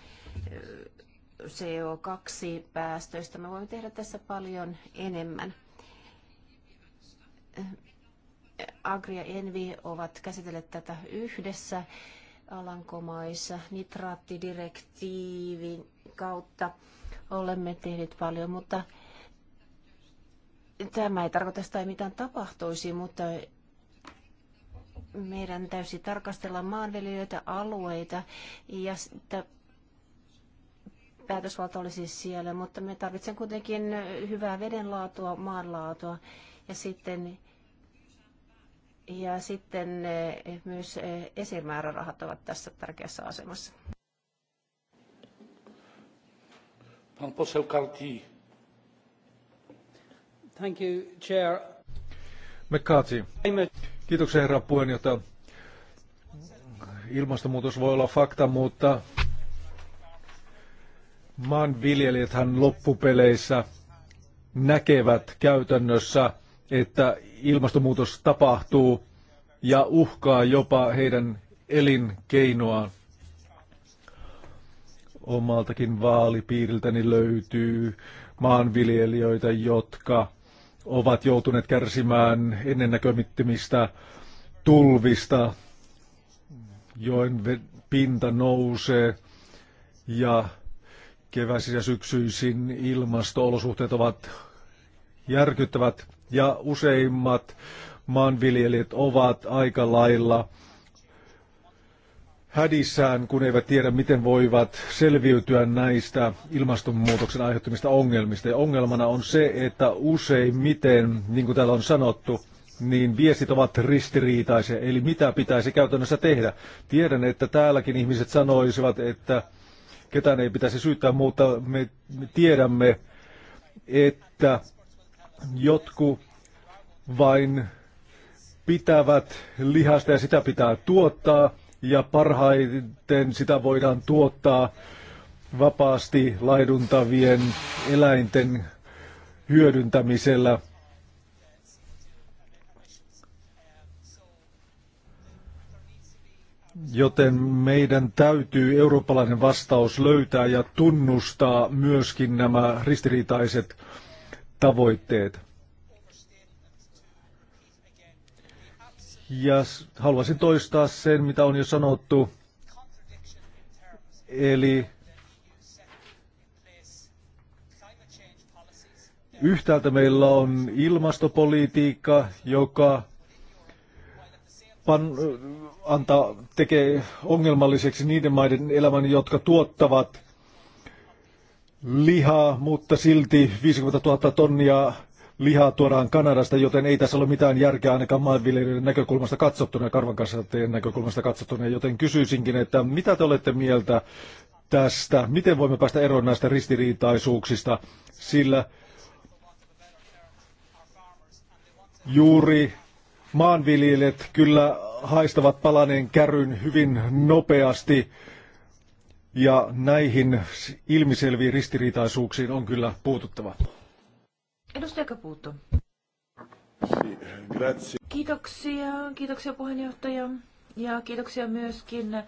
CO2-päästöistä. Me voimme tehdä tässä paljon enemmän Agri ja Envi ovat käsitelleet tätä yhdessä Alankomaissa nitraattidirektiivin kautta. Olemme tehneet paljon, mutta tämä ei tarkoita sitä, että mitään tapahtuisi, mutta meidän täysi tarkastella maanviljelijöitä, alueita ja sitä päätösvalta olisi siis siellä, mutta me tarvitsemme kuitenkin hyvää vedenlaatua, maanlaatua ja sitten ja sitten eh, myös eh, esimäärärahat ovat tässä tärkeässä asemassa. Pan poseł Karti. Thank you, Chair. McCarthy. Kiitoksia herra puheenjohtaja. Ilmastonmuutos voi olla fakta, mutta maanviljelijäthän loppupeleissä näkevät käytännössä – että ilmastonmuutos tapahtuu ja uhkaa jopa heidän elinkeinoaan. Omaltakin vaalipiiriltäni löytyy maanviljelijöitä, jotka ovat joutuneet kärsimään ennennäkömittömistä tulvista, joen pinta nousee ja keväisin ja syksyisin ilmastoolosuhteet ovat järkyttävät ja useimmat maanviljelijät ovat aika lailla hädissään, kun eivät tiedä, miten voivat selviytyä näistä ilmastonmuutoksen aiheuttamista ongelmista. Ja ongelmana on se, että useimmiten, niin kuin täällä on sanottu, niin viestit ovat ristiriitaisia. Eli mitä pitäisi käytännössä tehdä? Tiedän, että täälläkin ihmiset sanoisivat, että ketään ei pitäisi syyttää, mutta me tiedämme, että Jotkut vain pitävät lihasta ja sitä pitää tuottaa ja parhaiten sitä voidaan tuottaa vapaasti laiduntavien eläinten hyödyntämisellä. Joten meidän täytyy eurooppalainen vastaus löytää ja tunnustaa myöskin nämä ristiriitaiset tavoitteet. Ja haluaisin toistaa sen, mitä on jo sanottu. Eli Yhtäältä meillä on ilmastopolitiikka, joka pan, antaa, tekee ongelmalliseksi niiden maiden elämän, jotka tuottavat lihaa, mutta silti 50 000 tonnia lihaa tuodaan Kanadasta, joten ei tässä ole mitään järkeä ainakaan maanviljelijöiden näkökulmasta katsottuna ja karvankasvattajien näkökulmasta katsottuna, joten kysyisinkin, että mitä te olette mieltä tästä, miten voimme päästä eroon näistä ristiriitaisuuksista, sillä juuri maanviljelijät kyllä haistavat palaneen käryn hyvin nopeasti ja näihin ilmiselviin ristiriitaisuuksiin on kyllä puututtava. Edustaja Kaputo. Kiitoksia, kiitoksia puheenjohtaja ja kiitoksia myöskin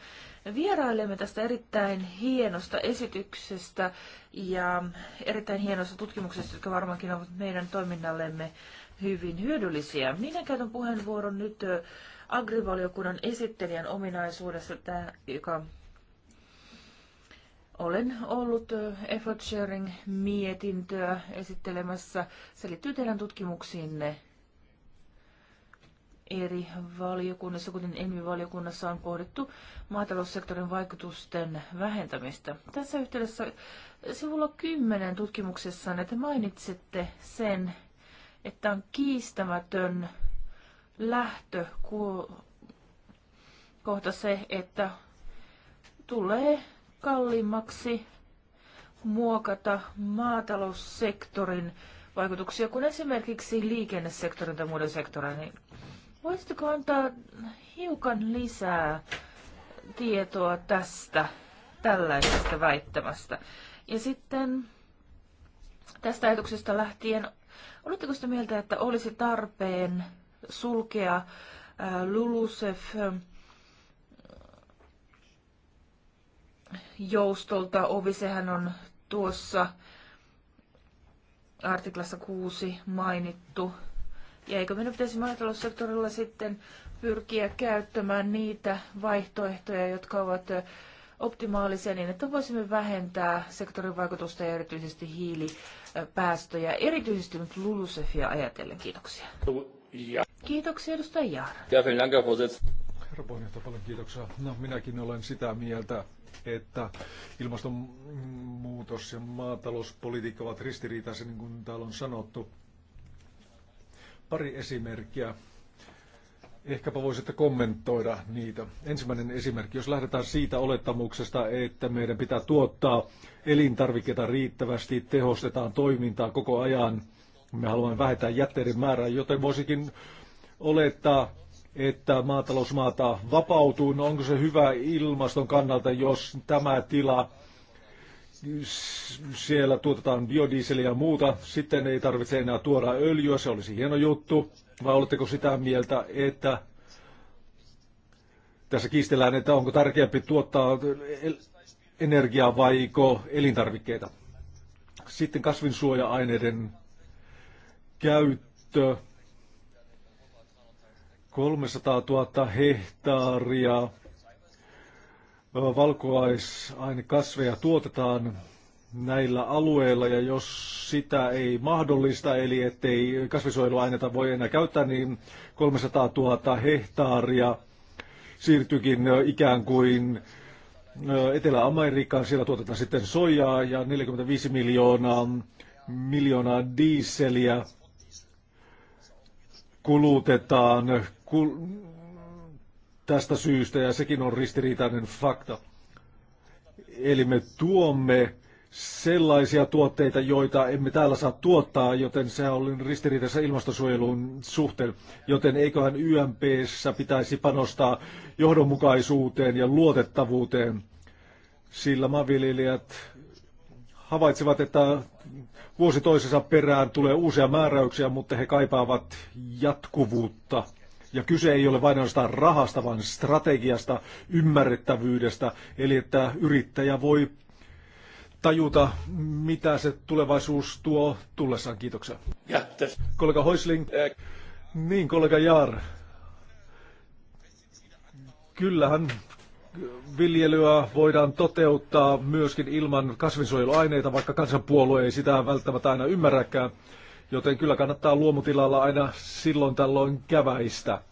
vierailemme tästä erittäin hienosta esityksestä ja erittäin hienosta tutkimuksesta, jotka varmaankin ovat meidän toiminnallemme hyvin hyödyllisiä. Minä käytän puheenvuoron nyt agrivaliokunnan esittelijän ominaisuudessa, joka olen ollut effort sharing mietintöä esittelemässä. Se liittyy teidän tutkimuksiinne eri valiokunnissa, kuten ENVI-valiokunnassa on pohdittu maataloussektorin vaikutusten vähentämistä. Tässä yhteydessä sivulla 10 tutkimuksessa että mainitsette sen, että on kiistämätön lähtö kohta se, että tulee kalliimmaksi muokata maataloussektorin vaikutuksia kuin esimerkiksi liikennesektorin tai muiden sektorin. Niin voisitko antaa hiukan lisää tietoa tästä tällaisesta väittämästä? Ja sitten tästä ajatuksesta lähtien, oletteko sitä mieltä, että olisi tarpeen sulkea LULUSEF joustolta ovi, sehän on tuossa artiklassa 6 mainittu. Ja eikö meidän pitäisi maataloussektorilla sitten pyrkiä käyttämään niitä vaihtoehtoja, jotka ovat optimaalisia niin, että voisimme vähentää sektorin vaikutusta ja erityisesti hiilipäästöjä, erityisesti nyt LULUSEFia ajatellen. Kiitoksia. Ja. Kiitoksia edustaja Jaara. Ja, Herra puheenjohtaja, paljon kiitoksia. No, minäkin olen sitä mieltä, että ilmastonmuutos ja maatalouspolitiikka ovat ristiriitaisia, niin kuin täällä on sanottu. Pari esimerkkiä. Ehkäpä voisitte kommentoida niitä. Ensimmäinen esimerkki, jos lähdetään siitä olettamuksesta, että meidän pitää tuottaa elintarvikkeita riittävästi, tehostetaan toimintaa koko ajan, me haluamme vähentää jätteiden määrää, joten voisikin olettaa, että maatalousmaata vapautuu. No onko se hyvä ilmaston kannalta, jos tämä tila siellä tuotetaan biodieseliä ja muuta, sitten ei tarvitse enää tuoda öljyä, se olisi hieno juttu. Vai oletteko sitä mieltä, että tässä kiistellään, että onko tärkeämpi tuottaa energiaa vaiko elintarvikkeita? Sitten kasvinsuoja-aineiden käyttö 300 000 hehtaaria valkuaisainekasveja tuotetaan näillä alueilla ja jos sitä ei mahdollista, eli ettei kasvisuojeluaineita voi enää käyttää, niin 300 000 hehtaaria siirtyykin ikään kuin Etelä-Amerikkaan. Siellä tuotetaan sitten sojaa ja 45 miljoonaa, miljoonaa diiseliä kulutetaan tästä syystä ja sekin on ristiriitainen fakta. Eli me tuomme sellaisia tuotteita, joita emme täällä saa tuottaa, joten se on ristiriitassa ilmastosuojelun suhteen. Joten eiköhän YMPssä pitäisi panostaa johdonmukaisuuteen ja luotettavuuteen, sillä maanviljelijät havaitsevat, että vuosi toisensa perään tulee uusia määräyksiä, mutta he kaipaavat jatkuvuutta – ja kyse ei ole vain ainoastaan rahasta, vaan strategiasta, ymmärrettävyydestä, eli että yrittäjä voi tajuta, mitä se tulevaisuus tuo tullessaan. Kiitoksia. Jättäs. Kollega Hoisling. Niin, kollega Jaar. Kyllähän viljelyä voidaan toteuttaa myöskin ilman kasvinsuojeluaineita, vaikka kansanpuolue ei sitä välttämättä aina ymmärräkään. Joten kyllä kannattaa luomutilalla aina silloin tällöin käväistä.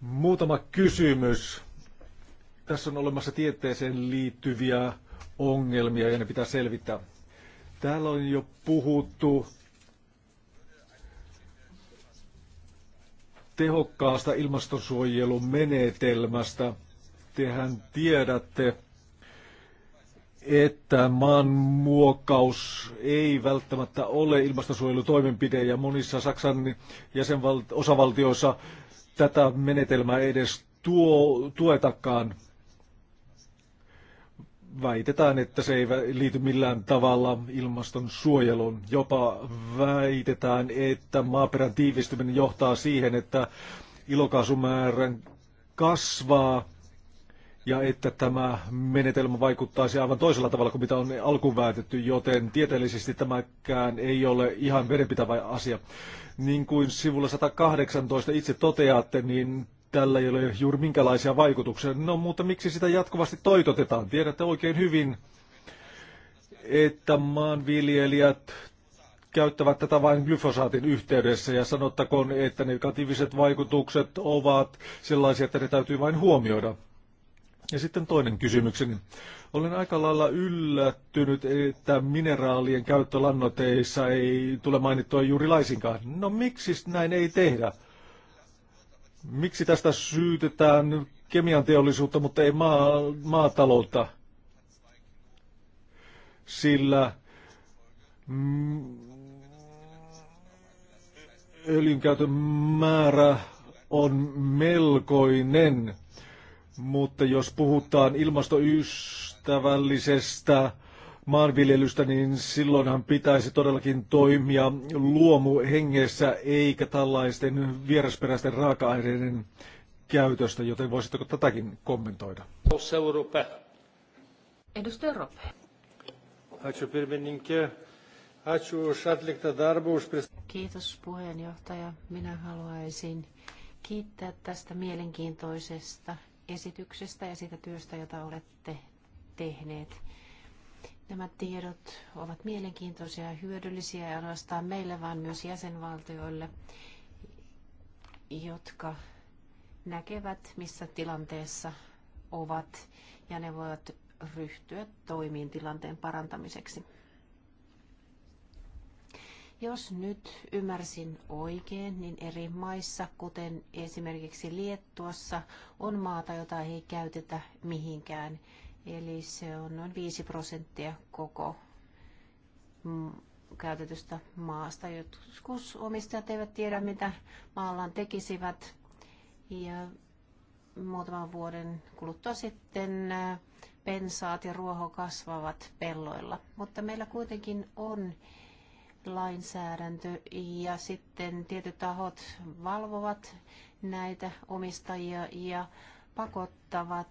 Muutama kysymys. Tässä on olemassa tieteeseen liittyviä ongelmia ja ne pitää selvittää. Täällä on jo puhuttu tehokkaasta ilmastonsuojelun menetelmästä. Tehän tiedätte, että maanmuokkaus ei välttämättä ole ilmastonsuojelutoimenpide ja monissa Saksan jäsenosavaltioissa tätä menetelmää ei edes tuo, tuetakaan. Väitetään, että se ei liity millään tavalla ilmaston suojeluun. Jopa väitetään, että maaperän tiivistyminen johtaa siihen, että ilokaasumäärän kasvaa – ja että tämä menetelmä vaikuttaisi aivan toisella tavalla kuin mitä on alkuun väitetty, joten tieteellisesti tämäkään ei ole ihan vedenpitävä asia. Niin kuin sivulla 118 itse toteatte, niin tällä ei ole juuri minkälaisia vaikutuksia. No mutta miksi sitä jatkuvasti toitotetaan? Tiedätte oikein hyvin, että maanviljelijät käyttävät tätä vain glyfosaatin yhteydessä ja sanottakoon, että negatiiviset vaikutukset ovat sellaisia, että ne täytyy vain huomioida. Ja sitten toinen kysymykseni. Olen aika lailla yllättynyt, että mineraalien käyttö lannoiteissa ei tule mainittua juuri laisinkaan. No miksi näin ei tehdä? Miksi tästä syytetään kemian teollisuutta, mutta ei maa, maataloutta? Sillä mm, öljynkäytön määrä on melkoinen. Mutta jos puhutaan ilmastoystävällisestä maanviljelystä, niin silloinhan pitäisi todellakin toimia luomuhengessä eikä tällaisten vierasperäisten raaka-aineiden käytöstä, joten voisitteko tätäkin kommentoida? Edustaja Rope. Kiitos puheenjohtaja. Minä haluaisin kiittää tästä mielenkiintoisesta esityksestä ja siitä työstä, jota olette tehneet. Nämä tiedot ovat mielenkiintoisia ja hyödyllisiä ja ainoastaan meille, vaan myös jäsenvaltioille, jotka näkevät, missä tilanteessa ovat ja ne voivat ryhtyä toimiin tilanteen parantamiseksi. Jos nyt ymmärsin oikein, niin eri maissa, kuten esimerkiksi Liettuassa, on maata, jota ei käytetä mihinkään. Eli se on noin 5 prosenttia koko käytetystä maasta. Joskus omistajat eivät tiedä, mitä maallaan tekisivät. Ja muutaman vuoden kuluttua sitten pensaat ja ruoho kasvavat pelloilla. Mutta meillä kuitenkin on lainsäädäntö ja sitten tietyt tahot valvovat näitä omistajia ja pakottavat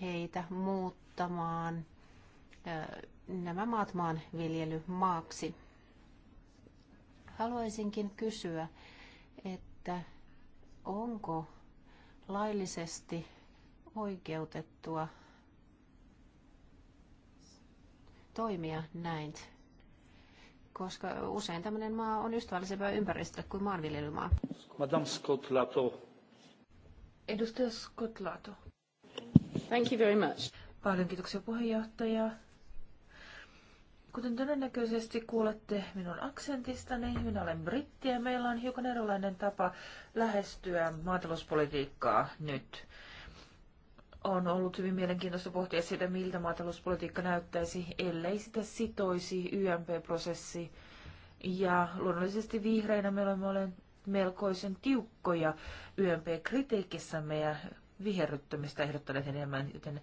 heitä muuttamaan nämä maat maanviljelymaaksi. Haluaisinkin kysyä, että onko laillisesti oikeutettua toimia näin? koska usein tämmöinen maa on ystävällisempää ympäristölle kuin maanviljelymaa. Madame Scott Lato. Edustaja Scott Lato. Thank you very much. Paljon kiitoksia puheenjohtaja. Kuten todennäköisesti kuulette minun aksentistani, minä olen britti ja meillä on hiukan erilainen tapa lähestyä maatalouspolitiikkaa nyt. On ollut hyvin mielenkiintoista pohtia sitä, miltä maatalouspolitiikka näyttäisi, ellei sitä sitoisi YMP-prosessi. Ja luonnollisesti vihreinä me olemme melkoisen tiukkoja YMP-kritiikissämme ja viherryttämistä ehdottaneet enemmän, joten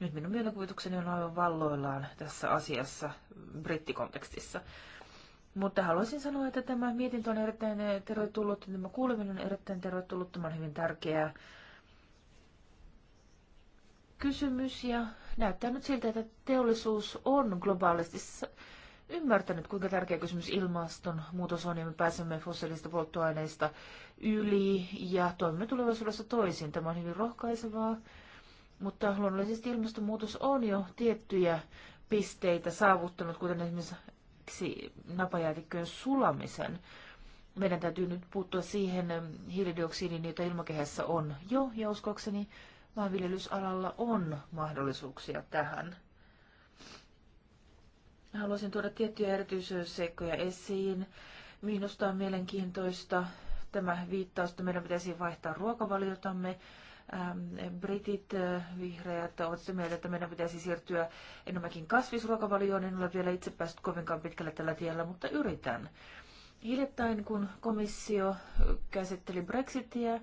nyt minun mielikuvitukseni on aivan valloillaan tässä asiassa brittikontekstissa. Mutta haluaisin sanoa, että tämä mietintö on erittäin tervetullut, tämä kuuleminen on erittäin tervetullut, tämä on hyvin tärkeää kysymys ja näyttää nyt siltä, että teollisuus on globaalisti ymmärtänyt, kuinka tärkeä kysymys ilmastonmuutos on ja me pääsemme fossiilisista polttoaineista yli ja toimimme tulevaisuudessa toisin. Tämä on hyvin rohkaisevaa, mutta luonnollisesti ilmastonmuutos on jo tiettyjä pisteitä saavuttanut, kuten esimerkiksi napajäätikköjen sulamisen. Meidän täytyy nyt puuttua siihen hiilidioksidiin, jota ilmakehässä on jo, ja uskokseni maanviljelysalalla on mahdollisuuksia tähän. Haluaisin tuoda tiettyjä erityisseikkoja esiin. Minusta on mielenkiintoista tämä viittaus, että meidän pitäisi vaihtaa ruokavaliotamme. Ähm, britit, äh, vihreät ovat sitä mieltä, että meidän pitäisi siirtyä enemmänkin kasvisruokavalioon. En ole vielä itse päässyt kovinkaan pitkälle tällä tiellä, mutta yritän. Hiljattain, kun komissio käsitteli Brexitiä,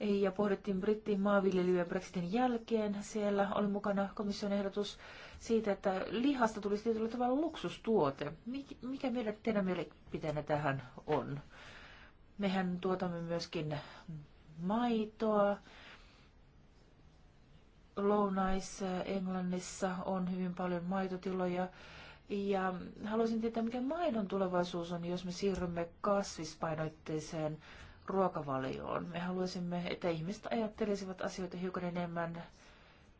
ja pohdittiin brittiin maanviljelyä Brexitin jälkeen. Siellä oli mukana komission ehdotus siitä, että lihasta tulisi tietyllä tavalla luksustuote. Mikä meidän, teidän mielipiteenä tähän on? Mehän tuotamme myöskin maitoa. Lounais-Englannissa eh, on hyvin paljon maitotiloja. Ja haluaisin tietää, mikä maidon tulevaisuus on, jos me siirrymme kasvispainotteiseen ruokavalioon. Me haluaisimme, että ihmiset ajattelisivat asioita hiukan enemmän.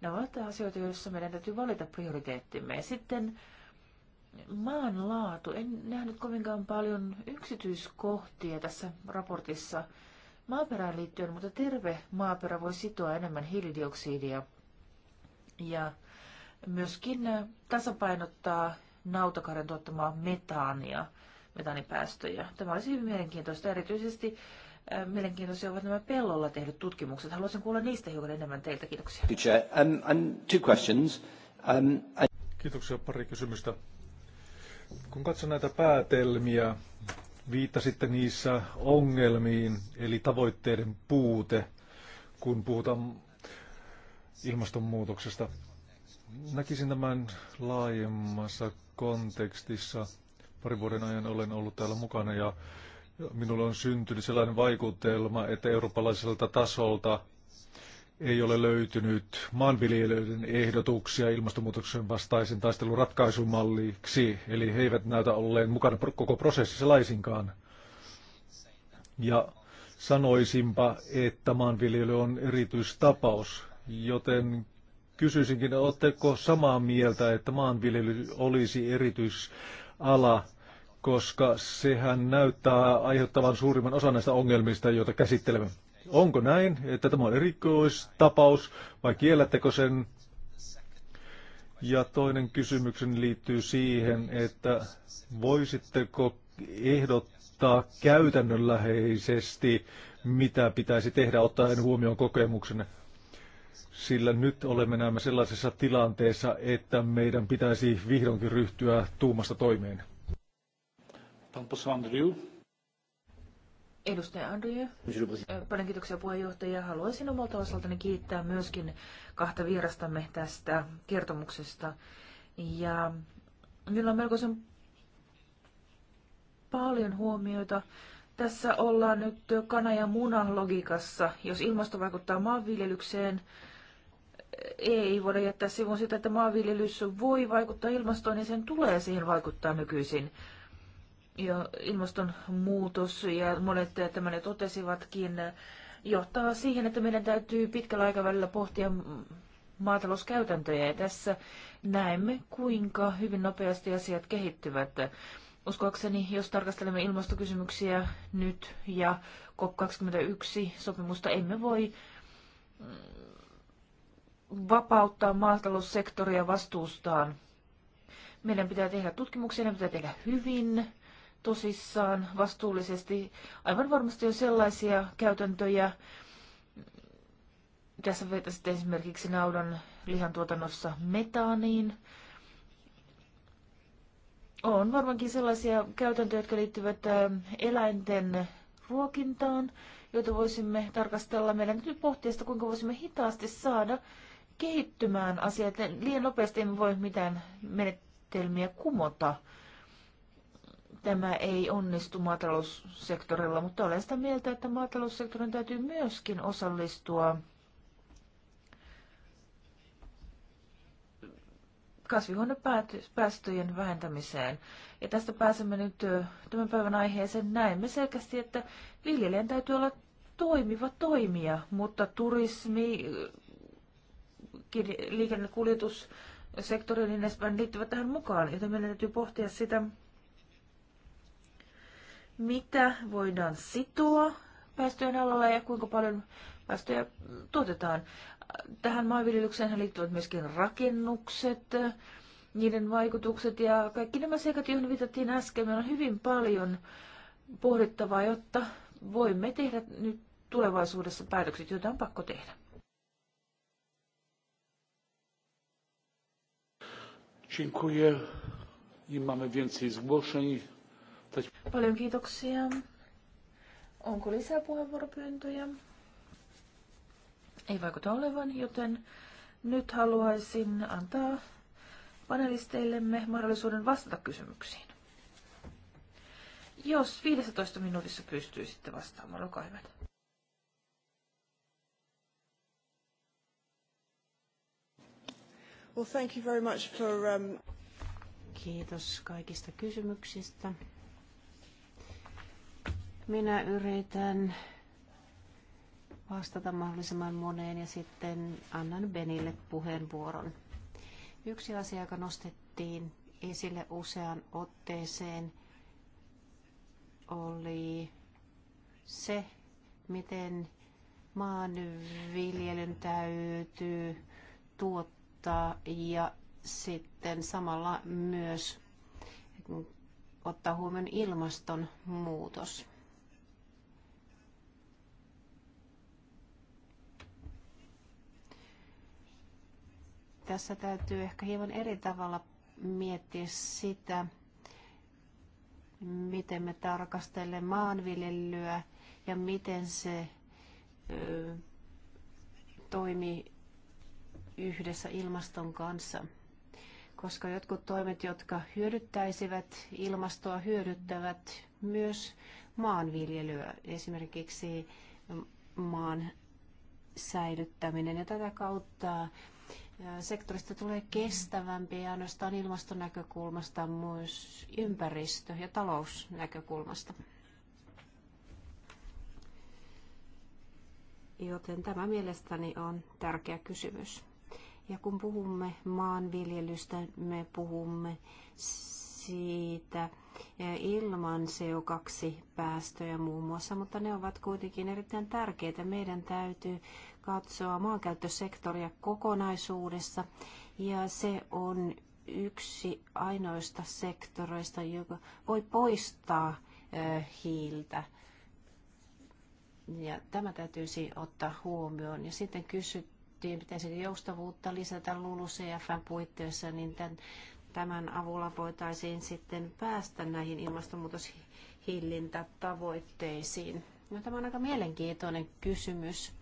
Nämä ovat asioita, joissa meidän täytyy valita prioriteettimme. Ja sitten maan laatu. En nähnyt kovinkaan paljon yksityiskohtia tässä raportissa maaperään liittyen, mutta terve maaperä voi sitoa enemmän hiilidioksidia ja myöskin tasapainottaa nautakarjan tuottamaa metaania, metaanipäästöjä. Tämä olisi hyvin mielenkiintoista, erityisesti Äh, mielenkiintoisia ovat nämä pellolla tehdyt tutkimukset. Haluaisin kuulla niistä hiukan enemmän teiltä. Kiitoksia. Um, um, Kiitoksia. Pari kysymystä. Kun katson näitä päätelmiä, viittasitte niissä ongelmiin, eli tavoitteiden puute, kun puhutaan ilmastonmuutoksesta. Näkisin tämän laajemmassa kontekstissa. Pari vuoden ajan olen ollut täällä mukana ja Minulle on syntynyt sellainen vaikutelma, että eurooppalaiselta tasolta ei ole löytynyt maanviljelijöiden ehdotuksia ilmastonmuutoksen vastaisen taistelun ratkaisumalliksi, eli he eivät näytä olleen mukana koko prosessissa laisinkaan. Ja sanoisinpa, että maanviljely on erityistapaus, joten kysyisinkin, oletteko samaa mieltä, että maanviljely olisi erityisala koska sehän näyttää aiheuttavan suurimman osan näistä ongelmista, joita käsittelemme. Onko näin, että tämä on erikoistapaus vai kiellättekö sen? Ja toinen kysymyksen liittyy siihen, että voisitteko ehdottaa käytännönläheisesti, mitä pitäisi tehdä ottaen huomioon kokemuksenne? Sillä nyt olemme näemme sellaisessa tilanteessa, että meidän pitäisi vihdoinkin ryhtyä tuumasta toimeen. Pan poseł Andriu. Edustaja Andriu. Paljon kiitoksia puheenjohtaja. Haluaisin omalta osaltani kiittää myöskin kahta vierastamme tästä kertomuksesta. Ja minulla on melkoisen paljon huomioita. Tässä ollaan nyt kana- ja munan logiikassa Jos ilmasto vaikuttaa maanviljelykseen, ei voida jättää sivuun sitä, että maanviljelys voi vaikuttaa ilmastoon ja niin sen tulee siihen vaikuttaa nykyisin ja ilmastonmuutos ja monet tämän totesivatkin, johtaa siihen, että meidän täytyy pitkällä aikavälillä pohtia maatalouskäytäntöjä. Ja tässä näemme, kuinka hyvin nopeasti asiat kehittyvät. Uskoakseni, jos tarkastelemme ilmastokysymyksiä nyt ja COP21 sopimusta, emme voi mm, vapauttaa maataloussektoria vastuustaan. Meidän pitää tehdä tutkimuksia, ne pitää tehdä hyvin, tosissaan vastuullisesti. Aivan varmasti on sellaisia käytäntöjä, tässä vetäisitte esimerkiksi naudan lihantuotannossa metaaniin. On varmaankin sellaisia käytäntöjä, jotka liittyvät ähm, eläinten ruokintaan, joita voisimme tarkastella. Meidän täytyy pohtia sitä, kuinka voisimme hitaasti saada kehittymään asiat. Liian nopeasti emme voi mitään menettelmiä kumota tämä ei onnistu maataloussektorilla, mutta olen sitä mieltä, että maataloussektorin täytyy myöskin osallistua kasvihuonepäästöjen vähentämiseen. Ja tästä pääsemme nyt tämän päivän aiheeseen. Näemme selkeästi, että viljelijän täytyy olla toimiva toimija, mutta turismi, liikennekuljetus, sektori ja niin edespäin liittyvät tähän mukaan, joten meidän täytyy pohtia sitä, mitä voidaan sitoa päästöjen alalla ja kuinka paljon päästöjä tuotetaan. Tähän maanviljelykseen liittyvät myöskin rakennukset, niiden vaikutukset ja kaikki nämä seikat, joihin viitattiin äsken, meillä on hyvin paljon pohdittavaa, jotta voimme tehdä nyt tulevaisuudessa päätökset, joita on pakko tehdä. Dziękuję. Nie mamy więcej zgłoszeń. Paljon kiitoksia. Onko lisää puheenvuoropyyntöjä? Ei vaikuta olevan, joten nyt haluaisin antaa panelisteillemme mahdollisuuden vastata kysymyksiin. Jos 15 minuutissa pystyisitte vastaamaan, olkaa hyvät. Well, thank you very much for, um... Kiitos kaikista kysymyksistä. Minä yritän vastata mahdollisimman moneen ja sitten annan Benille puheenvuoron. Yksi asia, joka nostettiin esille usean otteeseen, oli se, miten maanviljelyn täytyy tuottaa ja sitten samalla myös ottaa huomioon ilmastonmuutos. tässä täytyy ehkä hieman eri tavalla miettiä sitä, miten me tarkastelemme maanviljelyä ja miten se toimii yhdessä ilmaston kanssa. Koska jotkut toimet, jotka hyödyttäisivät ilmastoa, hyödyttävät myös maanviljelyä, esimerkiksi maan säilyttäminen. Ja tätä kautta sektorista tulee kestävämpi ja ainoastaan ilmastonäkökulmasta, myös ympäristö- ja talousnäkökulmasta. Joten tämä mielestäni on tärkeä kysymys. Ja kun puhumme maanviljelystä, me puhumme siitä e, ilman CO2-päästöjä muun muassa, mutta ne ovat kuitenkin erittäin tärkeitä. Meidän täytyy katsoa maankäyttösektoria kokonaisuudessa ja se on yksi ainoista sektoreista, joka voi poistaa hiiltä. Ja tämä täytyisi ottaa huomioon. Ja sitten kysyttiin, pitäisikö joustavuutta lisätä LULU-CFn puitteissa, niin tämän, tämän avulla voitaisiin sitten päästä näihin ilmastonmuutoshillintätavoitteisiin. No, tämä on aika mielenkiintoinen kysymys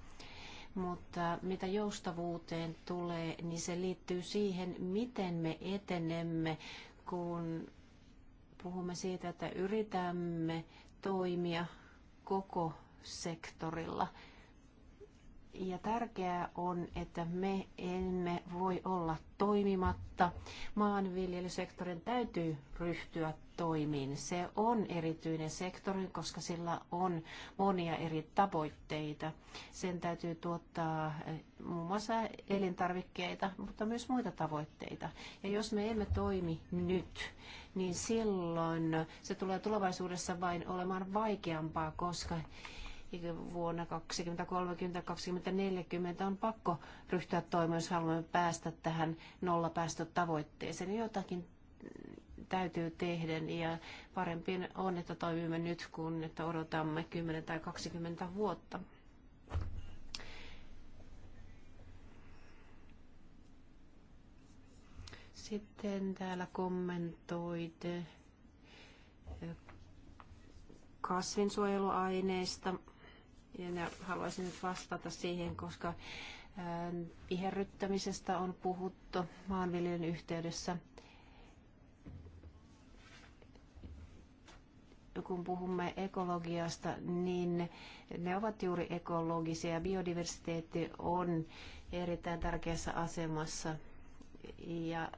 mutta mitä joustavuuteen tulee, niin se liittyy siihen, miten me etenemme, kun puhumme siitä, että yritämme toimia koko sektorilla. Ja tärkeää on, että me emme voi olla toimimatta. Maanviljelysektorin täytyy ryhtyä toimiin. Se on erityinen sektori, koska sillä on monia eri tavoitteita. Sen täytyy tuottaa eh, muun mm. muassa elintarvikkeita, mutta myös muita tavoitteita. Ja jos me emme toimi nyt, niin silloin se tulee tulevaisuudessa vain olemaan vaikeampaa, koska vuonna 2030-2040 on pakko ryhtyä toimeen, jos haluamme päästä tähän nollapäästötavoitteeseen. Jotakin täytyy tehdä ja parempi on, että toimimme nyt, kun että odotamme 10 tai 20 vuotta. Sitten täällä kommentoit kasvinsuojeluaineista. Ja haluaisin nyt vastata siihen, koska äh, viherryttämisestä on puhuttu maanviljelyn yhteydessä. kun puhumme ekologiasta, niin ne ovat juuri ekologisia ja biodiversiteetti on erittäin tärkeässä asemassa ja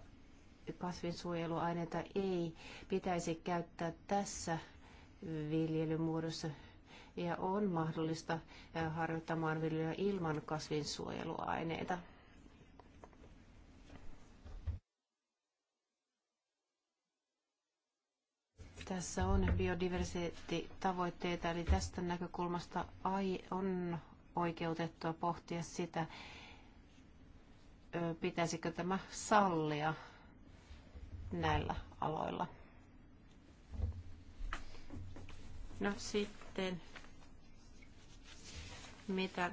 kasvinsuojeluaineita ei pitäisi käyttää tässä viljelymuodossa ja on mahdollista harjoittaa maanviljelyä ilman kasvinsuojeluaineita. Tässä on biodiversiteettitavoitteita, eli tästä näkökulmasta on oikeutettua pohtia sitä, pitäisikö tämä sallia näillä aloilla. No sitten mitä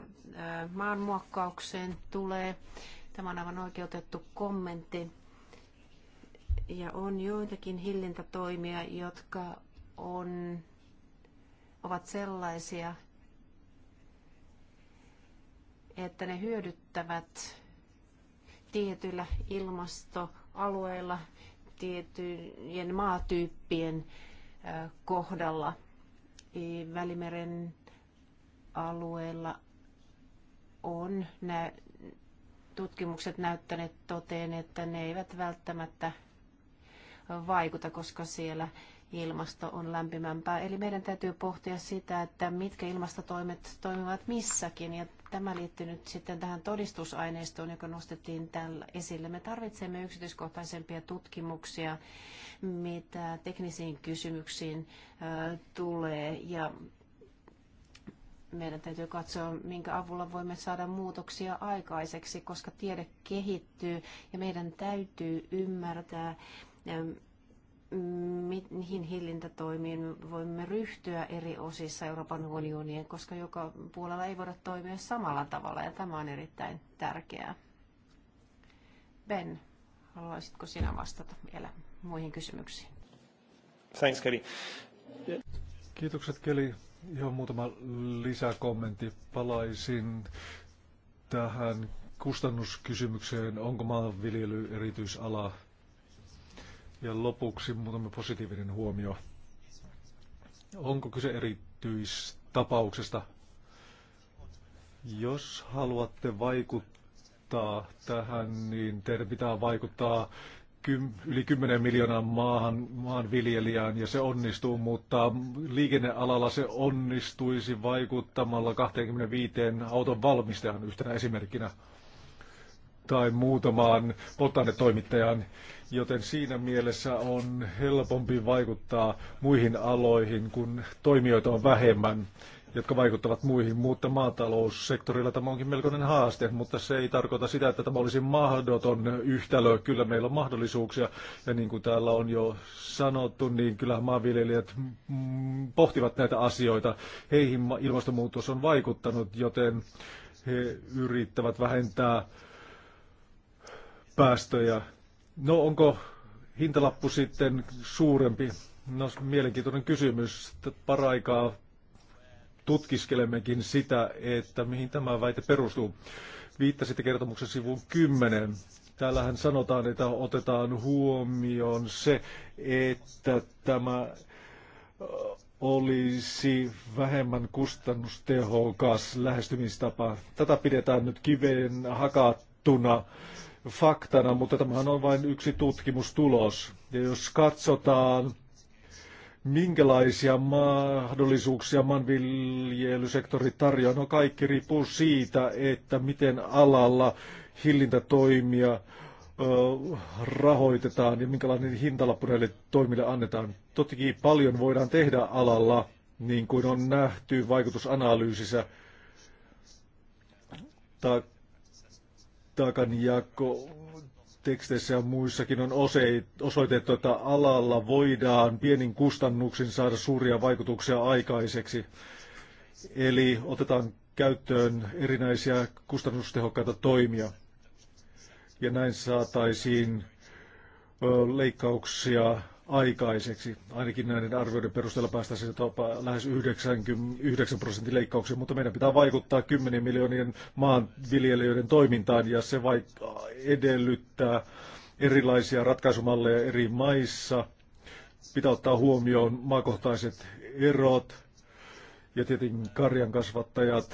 maanmuokkaukseen tulee. Tämä on aivan oikeutettu kommentti. Ja on joitakin hillintätoimia, jotka on, ovat sellaisia, että ne hyödyttävät tietyillä ilmastoalueilla tiettyjen maatyyppien kohdalla. Välimeren alueella on nä- tutkimukset näyttäneet toteen, että ne eivät välttämättä vaikuta, koska siellä ilmasto on lämpimämpää. Eli meidän täytyy pohtia sitä, että mitkä ilmastotoimet toimivat missäkin. Ja tämä liittyy nyt sitten tähän todistusaineistoon, joka nostettiin tällä esille. Me tarvitsemme yksityiskohtaisempia tutkimuksia, mitä teknisiin kysymyksiin tulee. Ja meidän täytyy katsoa, minkä avulla voimme saada muutoksia aikaiseksi, koska tiede kehittyy ja meidän täytyy ymmärtää, mihin hillintätoimiin voimme ryhtyä eri osissa Euroopan unionia, koska joka puolella ei voida toimia samalla tavalla ja tämä on erittäin tärkeää. Ben, haluaisitko sinä vastata vielä muihin kysymyksiin? Thanks, Kelly. Kiitokset, Kelly. Ihan muutama lisäkommentti. Palaisin tähän kustannuskysymykseen, onko maanviljely erityisala. Ja lopuksi muutama positiivinen huomio. Onko kyse erityistapauksesta? Jos haluatte vaikuttaa tähän, niin teidän pitää vaikuttaa yli 10 miljoonaan maahan, maanviljelijään ja se onnistuu, mutta liikennealalla se onnistuisi vaikuttamalla 25 auton valmistajan yhtenä esimerkkinä tai muutamaan polttoainetoimittajaan, joten siinä mielessä on helpompi vaikuttaa muihin aloihin, kun toimijoita on vähemmän jotka vaikuttavat muihin, mutta maataloussektorilla tämä onkin melkoinen haaste, mutta se ei tarkoita sitä, että tämä olisi mahdoton yhtälö. Kyllä meillä on mahdollisuuksia ja niin kuin täällä on jo sanottu, niin kyllä maanviljelijät pohtivat näitä asioita. Heihin ilmastonmuutos on vaikuttanut, joten he yrittävät vähentää päästöjä. No onko hintalappu sitten suurempi? No, mielenkiintoinen kysymys. Paraikaa tutkiskelemmekin sitä, että mihin tämä väite perustuu. Viittasitte kertomuksen sivun 10. Täällähän sanotaan, että otetaan huomioon se, että tämä olisi vähemmän kustannustehokas lähestymistapa. Tätä pidetään nyt kiveen hakattuna faktana, mutta tämähän on vain yksi tutkimustulos. Ja jos katsotaan minkälaisia mahdollisuuksia maanviljelysektori tarjoaa. No kaikki riippuu siitä, että miten alalla hillintätoimia rahoitetaan ja minkälainen hintalappu näille toimille annetaan. Tottikin paljon voidaan tehdä alalla, niin kuin on nähty vaikutusanalyysissä. Ta- takanjako teksteissä ja muissakin on osoitettu, että alalla voidaan pienin kustannuksin saada suuria vaikutuksia aikaiseksi. Eli otetaan käyttöön erinäisiä kustannustehokkaita toimia. Ja näin saataisiin leikkauksia aikaiseksi. Ainakin näiden arvioiden perusteella päästäisiin jopa lähes 99 prosentin leikkauksiin, mutta meidän pitää vaikuttaa 10 miljoonien maanviljelijöiden toimintaan ja se vaikka edellyttää erilaisia ratkaisumalleja eri maissa. Pitää ottaa huomioon maakohtaiset erot ja tietenkin karjan kasvattajat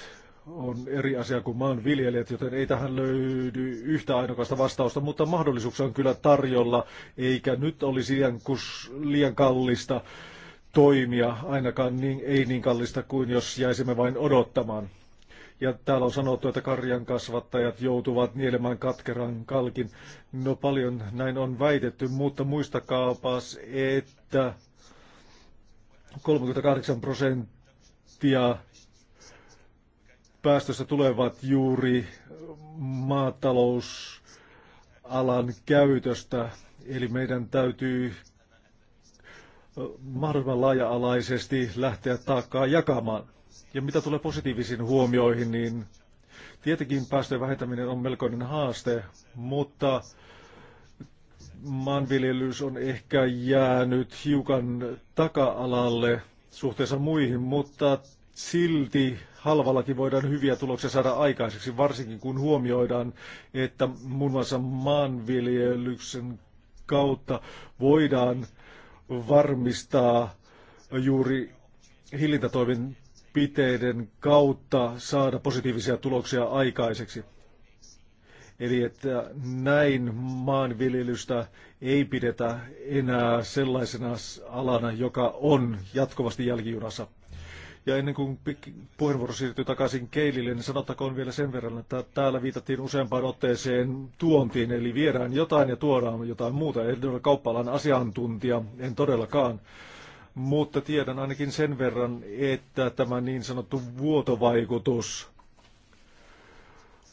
on eri asia kuin maanviljelijät, joten ei tähän löydy yhtä ainokasta vastausta, mutta mahdollisuuksia on kyllä tarjolla, eikä nyt olisi liian, kus, liian kallista toimia, ainakaan niin, ei niin kallista kuin jos jäisimme vain odottamaan. Ja täällä on sanottu, että karjan kasvattajat joutuvat nielemään katkeran kalkin. No paljon näin on väitetty, mutta muistakaapas, että 38 prosenttia päästöstä tulevat juuri maatalousalan käytöstä, eli meidän täytyy mahdollisimman laaja-alaisesti lähteä taakkaa jakamaan. Ja mitä tulee positiivisiin huomioihin, niin tietenkin päästöjen vähentäminen on melkoinen haaste, mutta maanviljelys on ehkä jäänyt hiukan taka-alalle suhteessa muihin, mutta silti halvallakin voidaan hyviä tuloksia saada aikaiseksi, varsinkin kun huomioidaan, että muun muassa maanviljelyksen kautta voidaan varmistaa juuri hillintätoimenpiteiden kautta saada positiivisia tuloksia aikaiseksi. Eli että näin maanviljelystä ei pidetä enää sellaisena alana, joka on jatkuvasti jälkijunassa. Ja ennen kuin puheenvuoro siirtyy takaisin Keilille, niin sanottakoon vielä sen verran, että täällä viitattiin useampaan otteeseen tuontiin, eli viedään jotain ja tuodaan jotain muuta. En ole kauppalan asiantuntija, en todellakaan. Mutta tiedän ainakin sen verran, että tämä niin sanottu vuotovaikutus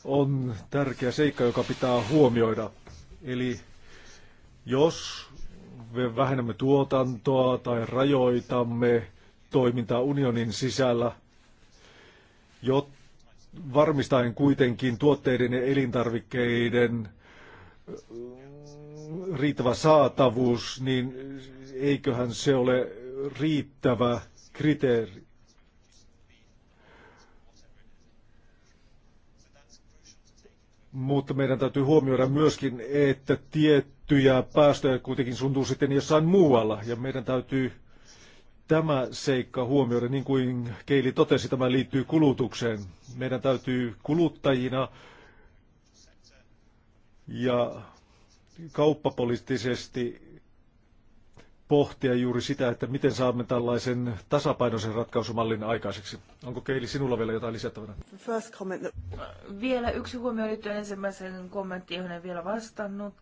on tärkeä seikka, joka pitää huomioida. Eli jos me vähennämme tuotantoa tai rajoitamme toimintaa unionin sisällä, jotta varmistaen kuitenkin tuotteiden ja elintarvikkeiden äh, riittävä saatavuus, niin eiköhän se ole riittävä kriteeri. Mutta meidän täytyy huomioida myöskin, että tiettyjä päästöjä kuitenkin suntuu sitten jossain muualla, ja meidän täytyy tämä seikka huomioida, niin kuin Keili totesi, tämä liittyy kulutukseen. Meidän täytyy kuluttajina ja kauppapoliittisesti pohtia juuri sitä, että miten saamme tällaisen tasapainoisen ratkaisumallin aikaiseksi. Onko Keili sinulla vielä jotain lisättävänä? Vielä yksi huomio liittyen ensimmäiseen kommenttiin, johon en vielä vastannut.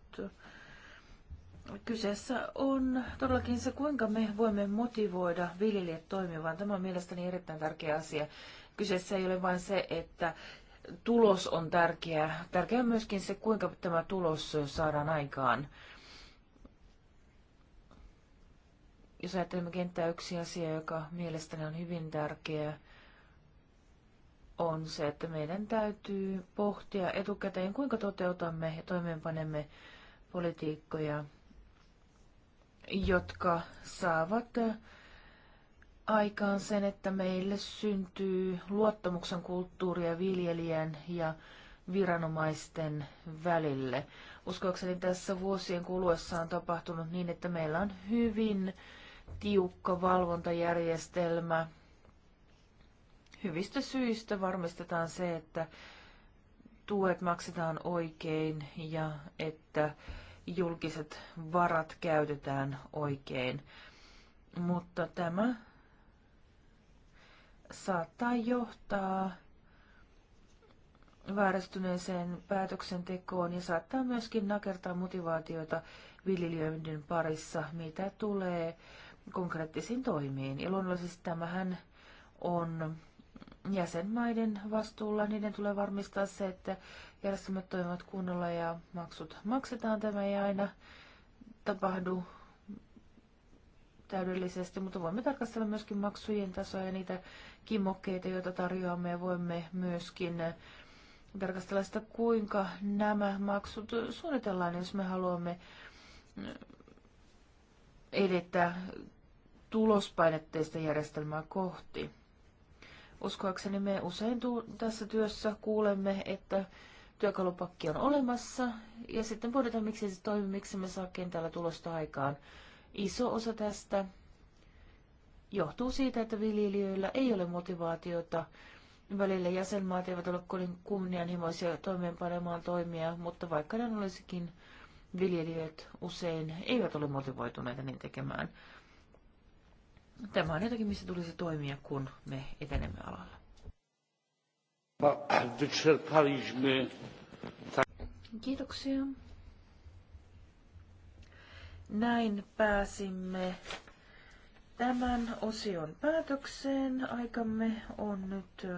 Kyseessä on todellakin se, kuinka me voimme motivoida viljelijät toimimaan. Tämä on mielestäni erittäin tärkeä asia. Kyseessä ei ole vain se, että tulos on tärkeä. Tärkeää on myöskin se, kuinka tämä tulos saadaan aikaan. Jos ajattelemme kenttää yksi asia, joka mielestäni on hyvin tärkeä, on se, että meidän täytyy pohtia etukäteen, kuinka toteutamme ja toimeenpanemme politiikkoja – jotka saavat äh, aikaan sen, että meille syntyy luottamuksen kulttuuria viljelijän ja viranomaisten välille. Uskoakseni tässä vuosien kuluessa on tapahtunut niin, että meillä on hyvin tiukka valvontajärjestelmä. Hyvistä syistä varmistetaan se, että tuet maksetaan oikein ja että julkiset varat käytetään oikein. Mutta tämä saattaa johtaa vääristyneeseen päätöksentekoon ja saattaa myöskin nakertaa motivaatioita viljelijöiden parissa, mitä tulee konkreettisiin toimiin. Ja luonnollisesti tämähän on jäsenmaiden vastuulla. Niiden tulee varmistaa se, että järjestelmät toimivat kunnolla ja maksut maksetaan. Tämä ei aina tapahdu täydellisesti, mutta voimme tarkastella myöskin maksujen tasoa ja niitä kimokkeita, joita tarjoamme ja voimme myöskin tarkastella sitä, kuinka nämä maksut suunnitellaan, jos me haluamme edetä tulospainetteista järjestelmää kohti. Uskoakseni me usein tässä työssä kuulemme, että työkalupakki on olemassa ja sitten pohditaan, miksi se toimii, miksi me saa kentällä tulosta aikaan. Iso osa tästä johtuu siitä, että viljelijöillä ei ole motivaatiota. Välillä jäsenmaat eivät ole kovin kunnianhimoisia toimeenpanemaan toimia, mutta vaikka ne olisikin, viljelijät usein eivät ole motivoituneita niin tekemään. Tämä on jotakin, missä tulisi toimia, kun me etenemme alalla. No, Kiitoksia. Näin pääsimme tämän osion päätökseen. Aikamme on nyt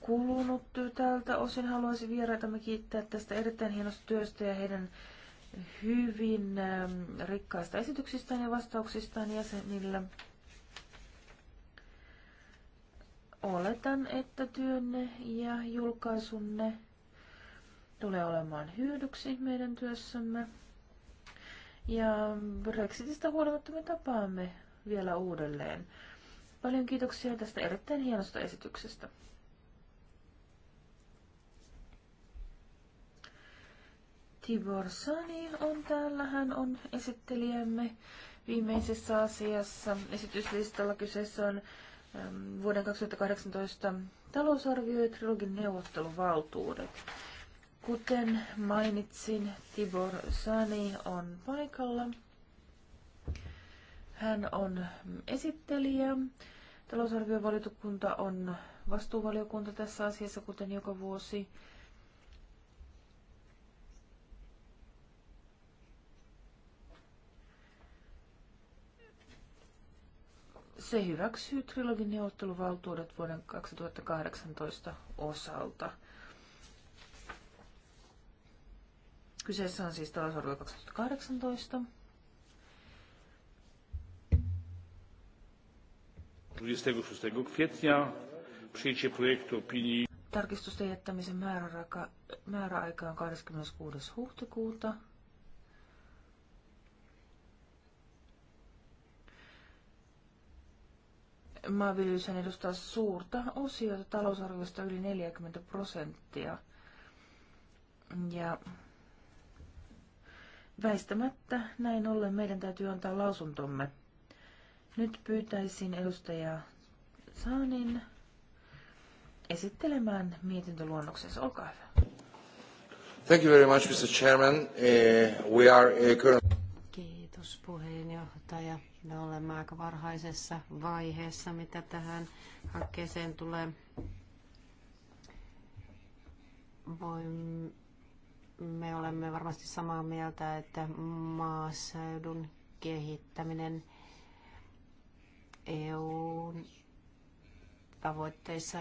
kulunut tältä osin. Haluaisin vieraitamme kiittää tästä erittäin hienosta työstä ja heidän hyvin ähm, rikkaista esityksistä ja vastauksista jäsenillä. Oletan, että työnne ja julkaisunne tulee olemaan hyödyksi meidän työssämme. Ja Brexitistä huolimatta me tapaamme vielä uudelleen. Paljon kiitoksia tästä erittäin hienosta esityksestä. Tibor Sani on täällä. Hän on esittelijämme viimeisessä asiassa. Esityslistalla kyseessä on vuoden 2018 talousarvio ja trilogin neuvotteluvaltuudet. Kuten mainitsin, Tibor Sani on paikalla. Hän on esittelijä. Talousarviovaliokunta on vastuuvaliokunta tässä asiassa, kuten joka vuosi. Se hyväksyy trilogin neuvotteluvaltuudet vuoden 2018 osalta. Kyseessä on siis talousarvio 2018. 26 przyjęcie projektu opinii. Tarkistusten jättämisen määräaika, määräaika on 26. huhtikuuta. maanviljelyshän edustaa suurta osiota talousarviosta yli 40 prosenttia. Ja väistämättä näin ollen meidän täytyy antaa lausuntomme. Nyt pyytäisin edustaja Saanin esittelemään mietintöluonnoksensa. Olkaa hyvä. Thank you very much, Mr. Chairman. Uh, we are, uh, current... Kiitos puheenjohtaja me olemme aika varhaisessa vaiheessa, mitä tähän hankkeeseen tulee. Voimme me olemme varmasti samaa mieltä, että maaseudun kehittäminen eu tavoitteissa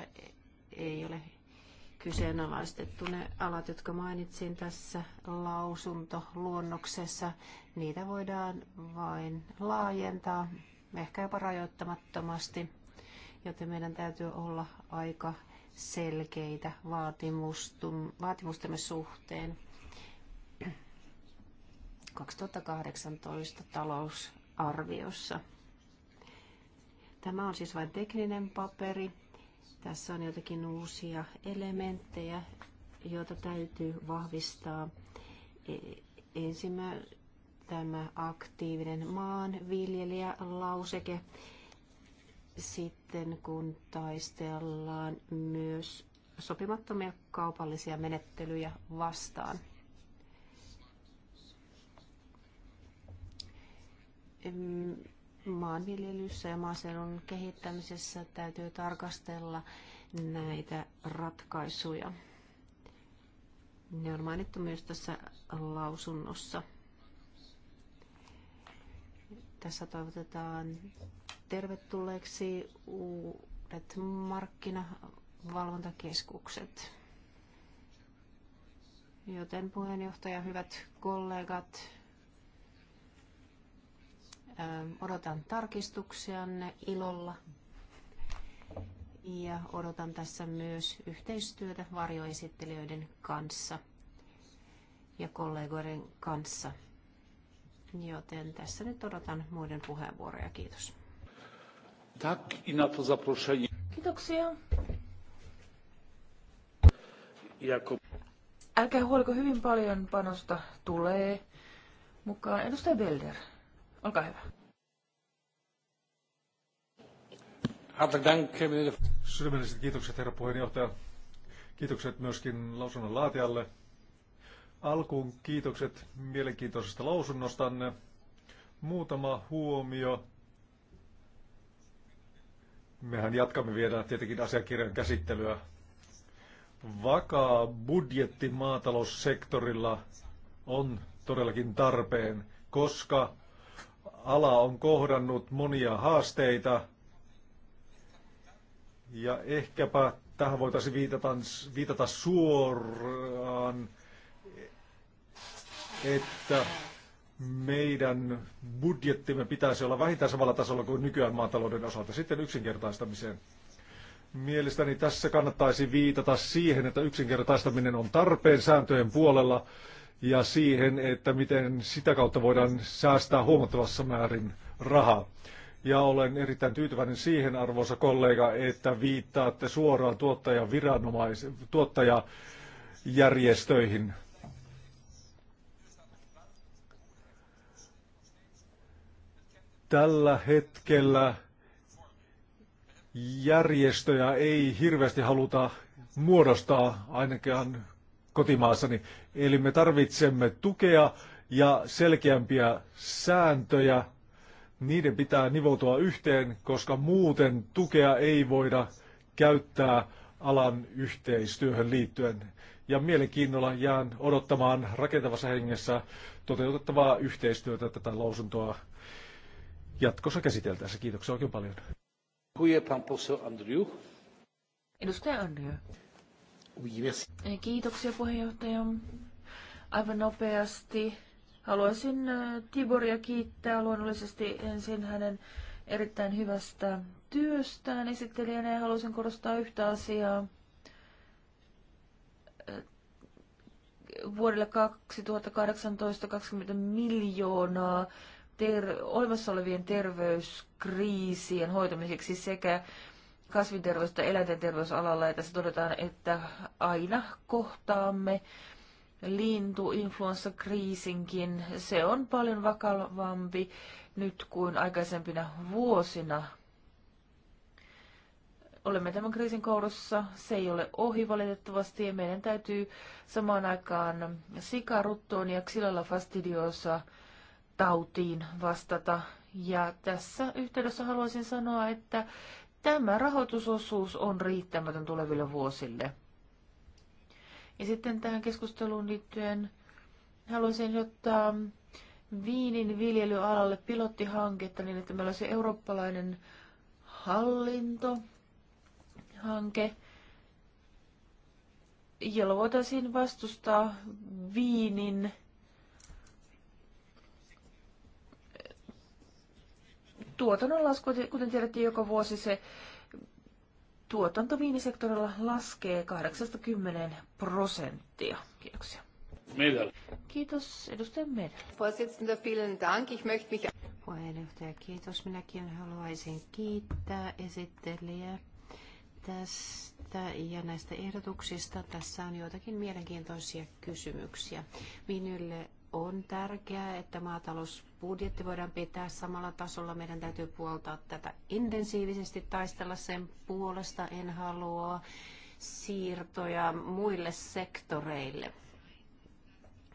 ei ole kyseenalaistettu ne alat, jotka mainitsin tässä lausuntoluonnoksessa. Niitä voidaan vain laajentaa, ehkä jopa rajoittamattomasti, joten meidän täytyy olla aika selkeitä vaatimustemme suhteen. 2018 talousarviossa. Tämä on siis vain tekninen paperi tässä on jotakin uusia elementtejä, joita täytyy vahvistaa. E, Ensimmäinen tämä aktiivinen maanviljelijä lauseke, Sitten kun taistellaan myös sopimattomia kaupallisia menettelyjä vastaan maanviljelyssä ja maaseudun kehittämisessä täytyy tarkastella näitä ratkaisuja. Ne on mainittu myös tässä lausunnossa. Tässä toivotetaan tervetulleeksi uudet markkinavalvontakeskukset. Joten puheenjohtaja, hyvät kollegat, Ähm, odotan tarkistuksianne ilolla ja odotan tässä myös yhteistyötä varjoesittelijöiden kanssa ja kollegoiden kanssa. Joten tässä nyt odotan muiden puheenvuoroja. Kiitos. Tak, i na to zaproszenie. Kiitoksia. Jako... Älkää huoliko, hyvin paljon panosta tulee mukaan. Edustaja Belder. Olkaa hyvä. Eh, Sydämelliset kiitokset, herra puheenjohtaja. Kiitokset myöskin lausunnon laatijalle. Alkuun kiitokset mielenkiintoisesta lausunnostanne. Muutama huomio. Mehän jatkamme vielä tietenkin asiakirjan käsittelyä. Vakaa budjetti maataloussektorilla on todellakin tarpeen, koska ala on kohdannut monia haasteita ja ehkäpä tähän voitaisiin viitata, viitata suoraan, että meidän budjettimme pitäisi olla vähintään samalla tasolla kuin nykyään maatalouden osalta. Sitten yksinkertaistamiseen. Mielestäni tässä kannattaisi viitata siihen, että yksinkertaistaminen on tarpeen sääntöjen puolella ja siihen, että miten sitä kautta voidaan säästää huomattavassa määrin rahaa. Ja olen erittäin tyytyväinen siihen, arvoisa kollega, että viittaatte suoraan tuottajajärjestöihin. Tällä hetkellä järjestöjä ei hirveästi haluta muodostaa ainakaan kotimaassani. Eli me tarvitsemme tukea ja selkeämpiä sääntöjä. Niiden pitää nivoutua yhteen, koska muuten tukea ei voida käyttää alan yhteistyöhön liittyen. Ja mielenkiinnolla jään odottamaan rakentavassa hengessä toteutettavaa yhteistyötä tätä lausuntoa jatkossa käsiteltäessä. Kiitoksia oikein paljon. Edustaja Andrew. Kiitoksia puheenjohtaja. Aivan nopeasti haluaisin äh, Tiboria kiittää luonnollisesti ensin hänen erittäin hyvästä työstään esittelijänä ja haluaisin korostaa yhtä asiaa. Äh, vuodelle 2018-20 miljoonaa ter- olemassa olevien terveyskriisien hoitamiseksi sekä kasvinterveys- ja eläintenterveysalalla, ja tässä todetaan, että aina kohtaamme lintuinfluenssakriisinkin. Se on paljon vakavampi nyt kuin aikaisempina vuosina. Olemme tämän kriisin kourussa. Se ei ole ohi valitettavasti ja meidän täytyy samaan aikaan sikaruttoon ja xylella fastidiosa tautiin vastata. Ja tässä yhteydessä haluaisin sanoa, että Tämä rahoitusosuus on riittämätön tuleville vuosille. Ja sitten tähän keskusteluun liittyen haluaisin ottaa viinin viljelyalalle pilottihanketta niin, että meillä olisi eurooppalainen hallintohanke, jolla voitaisiin vastustaa viinin tuotannon lasku, kuten tiedettiin joka vuosi se tuotanto viinisektorilla laskee 80 prosenttia. Kiitoksia. Medel. Kiitos, edustaja Medel. Puheenjohtaja, vielen Dank. Ich möchte mich... Puheenjohtaja, kiitos. Minäkin haluaisin kiittää esittelijä tästä ja näistä ehdotuksista. Tässä on joitakin mielenkiintoisia kysymyksiä. Minulle on tärkeää, että maatalousbudjetti voidaan pitää samalla tasolla. Meidän täytyy puoltaa tätä intensiivisesti, taistella sen puolesta. En halua siirtoja muille sektoreille.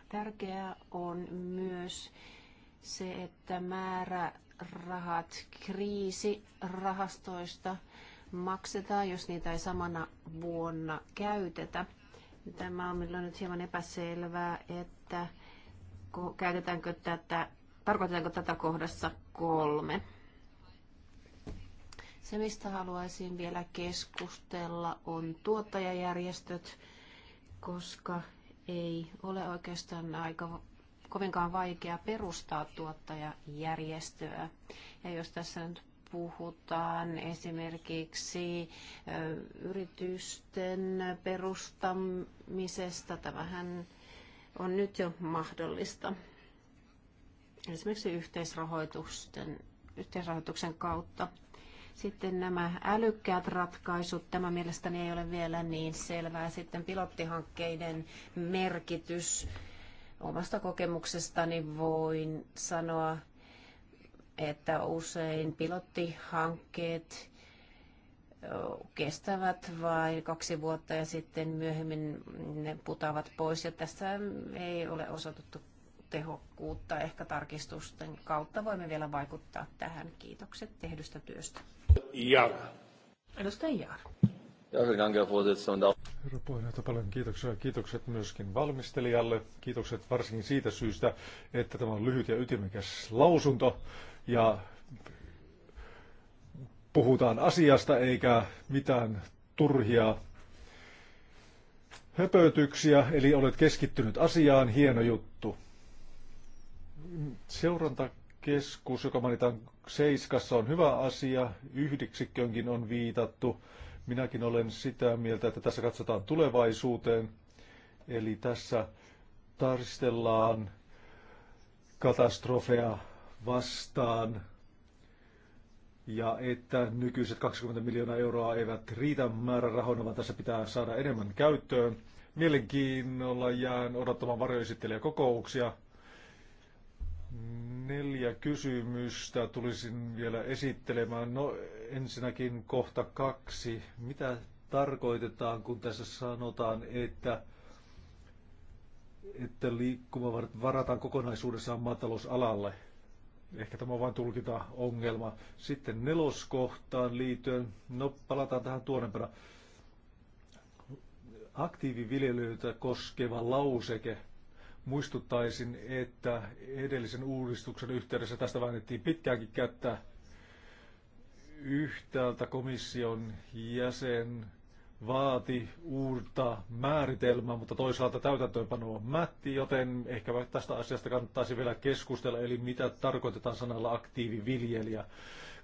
Tärkeää on myös se, että määrä rahat kriisirahastoista maksetaan, jos niitä ei samana vuonna käytetä. Tämä on minulle nyt hieman epäselvää, että käytetäänkö tätä, tarkoitetaanko tätä kohdassa kolme. Se, mistä haluaisin vielä keskustella, on tuottajajärjestöt, koska ei ole oikeastaan aika kovinkaan vaikea perustaa tuottajajärjestöä. Ja jos tässä nyt puhutaan esimerkiksi yritysten perustamisesta, tämähän on nyt jo mahdollista. Esimerkiksi yhteisrahoitusten, yhteisrahoituksen kautta. Sitten nämä älykkäät ratkaisut, tämä mielestäni ei ole vielä niin selvää. Sitten pilottihankkeiden merkitys. Omasta kokemuksestani voin sanoa, että usein pilottihankkeet kestävät vain kaksi vuotta ja sitten myöhemmin ne putavat pois. Ja tässä ei ole osoitettu tehokkuutta. Ehkä tarkistusten kautta voimme vielä vaikuttaa tähän. Kiitokset tehdystä työstä. Ja. Edustaja Jaar. Herra puheenjohtaja, paljon kiitoksia. Kiitokset myöskin valmistelijalle. Kiitokset varsinkin siitä syystä, että tämä on lyhyt ja ytimekäs lausunto. Ja puhutaan asiasta eikä mitään turhia höpötyksiä, eli olet keskittynyt asiaan, hieno juttu. Seurantakeskus, joka mainitaan Seiskassa, on hyvä asia, yhdeksikköönkin on viitattu. Minäkin olen sitä mieltä, että tässä katsotaan tulevaisuuteen, eli tässä tarstellaan katastrofeja vastaan, ja että nykyiset 20 miljoonaa euroa eivät riitä määrärahoina, vaan tässä pitää saada enemmän käyttöön. Mielenkiinnolla jään odottamaan varjoesittelijä kokouksia. Neljä kysymystä tulisin vielä esittelemään. No ensinnäkin kohta kaksi. Mitä tarkoitetaan, kun tässä sanotaan, että että liikkumavarat varataan kokonaisuudessaan maatalousalalle? Ehkä tämä on vain tulkita ongelma. Sitten neloskohtaan liittyen, no palataan tähän tuonempana. Aktiiviviljelijöitä koskeva lauseke. Muistuttaisin, että edellisen uudistuksen yhteydessä tästä väännettiin pitkäänkin käyttää yhtäältä komission jäsen vaati uutta määritelmää, mutta toisaalta on mätti, joten ehkä tästä asiasta kannattaisi vielä keskustella, eli mitä tarkoitetaan sanalla aktiiviviljelijä.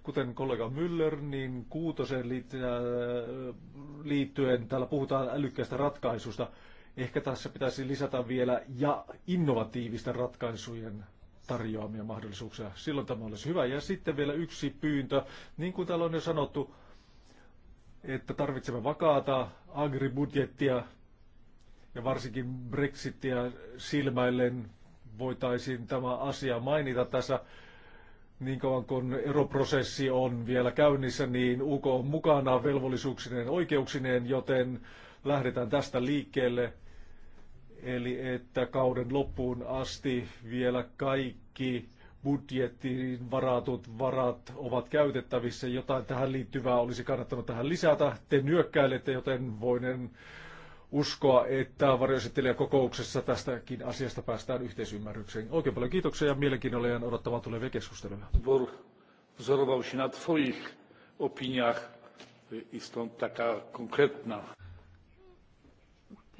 Kuten kollega Müller, niin kuutoseen äh, liittyen täällä puhutaan älykkäistä ratkaisusta. Ehkä tässä pitäisi lisätä vielä ja innovatiivisten ratkaisujen tarjoamia mahdollisuuksia. Silloin tämä olisi hyvä. Ja sitten vielä yksi pyyntö. Niin kuin täällä on jo sanottu, että tarvitsemme vakaata agribudjettia ja varsinkin Brexitia silmäillen voitaisiin tämä asia mainita tässä. Niin kauan kun eroprosessi on vielä käynnissä, niin UK on mukana velvollisuuksineen oikeuksineen, joten lähdetään tästä liikkeelle. Eli että kauden loppuun asti vielä kaikki budjettiin varatut varat ovat käytettävissä. Jotain tähän liittyvää olisi kannattanut tähän lisätä. Te nyökkäilette, joten voinen uskoa, että kokouksessa tästäkin asiasta päästään yhteisymmärrykseen. Oikein paljon kiitoksia ja mielenkiinnolla ja odottamaan tulevia keskusteluja. Dvor wzorował się na twoich opiniach i stąd taka konkretna.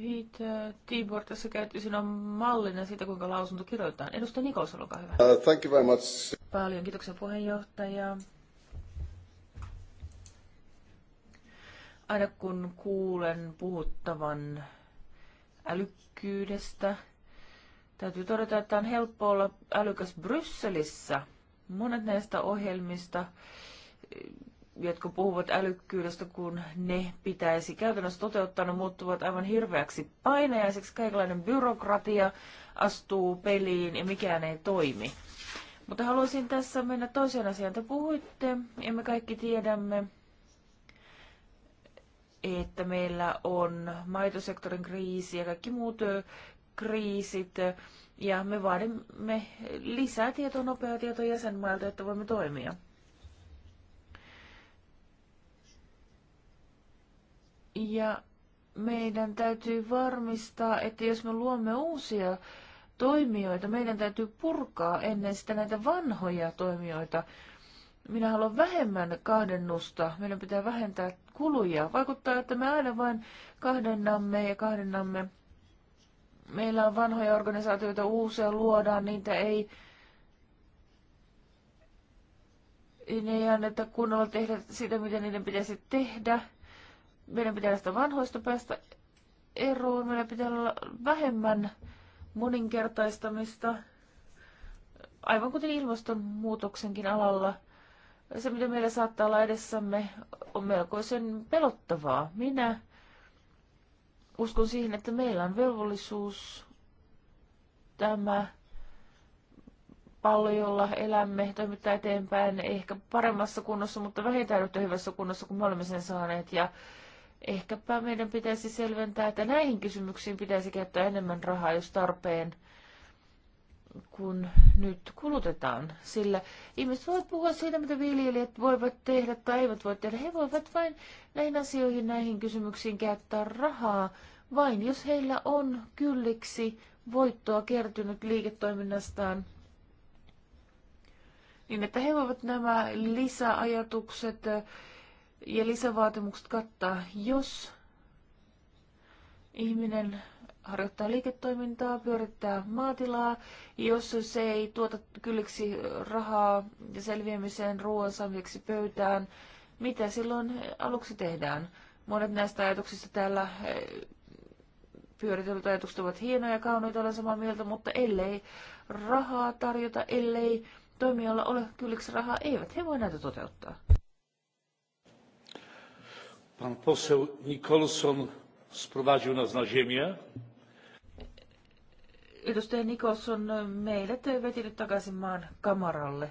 Peter äh, Tibor tässä käytti sinun mallina siitä, kuinka lausunto kirjoitetaan. Edustaja Nikos, olkaa hyvä. Uh, thank you very much. Paljon kiitoksia puheenjohtaja. Aina kun kuulen puhuttavan älykkyydestä, täytyy todeta, että on helppo olla älykäs Brysselissä. Monet näistä ohjelmista jotka puhuvat älykkyydestä, kun ne pitäisi käytännössä toteuttaa, ne muuttuvat aivan hirveäksi painajaiseksi. Kaikenlainen byrokratia astuu peliin ja mikään ei toimi. Mutta haluaisin tässä mennä toiseen asiaan. Te puhuitte, ja me kaikki tiedämme, että meillä on maitosektorin kriisi ja kaikki muut kriisit, ja me vaadimme lisää tietoa, nopeaa tietoa jäsenmailta, että voimme toimia. Ja meidän täytyy varmistaa, että jos me luomme uusia toimijoita, meidän täytyy purkaa ennen sitä näitä vanhoja toimijoita. Minä haluan vähemmän kahdennusta, meidän pitää vähentää kuluja. Vaikuttaa, että me aina vain kahdennamme ja kahdennamme. Meillä on vanhoja organisaatioita, uusia luodaan, niitä ei ei anneta kunnolla tehdä sitä, mitä niiden pitäisi tehdä meidän pitää tästä vanhoista päästä eroon, meillä pitää olla vähemmän moninkertaistamista, aivan kuten ilmastonmuutoksenkin alalla. Se, mitä meillä saattaa olla edessämme, on melkoisen pelottavaa. Minä uskon siihen, että meillä on velvollisuus tämä pallo, jolla elämme, toimittaa eteenpäin, ehkä paremmassa kunnossa, mutta vähintään yhtä hyvässä kunnossa, kun me olemme sen saaneet. Ja ehkäpä meidän pitäisi selventää, että näihin kysymyksiin pitäisi käyttää enemmän rahaa, jos tarpeen, kun nyt kulutetaan. Sillä ihmiset voivat puhua siitä, mitä viljelijät voivat tehdä tai eivät voi tehdä. He voivat vain näihin asioihin, näihin kysymyksiin käyttää rahaa, vain jos heillä on kylliksi voittoa kertynyt liiketoiminnastaan niin että he voivat nämä lisäajatukset ja lisävaatimukset kattaa, jos ihminen harjoittaa liiketoimintaa, pyörittää maatilaa, jos se ei tuota kylliksi rahaa selviämiseen ruoan saamiseksi pöytään, mitä silloin aluksi tehdään? Monet näistä ajatuksista täällä eh, pyöritellyt ajatukset ovat hienoja ja kauniita, olen samaa mieltä, mutta ellei rahaa tarjota, ellei toimijalla ole kylliksi rahaa, eivät he voi näitä toteuttaa. Pan poseł Nicholson sprowadził nas na ziemię. Edustaja Nicholson meidät veti takaisin maan kamaralle.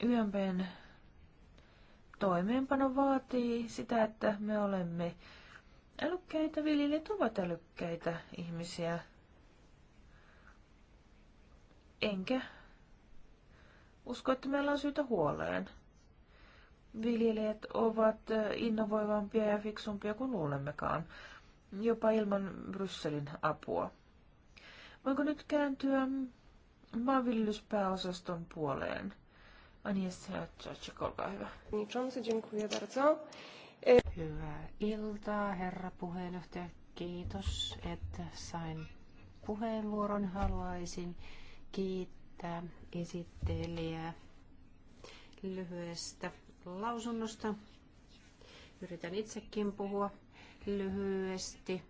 YMPn toimeenpano vaatii sitä, että me olemme älykkäitä, viljelijät ovat älykkäitä ihmisiä. Enkä usko, että meillä on syytä huoleen viljelijät ovat innovoivampia ja fiksumpia kuin luulemmekaan, jopa ilman Brysselin apua. Voinko nyt kääntyä maanviljelyspääosaston puoleen? Agnieszka Czarczyk, olkaa hyvä. E- Hyvää iltaa, herra puheenjohtaja. Kiitos, että sain puheenvuoron. Haluaisin kiittää esittelijää lyhyestä lausunnosta. Yritän itsekin puhua lyhyesti.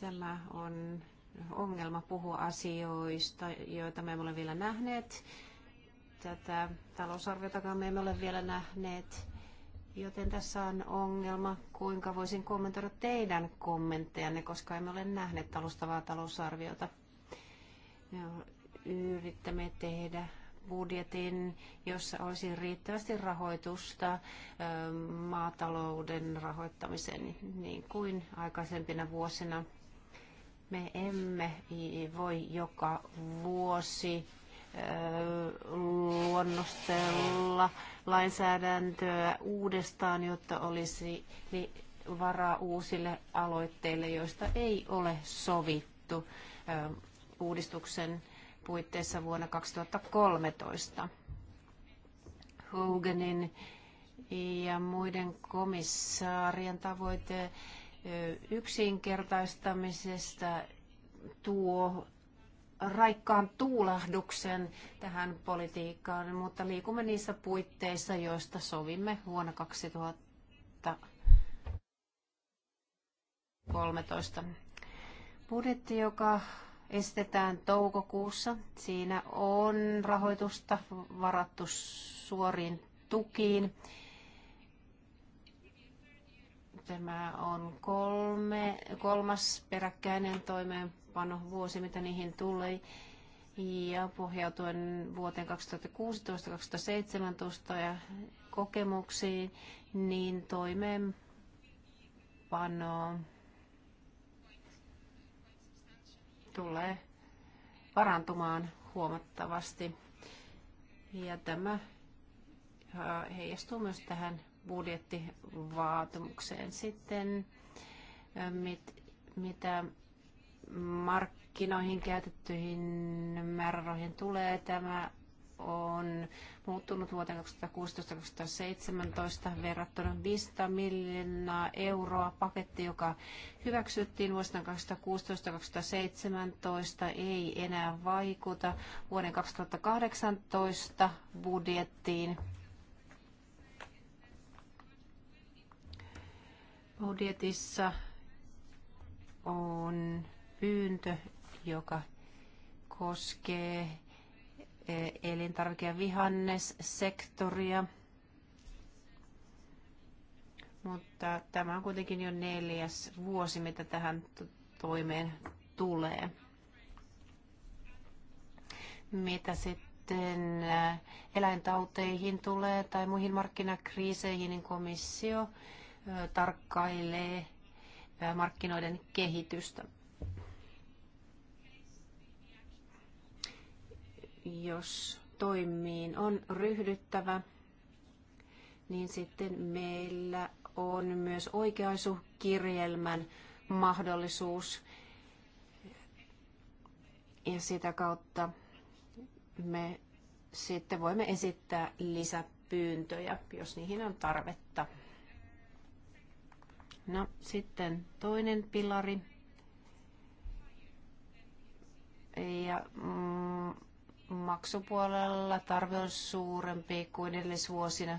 Tämä on ongelma puhua asioista, joita me emme ole vielä nähneet. Tätä talousarviotakaan me emme ole vielä nähneet. Joten tässä on ongelma, kuinka voisin kommentoida teidän kommenttejanne, koska emme ole nähneet alustavaa talousarviota. Me tehdä budjetin, jossa olisi riittävästi rahoitusta maatalouden rahoittamiseen niin kuin aikaisempina vuosina. Me emme voi joka vuosi luonnostella lainsäädäntöä uudestaan, jotta olisi varaa uusille aloitteille, joista ei ole sovittu uudistuksen puitteissa vuonna 2013. Hoganin ja muiden komissaarien tavoite yksinkertaistamisesta tuo raikkaan tuulahduksen tähän politiikkaan, mutta liikumme niissä puitteissa, joista sovimme vuonna 2013. Budjetti, joka estetään toukokuussa. Siinä on rahoitusta varattu suoriin tukiin. Tämä on kolme, kolmas peräkkäinen toimeenpano vuosi, mitä niihin tuli. Ja pohjautuen vuoteen 2016-2017 ja kokemuksiin, niin toimeenpano tulee parantumaan huomattavasti. Ja tämä äh, heijastuu myös tähän budjettivaatimukseen sitten, äh, mit, mitä markkinoihin käytettyihin määrärahoihin tulee. Tämä on muuttunut vuoteen 2016-2017 verrattuna 500 miljoonaa euroa. Paketti, joka hyväksyttiin vuosina 2016-2017, ei enää vaikuta vuoden 2018 budjettiin. Budjetissa on pyyntö, joka koskee elintarvike- ja vihannessektoria. Mutta tämä on kuitenkin jo neljäs vuosi, mitä tähän toimeen tulee. Mitä sitten äh, eläintauteihin tulee tai muihin markkinakriiseihin, niin komissio tarkkailee markkinoiden kehitystä. jos toimiin on ryhdyttävä, niin sitten meillä on myös oikeaisukirjelmän mahdollisuus. Ja sitä kautta me sitten voimme esittää lisäpyyntöjä, jos niihin on tarvetta. No sitten toinen pilari. Ja mm, maksupuolella tarve on suurempi kuin edellisvuosina,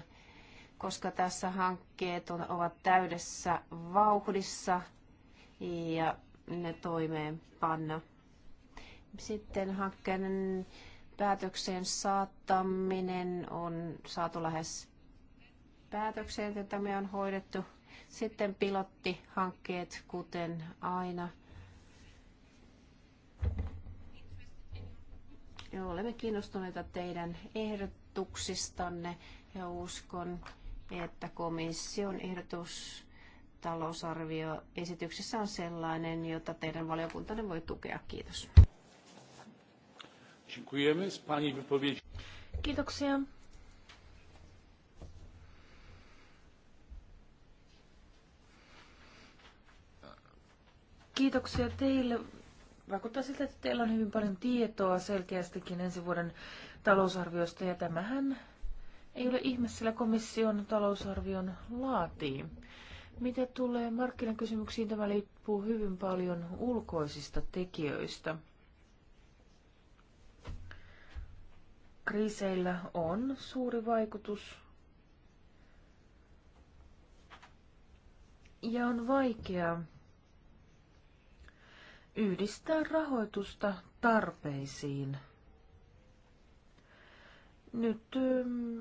koska tässä hankkeet on, ovat täydessä vauhdissa ja ne toimeenpanna. Sitten hankkeen päätökseen saattaminen on saatu lähes päätökseen, että me on hoidettu. Sitten pilottihankkeet, kuten aina – ja olemme kiinnostuneita teidän ehdotuksistanne ja uskon, että komission ehdotus talousarvioesityksessä on sellainen, jota teidän valiokuntanne voi tukea. Kiitos. Kiitoksia. Kiitoksia teille vaikuttaa siltä, että teillä on hyvin paljon tietoa selkeästikin ensi vuoden talousarviosta ja tämähän ei ole ihme, sillä komission talousarvion laatii. Mitä tulee markkinakysymyksiin, tämä liippuu hyvin paljon ulkoisista tekijöistä. Kriiseillä on suuri vaikutus ja on vaikea yhdistää rahoitusta tarpeisiin. Nyt ähm,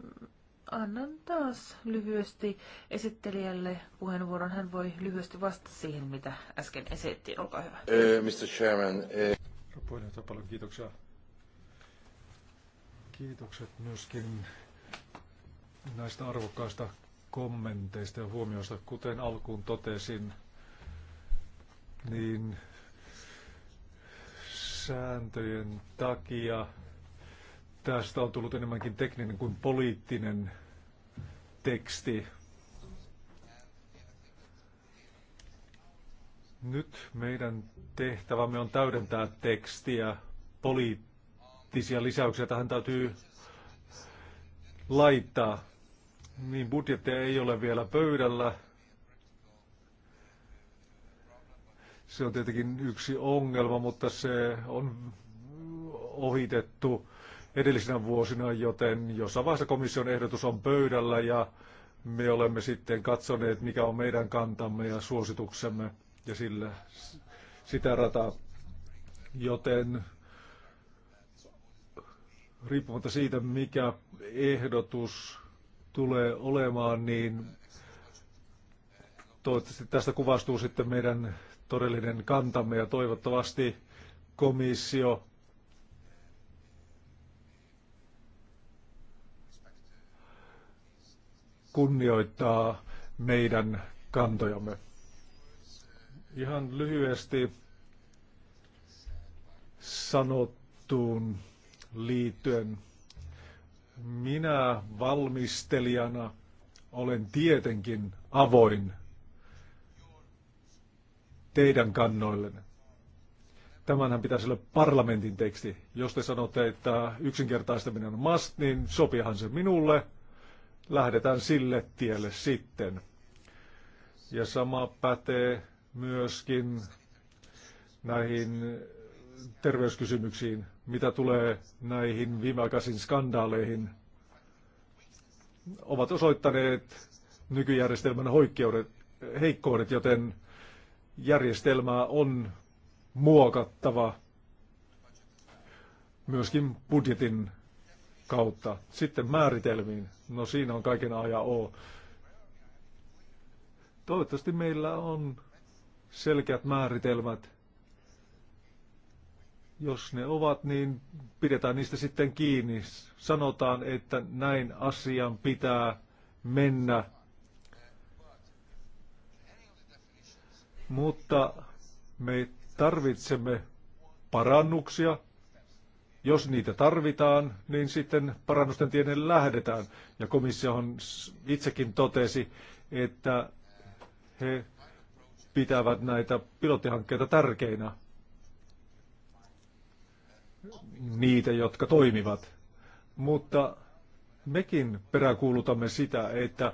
annan taas lyhyesti esittelijälle puheenvuoron. Hän voi lyhyesti vastata siihen, mitä äsken esittiin. Olkaa hyvä. Uh, äh, Mr. Chairman. Uh... paljon kiitoksia. Kiitokset myöskin näistä arvokkaista kommenteista ja huomioista. Kuten alkuun totesin, niin sääntöjen takia tästä on tullut enemmänkin tekninen kuin poliittinen teksti. Nyt meidän tehtävämme on täydentää tekstiä. Poliittisia lisäyksiä tähän täytyy laittaa. Niin budjetteja ei ole vielä pöydällä. Se on tietenkin yksi ongelma, mutta se on ohitettu edellisinä vuosina, joten jossain vaiheessa komission ehdotus on pöydällä ja me olemme sitten katsoneet, mikä on meidän kantamme ja suosituksemme ja sillä sitä rataa. Joten riippumatta siitä, mikä ehdotus tulee olemaan, niin toivottavasti tästä kuvastuu sitten meidän todellinen kantamme ja toivottavasti komissio kunnioittaa meidän kantojamme. Ihan lyhyesti sanottuun liittyen. Minä valmistelijana olen tietenkin avoin teidän kannoillenne. Tämänhän pitäisi olla parlamentin teksti. Jos te sanotte, että yksinkertaistaminen on must, niin sopihan se minulle. Lähdetään sille tielle sitten. Ja sama pätee myöskin näihin terveyskysymyksiin, mitä tulee näihin viimeaikaisiin skandaaleihin, ovat osoittaneet nykyjärjestelmän heikkoudet, joten järjestelmää on muokattava myöskin budjetin kautta. Sitten määritelmiin. No siinä on kaiken aja O. Toivottavasti meillä on selkeät määritelmät. Jos ne ovat, niin pidetään niistä sitten kiinni. Sanotaan, että näin asian pitää mennä mutta me tarvitsemme parannuksia. Jos niitä tarvitaan, niin sitten parannusten tienen lähdetään. Ja on itsekin totesi, että he pitävät näitä pilottihankkeita tärkeinä. Niitä, jotka toimivat. Mutta mekin peräkuulutamme sitä, että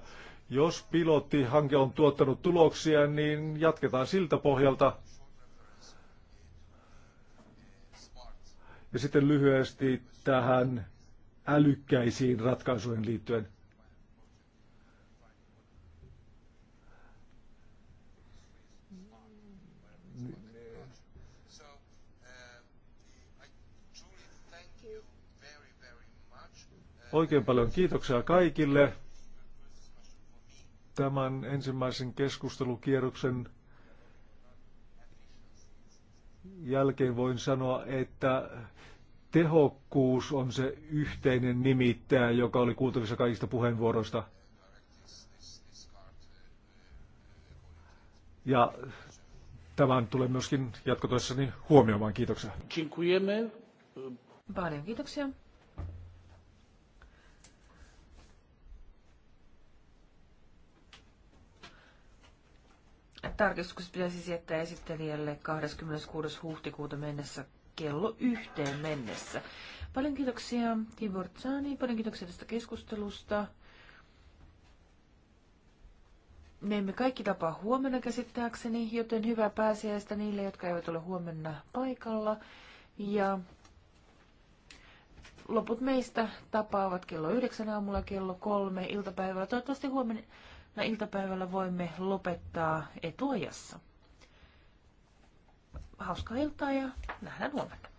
jos pilottihanke on tuottanut tuloksia, niin jatketaan siltä pohjalta. Ja sitten lyhyesti tähän älykkäisiin ratkaisuihin liittyen. Oikein paljon kiitoksia kaikille tämän ensimmäisen keskustelukierroksen jälkeen voin sanoa, että tehokkuus on se yhteinen nimittäjä, joka oli kuultavissa kaikista puheenvuoroista. Ja tämän tulee myöskin jatkotoissani huomioimaan. Kiitoksia. Paljon kiitoksia. tarkistukset pitäisi jättää esittelijälle 26. huhtikuuta mennessä kello yhteen mennessä. Paljon kiitoksia Tibor Tsani, paljon kiitoksia tästä keskustelusta. Me emme kaikki tapaa huomenna käsittääkseni, joten hyvää pääsiäistä niille, jotka eivät ole huomenna paikalla. Ja loput meistä tapaavat kello yhdeksän aamulla, kello kolme iltapäivällä. Toivottavasti huomenna ja iltapäivällä voimme lopettaa etuajassa. Hauskaa iltaa ja nähdään huomenna.